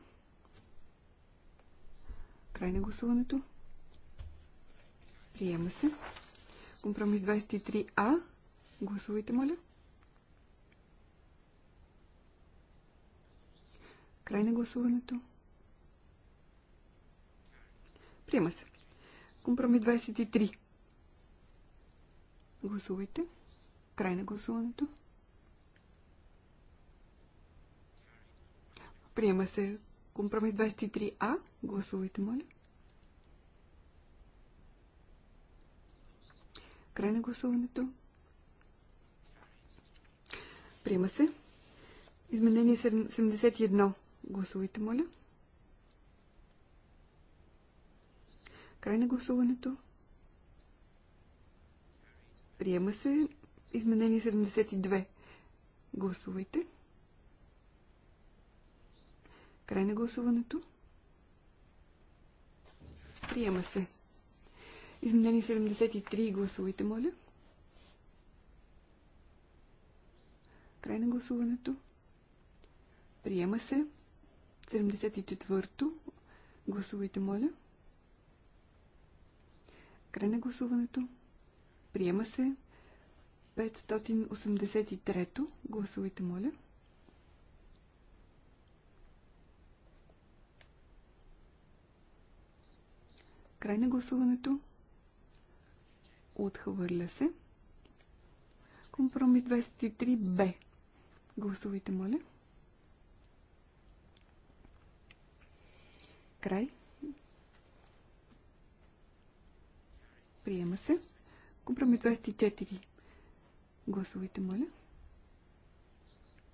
Край на гласуването. Приема се. Компромис 23А. Гласувайте, моля. Край на гласуването. Приема се. Компромис 23. Гласувайте. Край на гласуването. Приема се компромис 23А. Гласувайте, моля. Край на гласуването. Приема се. Изменение 71. Гласувайте, моля. Край на гласуването. Приема се. Изменение 72. Гласувайте. Край на гласуването. Приема се. Изменение 73. Гласувайте, моля. Край на гласуването. Приема се. 74-то. Гласувайте, моля. Край на гласуването. Приема се. 583-то. Гласувайте, моля. Край на гласуването. Отхвърля се. Компромис 23Б. Гласувайте, моля. Край. Приема се. Компромис 24. Гласувайте, моля.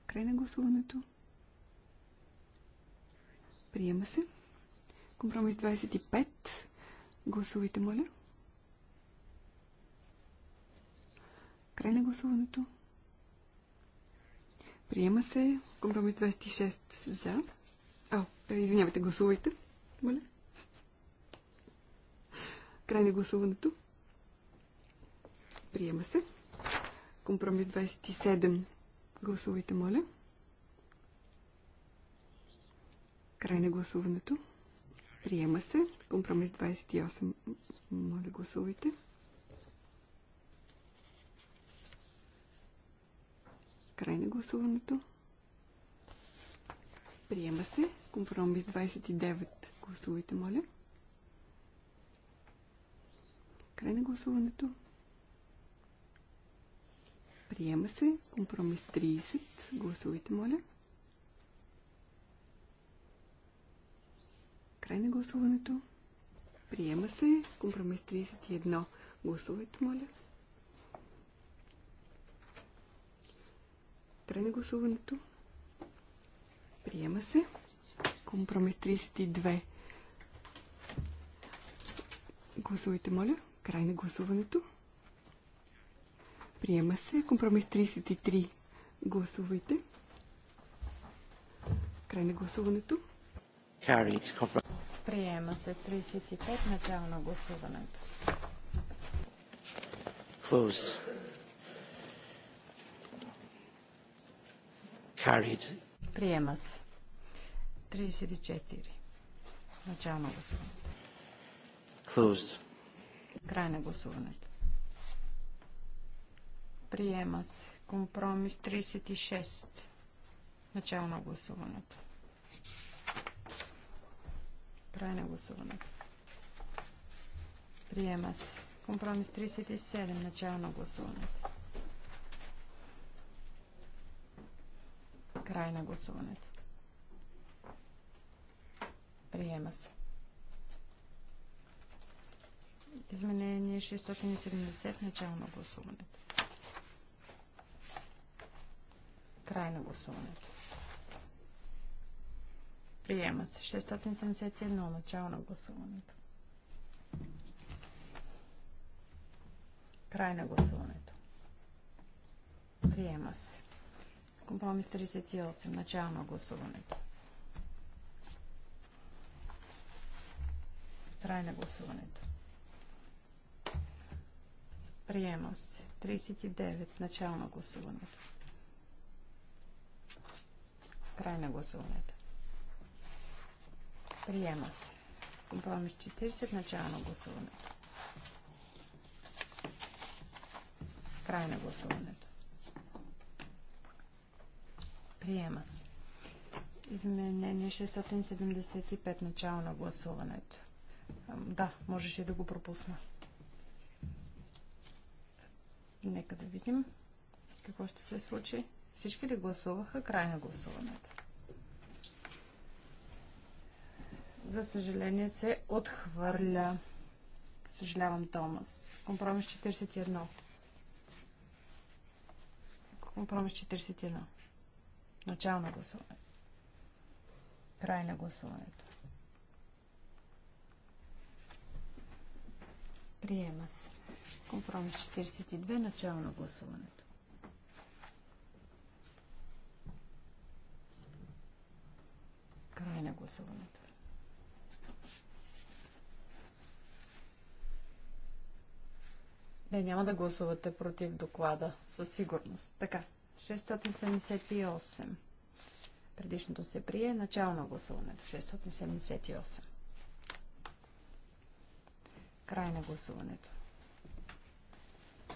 Край на гласуването. Приема се. Компромис 25. Гласувайте, моля. Край на гласуването. Приема се. Компромис 26 за. А, е, извинявайте, гласувайте. Моля. Край на гласуването. Приема се. Компромис 27. Гласувайте, моля. Край на гласуването. Приема се. Компромис 28. Моля, гласувайте. Край на гласуването. Приема се. Компромис 29. Гласувайте, моля. Край на гласуването. Приема се. Компромис 30. Гласувайте, моля. Край на гласуването. Приема се. Компромис 31. Гласувайте, моля. Край на гласуването. Приема се. Компромис 32. Гласувайте, моля. Край на гласуването. Приема се. Компромис 33. Гласувайте. Край на гласуването. Приема се 35. Начало на гласуването. Closed. Carried. Приема се. 34. Начало на гласуването. Closed. Край на гласуването. Приема се. Компромис 36. Начало на гласуването. Край на гласуването. Приема се. Компромис 37. Начало на гласуването. Край на гласуването. Приема се. Изменение 670. Начало на гласуването. Край на гласуването. Приема се 671. Начало на гласуването. Край на гласуването. Приема се. Компромис 38. Начало на гласуването. Край на гласуването. Приема се. 39. Начало на гласуването. Край на гласуването. Приема се. Компромис 40. Начало на гласуването. Край на гласуването. Приема се. Изменение 675. Начало на гласуването. Да, и да го пропусна. Нека да видим какво ще се случи. Всички ли гласуваха? Край на гласуването. За съжаление се отхвърля. Съжалявам, Томас. Компромис 41. Компромис 41. Начало на гласуването. Край на гласуването. Приема се. Компромис 42. Начало на гласуването. Край на гласуването. Не, няма да гласувате против доклада, със сигурност. Така, 678. Предишното се прие, начало на гласуването, 678. Край на гласуването.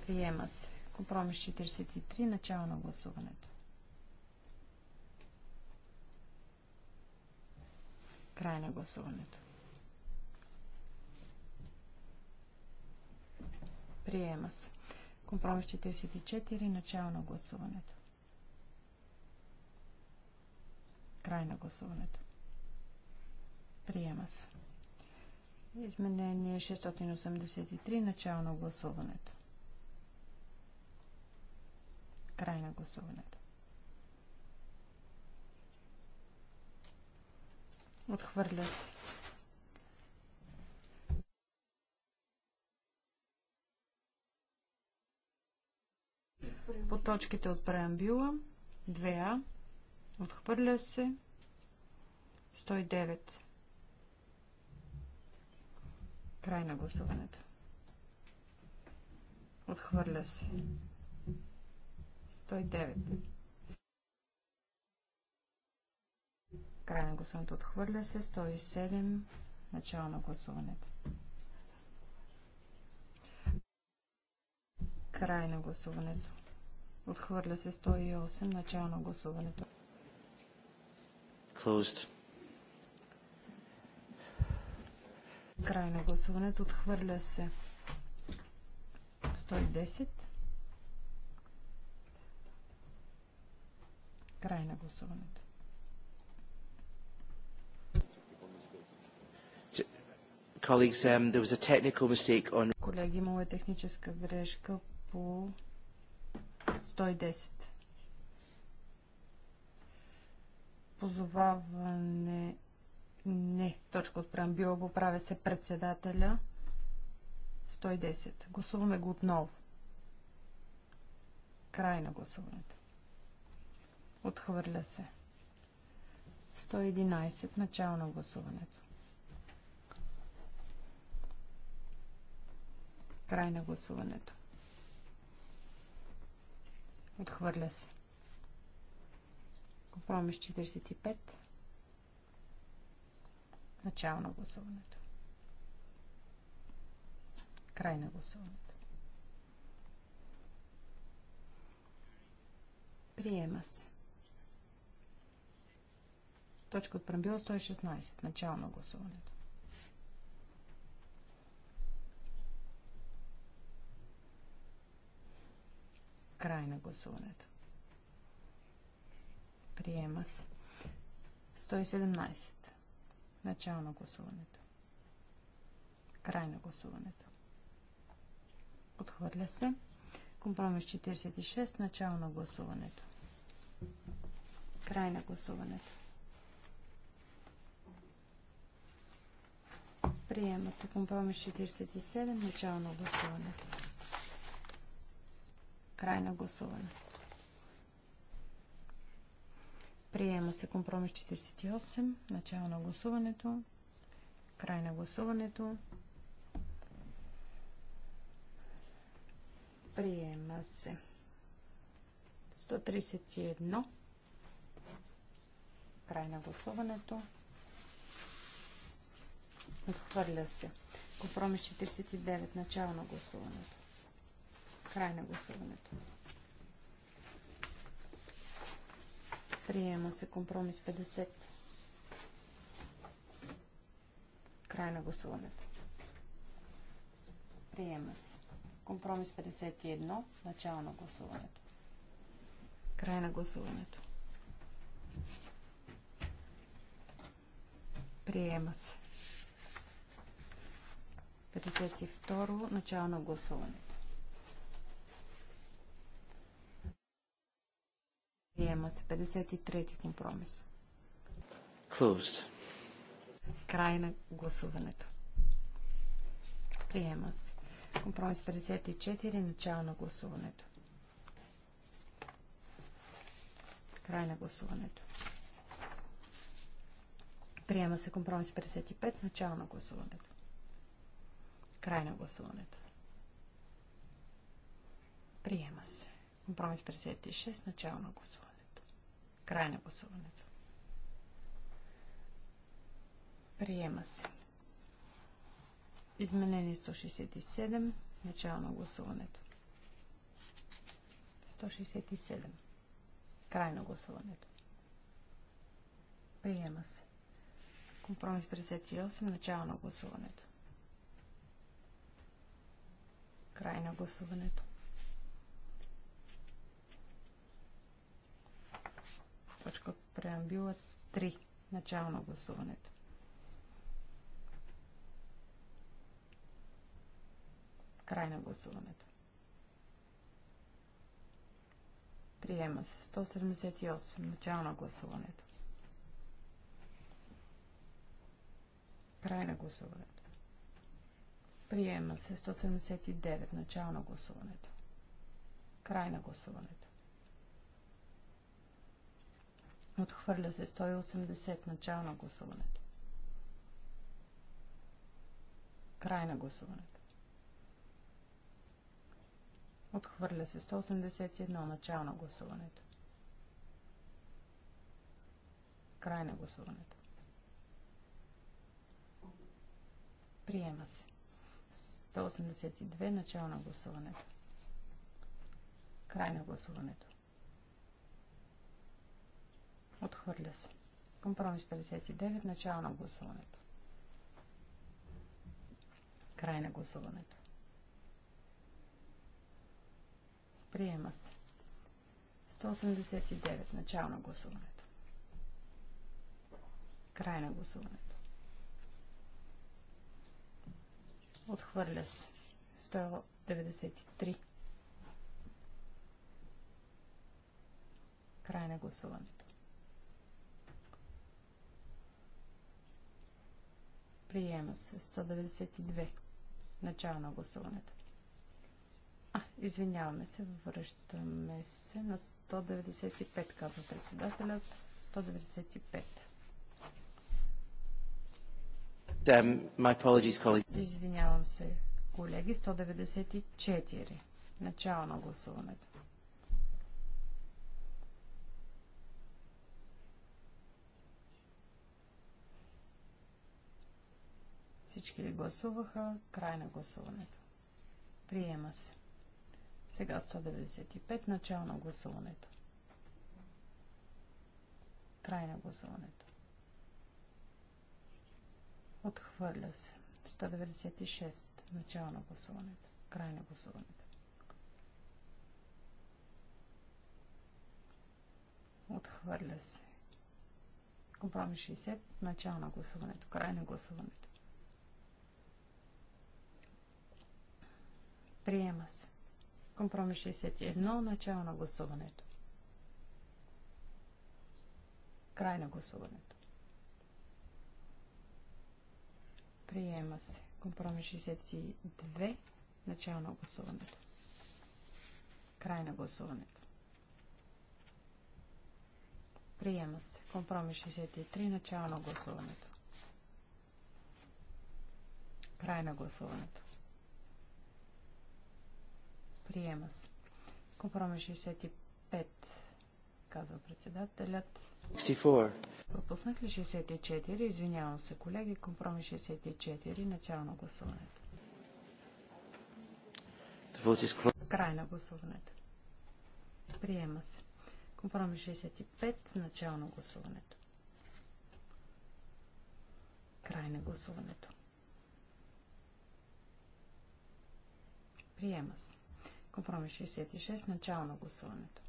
Приема се. Компромис 43, начало на гласуването. Край на гласуването. Приема се. Компромис 44. Начало на гласуването. Край на гласуването. Приема се. Изменение 683. Начало на гласуването. Край на гласуването. Отхвърля се. По точките от преамбюла 2А. Отхвърля се. 109. Край на гласуването. Отхвърля се. 109. Край на гласуването отхвърля се. 107. Начало на гласуването. Край на гласуването. Отхвърля се 108. Начало на гласуването. Closed. Край на гласуването. Отхвърля се 110. Край на гласуването. Colleagues, um, there was a technical mistake on... Колеги, имало е техническа грешка по 110. Позоваване... Не, точка от преамбила поправя се председателя. 110. Гласуваме го отново. Край на гласуването. Отхвърля се. 111. Начало на гласуването. Край на гласуването. Отхвърля се. Компромис 45. Начало на гласуването. Край на гласуването. Приема се. Точка от прембила 116. Начало на гласуването. Край на гласуването. Приема се. 117. Начало на гласуването. Край на гласуването. Отхвърля се. Компромис 46. Начало на гласуването. Край на гласуването. Приема се компромис 47. Начало на гласуването. Край на гласуване. Приема се компромис 48. Начало на гласуването. Край на гласуването. Приема се. 131. Край на гласуването. Отхвърля се. Компромис 49. Начало на гласуването. Край на гласуването. Приема се компромис 50. Край на гласуването. Приема се. Компромис 51. Начало на гласуването. Край на гласуването. Приема се. 52. Начало на гласуването. Приема се 53-ти компромис. Closed. Край на гласуването. Приема се. Компромис 54. Начало на гласуването. Край на гласуването. Приема се компромис 55. Начало на гласуването. Край на гласуването. Приема се. Компромис 56. Начало на гласуването. Край на гласуването. Приема се. Изменени 167. Начало на гласуването. 167. Край на гласуването. Приема се. Компромис 58. Начало на гласуването. Край на гласуването. точка от преамбюла 3. Начало на гласуването. Край на гласуването. Приема се 178. Начало на гласуването. Край на гласуването. Приема се 179. Начало на гласуването. Край на гласуването. Отхвърля се 180 начало на гласуването. Край на гласуването. Отхвърля се 181 начало на гласуването. Край на гласуването. Приема се. 182 начало на гласуването. Край на гласуването. Отхвърля се. Компромис 59. Начало на гласуването. Край на гласуването. Приема се. 189. Начало на гласуването. Край на гласуването. Отхвърля се. 193. Край на гласуването. Приема се. 192. Начало на гласуването. А, извиняваме се, връщаме се на 195, казва председателят. 195. Извинявам се, колеги. 194. Начало на гласуването. Всички ли гласуваха? Край на гласуването. Приема се. Сега 195. Начало на гласуването. Край на гласуването. Отхвърля се. 196. Начало на гласуването. Край на гласуването. Отхвърля се. Компромис 60. Начало на гласуването. Край на гласуването. Приема се. Компромис 61. Начало на гласуването. Край на гласуването. Приема се. Компромис 62. Начало на гласуването. Край на гласуването. Приема се. Компромис 63. Начало на гласуването. Край на гласуването. Приема се. Компромис 65, казва председателят. 64. Пропуснах ли 64? Извинявам се, колеги. Компромис 64. Начало на гласуването. Край на гласуването. Приема се. Компромис 65. Начало на гласуването. Край на гласуването. Приема се. Компромис 66. Начало на гласуването.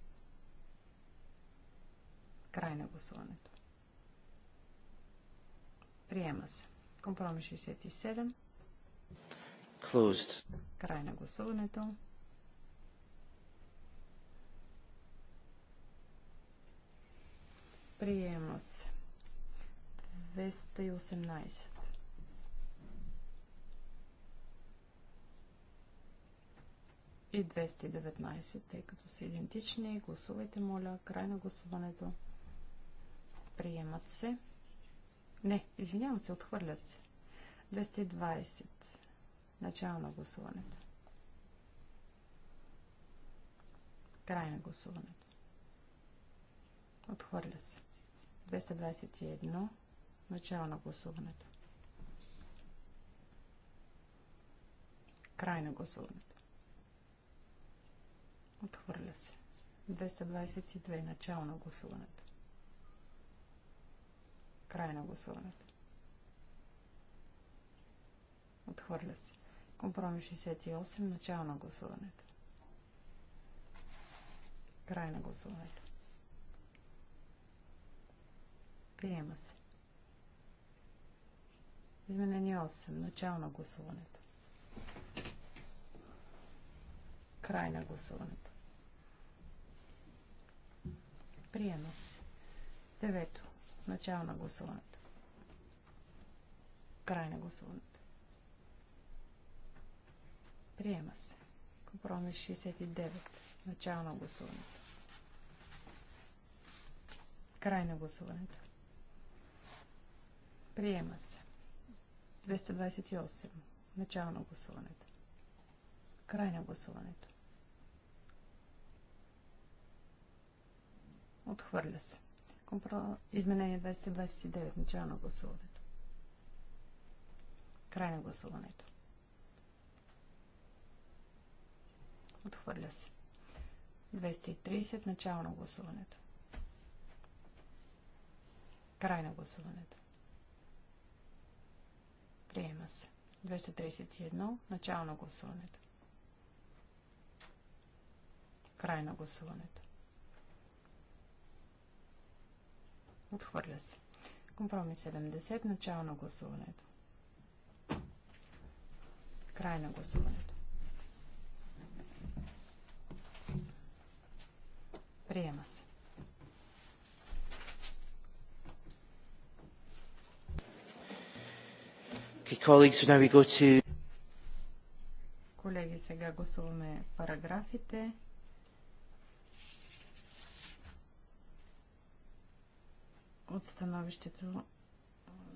Край на гласуването. Приема се. Компромис 67. Closed. Край на гласуването. Приема се. 218. и 219, тъй като са идентични. Гласувайте, моля. Край на гласуването. Приемат се. Не, извинявам се, отхвърлят се. 220. Начало на гласуването. Край на гласуването. Отхвърля се. 221. Начало на гласуването. Край на гласуването. Отхвърля се. 222. Начало на гласуването. Край на гласуването. Отхвърля се. Компромис 68. Начало на гласуването. Край на гласуването. Приема се. Изменение 8. Начало на гласуването. Край на гласуването. Приема се. Девето. Начало на гласуването. Край на гласуването. Приема се. Компромис 69. Начало на гласуването. Край на гласуването. Приема се. 228. Начало на гласуването. Край на гласуването. Отхвърля се. Изменение 229. Начало на гласуването. Край на гласуването. Отхвърля се. 230. Начало на гласуването. Край на гласуването. Приема се. 231. Начало на гласуването. Край на гласуването. Отхвърля се. Компромис 70. Начало на гласуването. Край на гласуването. Приема се. Колеги, сега гласуваме параграфите. от становището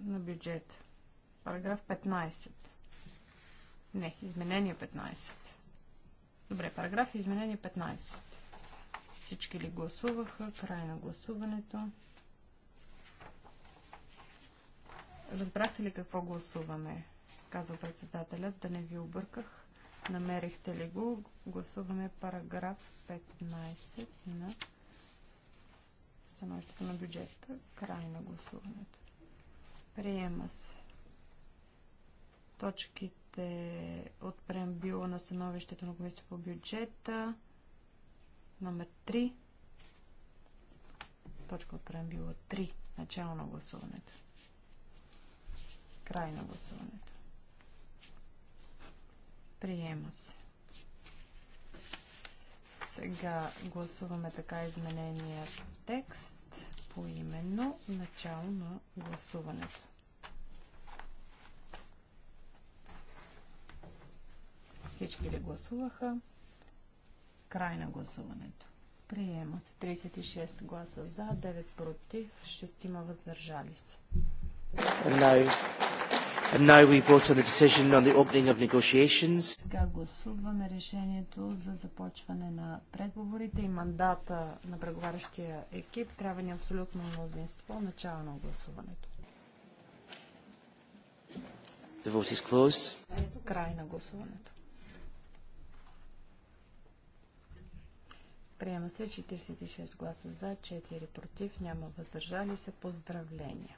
на бюджета. Параграф 15. Не, изменение 15. Добре, параграф изменение 15. Всички ли гласуваха? Край на гласуването. Разбрахте ли какво гласуваме? Казва председателят, да не ви обърках. Намерихте ли го? Гласуваме параграф 15 на становището на бюджета. Край на гласуването. Приема се. Точките от преамбила на становището на комисията по бюджета. Номер 3. Точка от преамбила 3. Начало на гласуването. Край на гласуването. Приема се. Сега гласуваме така изменения текст по именно начало на гласуването. Всички ли гласуваха? Край на гласуването. Приема се 36 гласа за, 9 против, 6 въздържали се. And now we vote on the decision on the opening of negotiations. Сега гласуваме решението за започване на преговорите и мандата на преговарящия екип. Трябва ни абсолютно мнозинство. Начало на гласуването. The vote is closed. Край на гласуването. Приема се 46 гласа за, 4 против, няма въздържали се. Поздравления!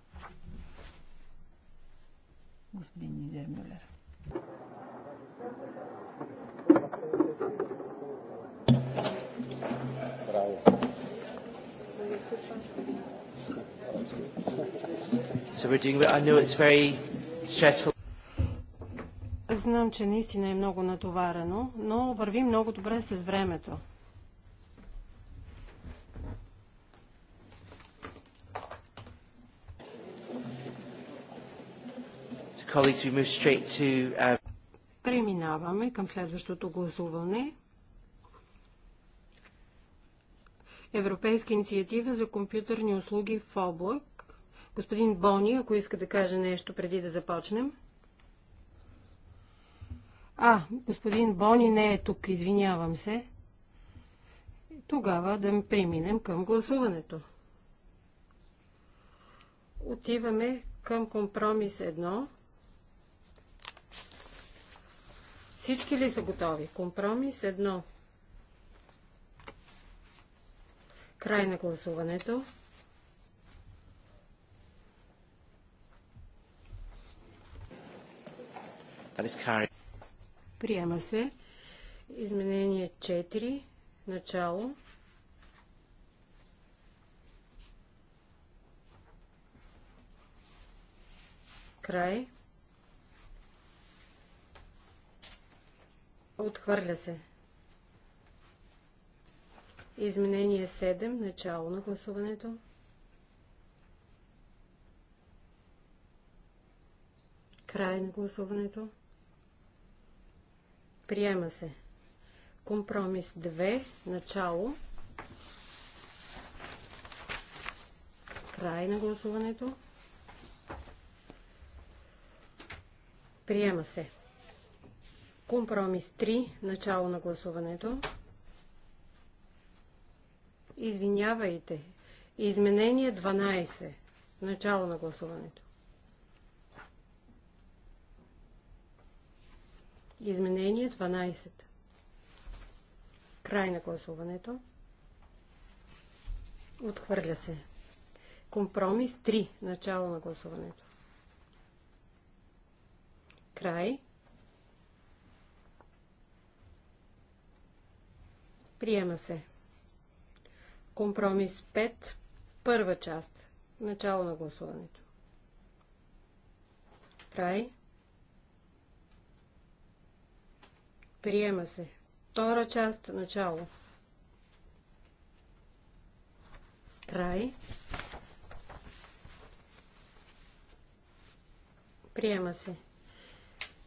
господин Нидер Мюллер. Браво. So we're doing, I know it's very stressful. Знам, че наистина е много натоварено, но върви много добре с времето. Colleagues, we move straight to... Uh... Преминаваме към следващото гласуване. Европейска инициатива за компютърни услуги в облак. Господин Бони, ако иска да каже нещо преди да започнем. А, господин Бони не е тук, извинявам се. Тогава да преминем към гласуването. Отиваме към компромис 1 Всички ли са готови? Компромис едно. Край на гласуването. Приема се. Изменение 4. Начало. Край. Отхвърля се. Изменение 7. Начало на гласуването. Край на гласуването. Приема се. Компромис 2. Начало. Край на гласуването. Приема се. Компромис 3. Начало на гласуването. Извинявайте. Изменение 12. Начало на гласуването. Изменение 12. Край на гласуването. Отхвърля се. Компромис 3. Начало на гласуването. Край. Приема се. Компромис 5. Първа част. Начало на гласуването. Край. Приема се. Втора част. Начало. Край. Приема се.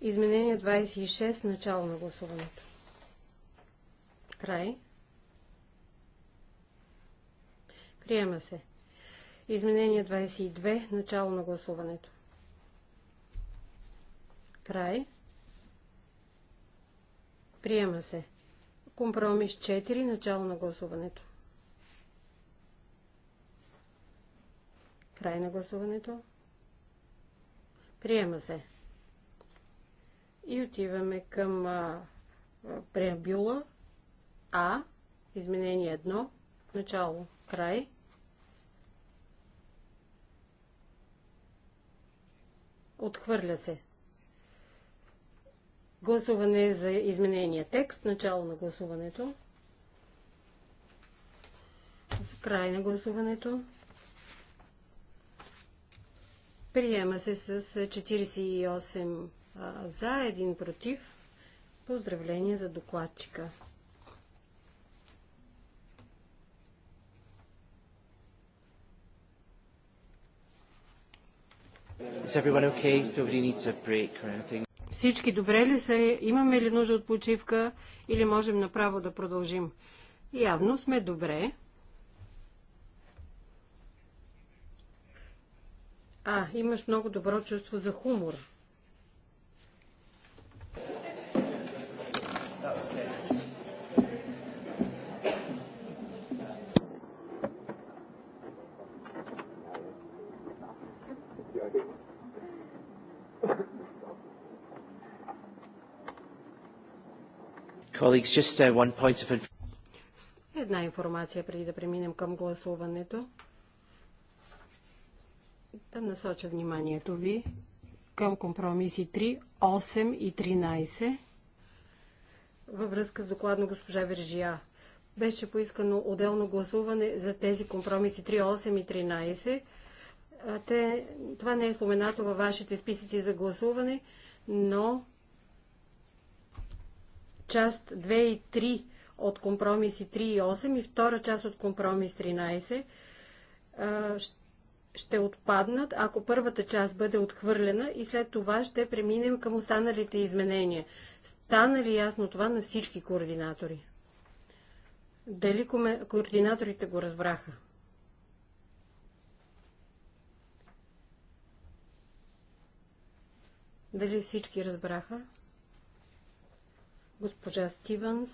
Изменение 26. Начало на гласуването. Край. Приема се. Изменение 22. Начало на гласуването. Край. Приема се. Компромис 4. Начало на гласуването. Край на гласуването. Приема се. И отиваме към а, преабюла. А, изменение 1, начало, край. Отхвърля се. Гласуване за изменения текст, начало на гласуването. За край на гласуването. Приема се с 48 за, 1 против. Поздравление за докладчика. Всички добре ли са? Имаме ли нужда от почивка или можем направо да продължим? Явно сме добре. А, имаш много добро чувство за хумор. Uh, Една информация преди да преминем към гласуването. Да насоча вниманието ви към компромиси 3, 8 и 13 във връзка с доклад на госпожа Вержия. Беше поискано отделно гласуване за тези компромиси 3, 8 и 13. Те, това не е споменато във вашите списъци за гласуване, но част 2 и 3 от компромиси 3 и 8 и втора част от компромис 13 ще отпаднат, ако първата част бъде отхвърлена и след това ще преминем към останалите изменения. Стана ли ясно това на всички координатори? Дали координаторите го разбраха? Дали всички разбраха? Госпожа Стивенс.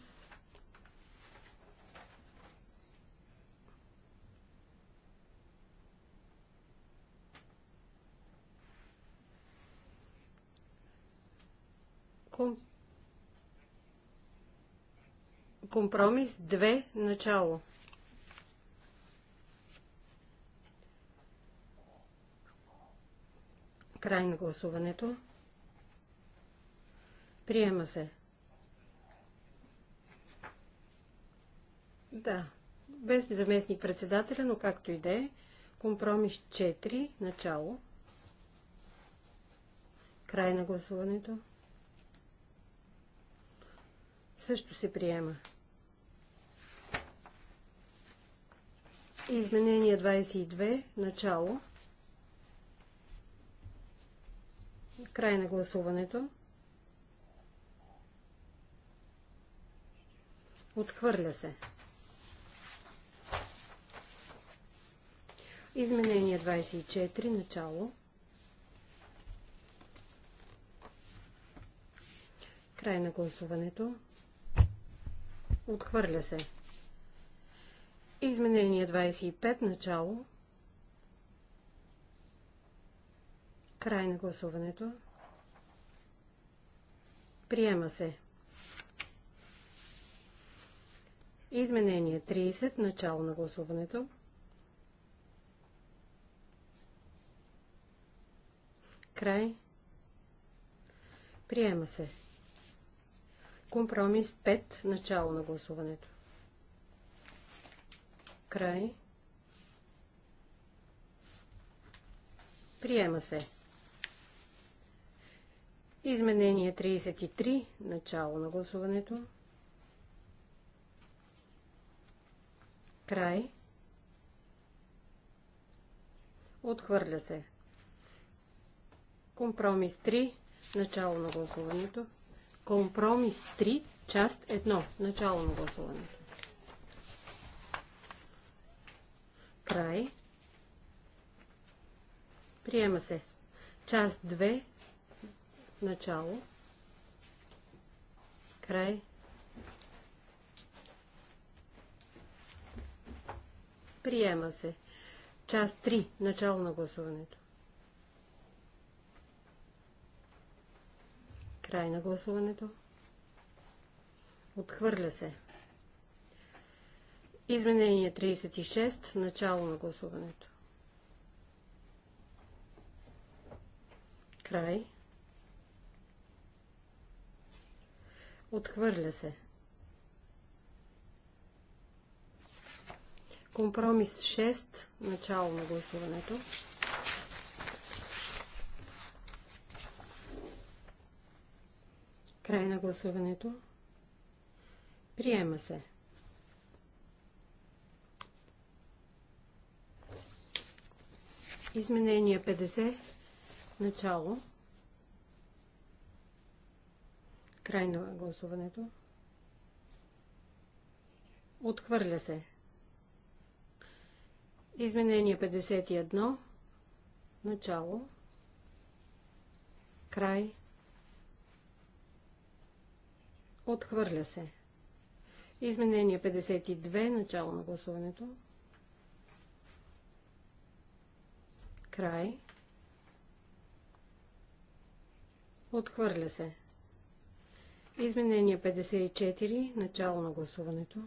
компромис 2 начало. Край на гласуването. Приема се. Да, без заместник председателя, но както и да е. Компромис 4, начало. Край на гласуването. Също се приема. Изменение 22, начало. Край на гласуването. Отхвърля се. Изменение 24, начало. Край на гласуването. Отхвърля се. Изменение 25, начало. Край на гласуването. Приема се. Изменение 30, начало на гласуването. Край. Приема се. Компромис 5. Начало на гласуването. Край. Приема се. Изменение 33. Начало на гласуването. Край. Отхвърля се. Компромис 3. Начало на гласуването. Компромис 3. Част 1. Начало на гласуването. Край. Приема се. Част 2. Начало. Край. Приема се. Част 3. Начало на гласуването. Край на гласуването. Отхвърля се. Изменение 36. Начало на гласуването. Край. Отхвърля се. Компромис 6. Начало на гласуването. Край на гласуването. Приема се. Изменение 50. Начало. Край на гласуването. Отхвърля се. Изменение 51. Начало. Край. Отхвърля се. Изменение 52. Начало на гласуването. Край. Отхвърля се. Изменение 54. Начало на гласуването.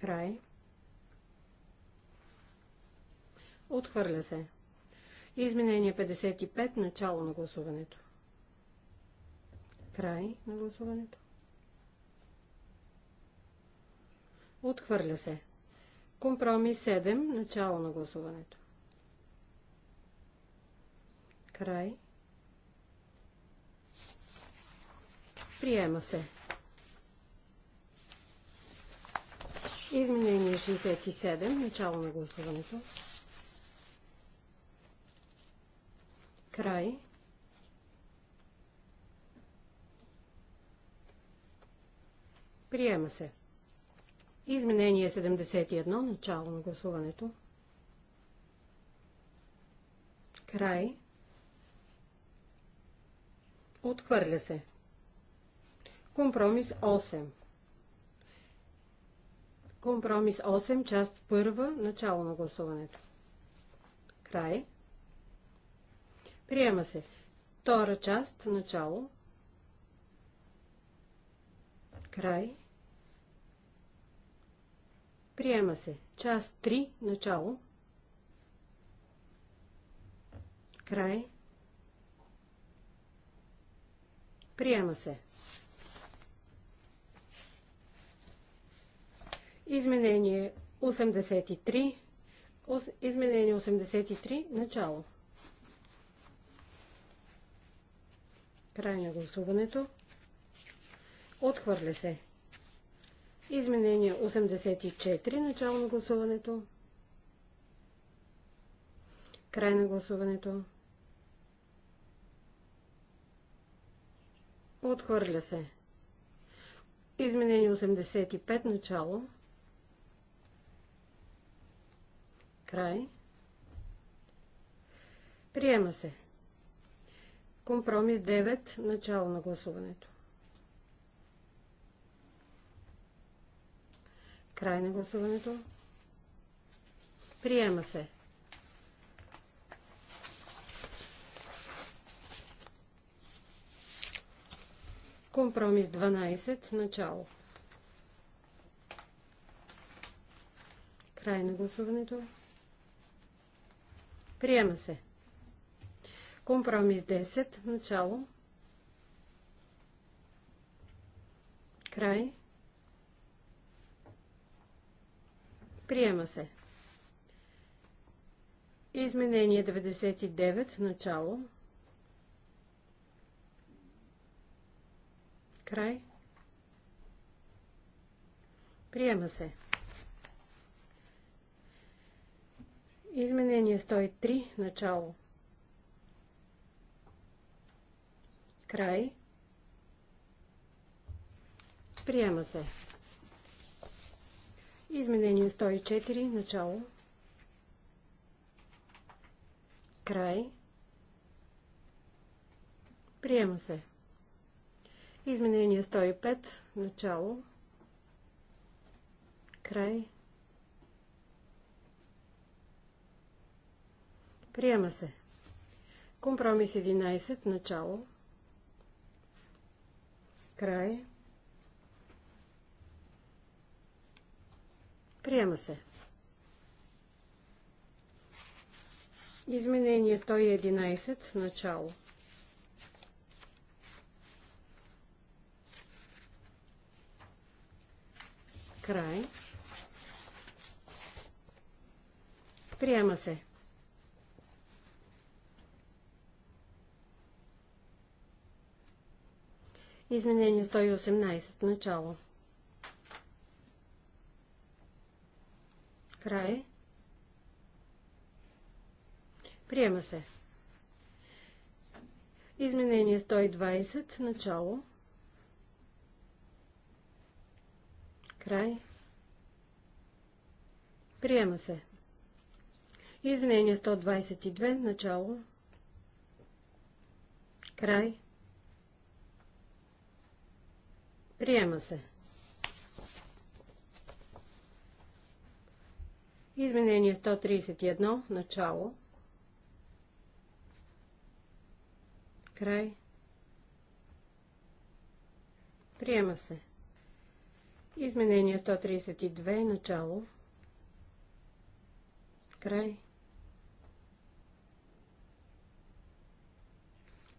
Край. Отхвърля се. Изменение 55. Начало на гласуването. Край на гласуването. Отхвърля се. Компромис 7. Начало на гласуването. Край. Приема се. Изменение 67. Начало на гласуването. Край. Приема се. Изменение 71. Начало на гласуването. Край. Отхвърля се. Компромис 8. Компромис 8, част 1, начало на гласуването. Край. Приема се. Втора част, начало. Край. Приема се. Част 3. Начало. Край. Приема се. Изменение 83. Изменение 83. Начало. Край на гласуването. Отхвърля се. Изменение 84. Начало на гласуването. Край на гласуването. Отхвърля се. Изменение 85. Начало. Край. Приема се. Компромис 9. Начало на гласуването. Край на гласуването. Приема се. Компромис 12. Начало. Край на гласуването. Приема се. Компромис 10. Начало. Край. Приема се. Изменение 99. Начало. Край. Приема се. Изменение 103. Начало. Край. Приема се. Изменение 104. Начало. Край. Приема се. Изменение 105. Начало. Край. Приема се. Компромис 11. Начало. Край. Приема се. Изменение 111. Начало. Край. Приема се. Изменение 118. Начало. Край. Приема се. Изменение 120. Начало. Край. Приема се. Изменение 122. Начало. Край. Приема се. Изменение 131, начало. Край. Приема се. Изменение 132, начало. Край.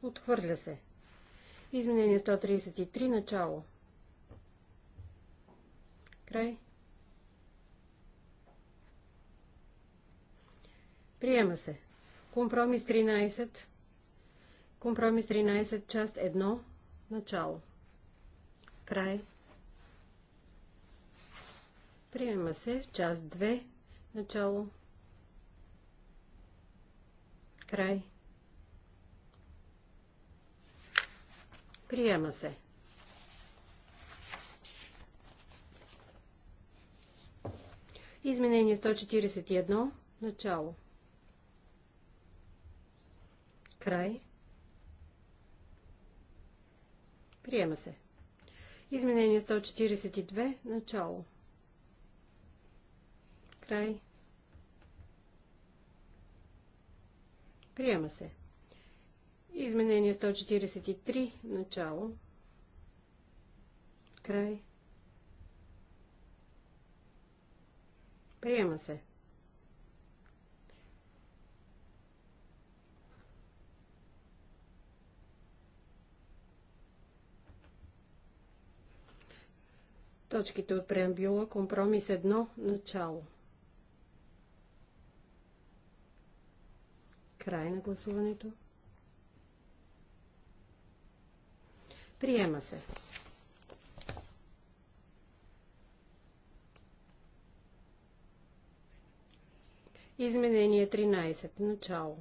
Отхвърля се. Изменение 133, начало. Край. Приема се. Компромис 13. Компромис 13, част 1. Начало. Край. Приема се. Част 2. Начало. Край. Приема се. Изменение 141. Начало. Край. Приема се. Изменение 142. Начало. Край. Приема се. Изменение 143. Начало. Край. Приема се. точките от преамбюла компромис 1 начало. Край на гласуването. Приема се. Изменение 13. Начало.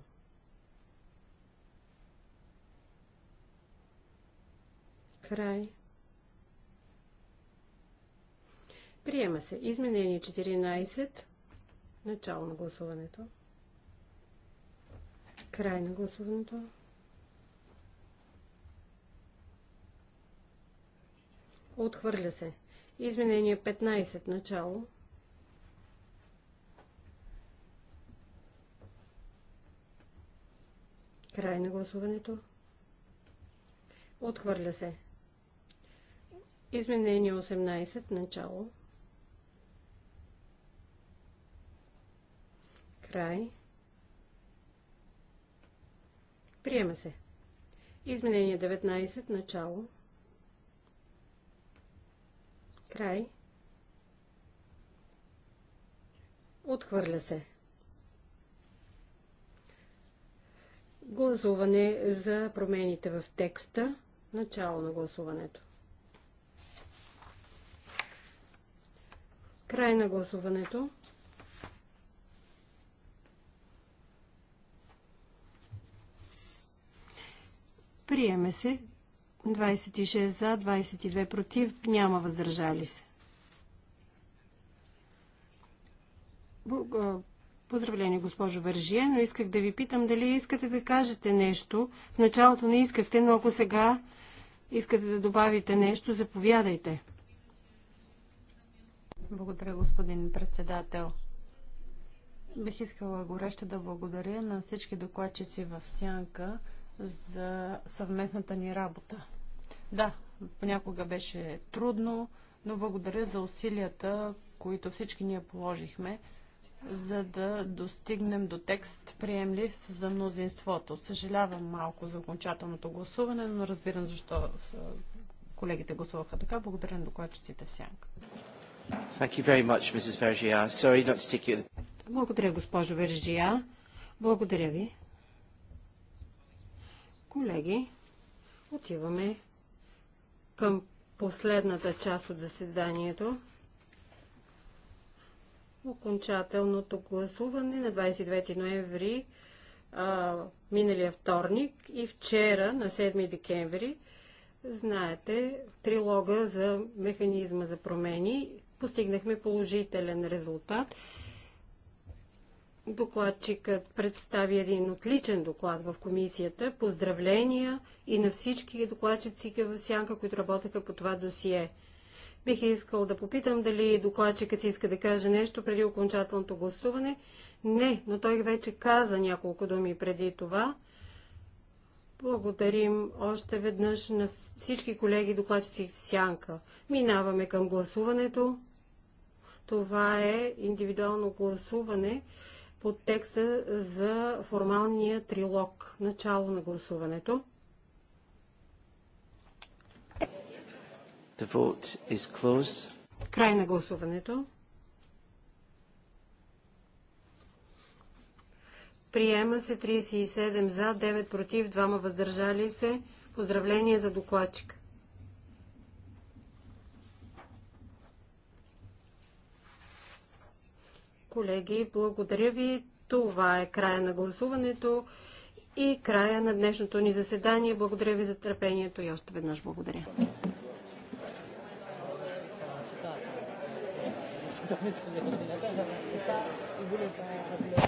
Край. Приема се. Изменение 14. Начало на гласуването. Край на гласуването. Отхвърля се. Изменение 15. Начало. Край на гласуването. Отхвърля се. Изменение 18. Начало. Край. Приема се. Изменение 19. Начало. Край. Отхвърля се. Гласуване за промените в текста. Начало на гласуването. Край на гласуването. Приеме се 26 за, 22 против, няма въздържали се. Поздравление, госпожо Вържие, но исках да ви питам дали искате да кажете нещо. В началото не искахте, но ако сега искате да добавите нещо, заповядайте. Благодаря, господин председател. Бих искала горещо да благодаря на всички докладчици в Сянка за съвместната ни работа. Да, понякога беше трудно, но благодаря за усилията, които всички ние положихме, за да достигнем до текст приемлив за мнозинството. Съжалявам малко за окончателното гласуване, но разбирам защо колегите гласуваха така. Благодаря на докладчиците в сянка. Благодаря, госпожо Вержия. Благодаря ви. Колеги, отиваме към последната част от заседанието. Окончателното гласуване на 29 ноември а, миналия вторник и вчера на 7 декември знаете трилога за механизма за промени. Постигнахме положителен резултат. Докладчикът представи един отличен доклад в комисията. Поздравления и на всички докладчици в Сянка, които работеха по това досие. Бих искал да попитам дали докладчикът иска да каже нещо преди окончателното гласуване. Не, но той вече каза няколко думи преди това. Благодарим още веднъж на всички колеги докладчици в Сянка. Минаваме към гласуването. Това е индивидуално гласуване под текста за формалния трилог. Начало на гласуването. The vote is closed. Край на гласуването. Приема се 37 за, 9 против, 2 въздържали се. Поздравление за докладчика. Колеги, благодаря ви. Това е края на гласуването и края на днешното ни заседание. Благодаря ви за търпението и още веднъж благодаря. Damit <laughs>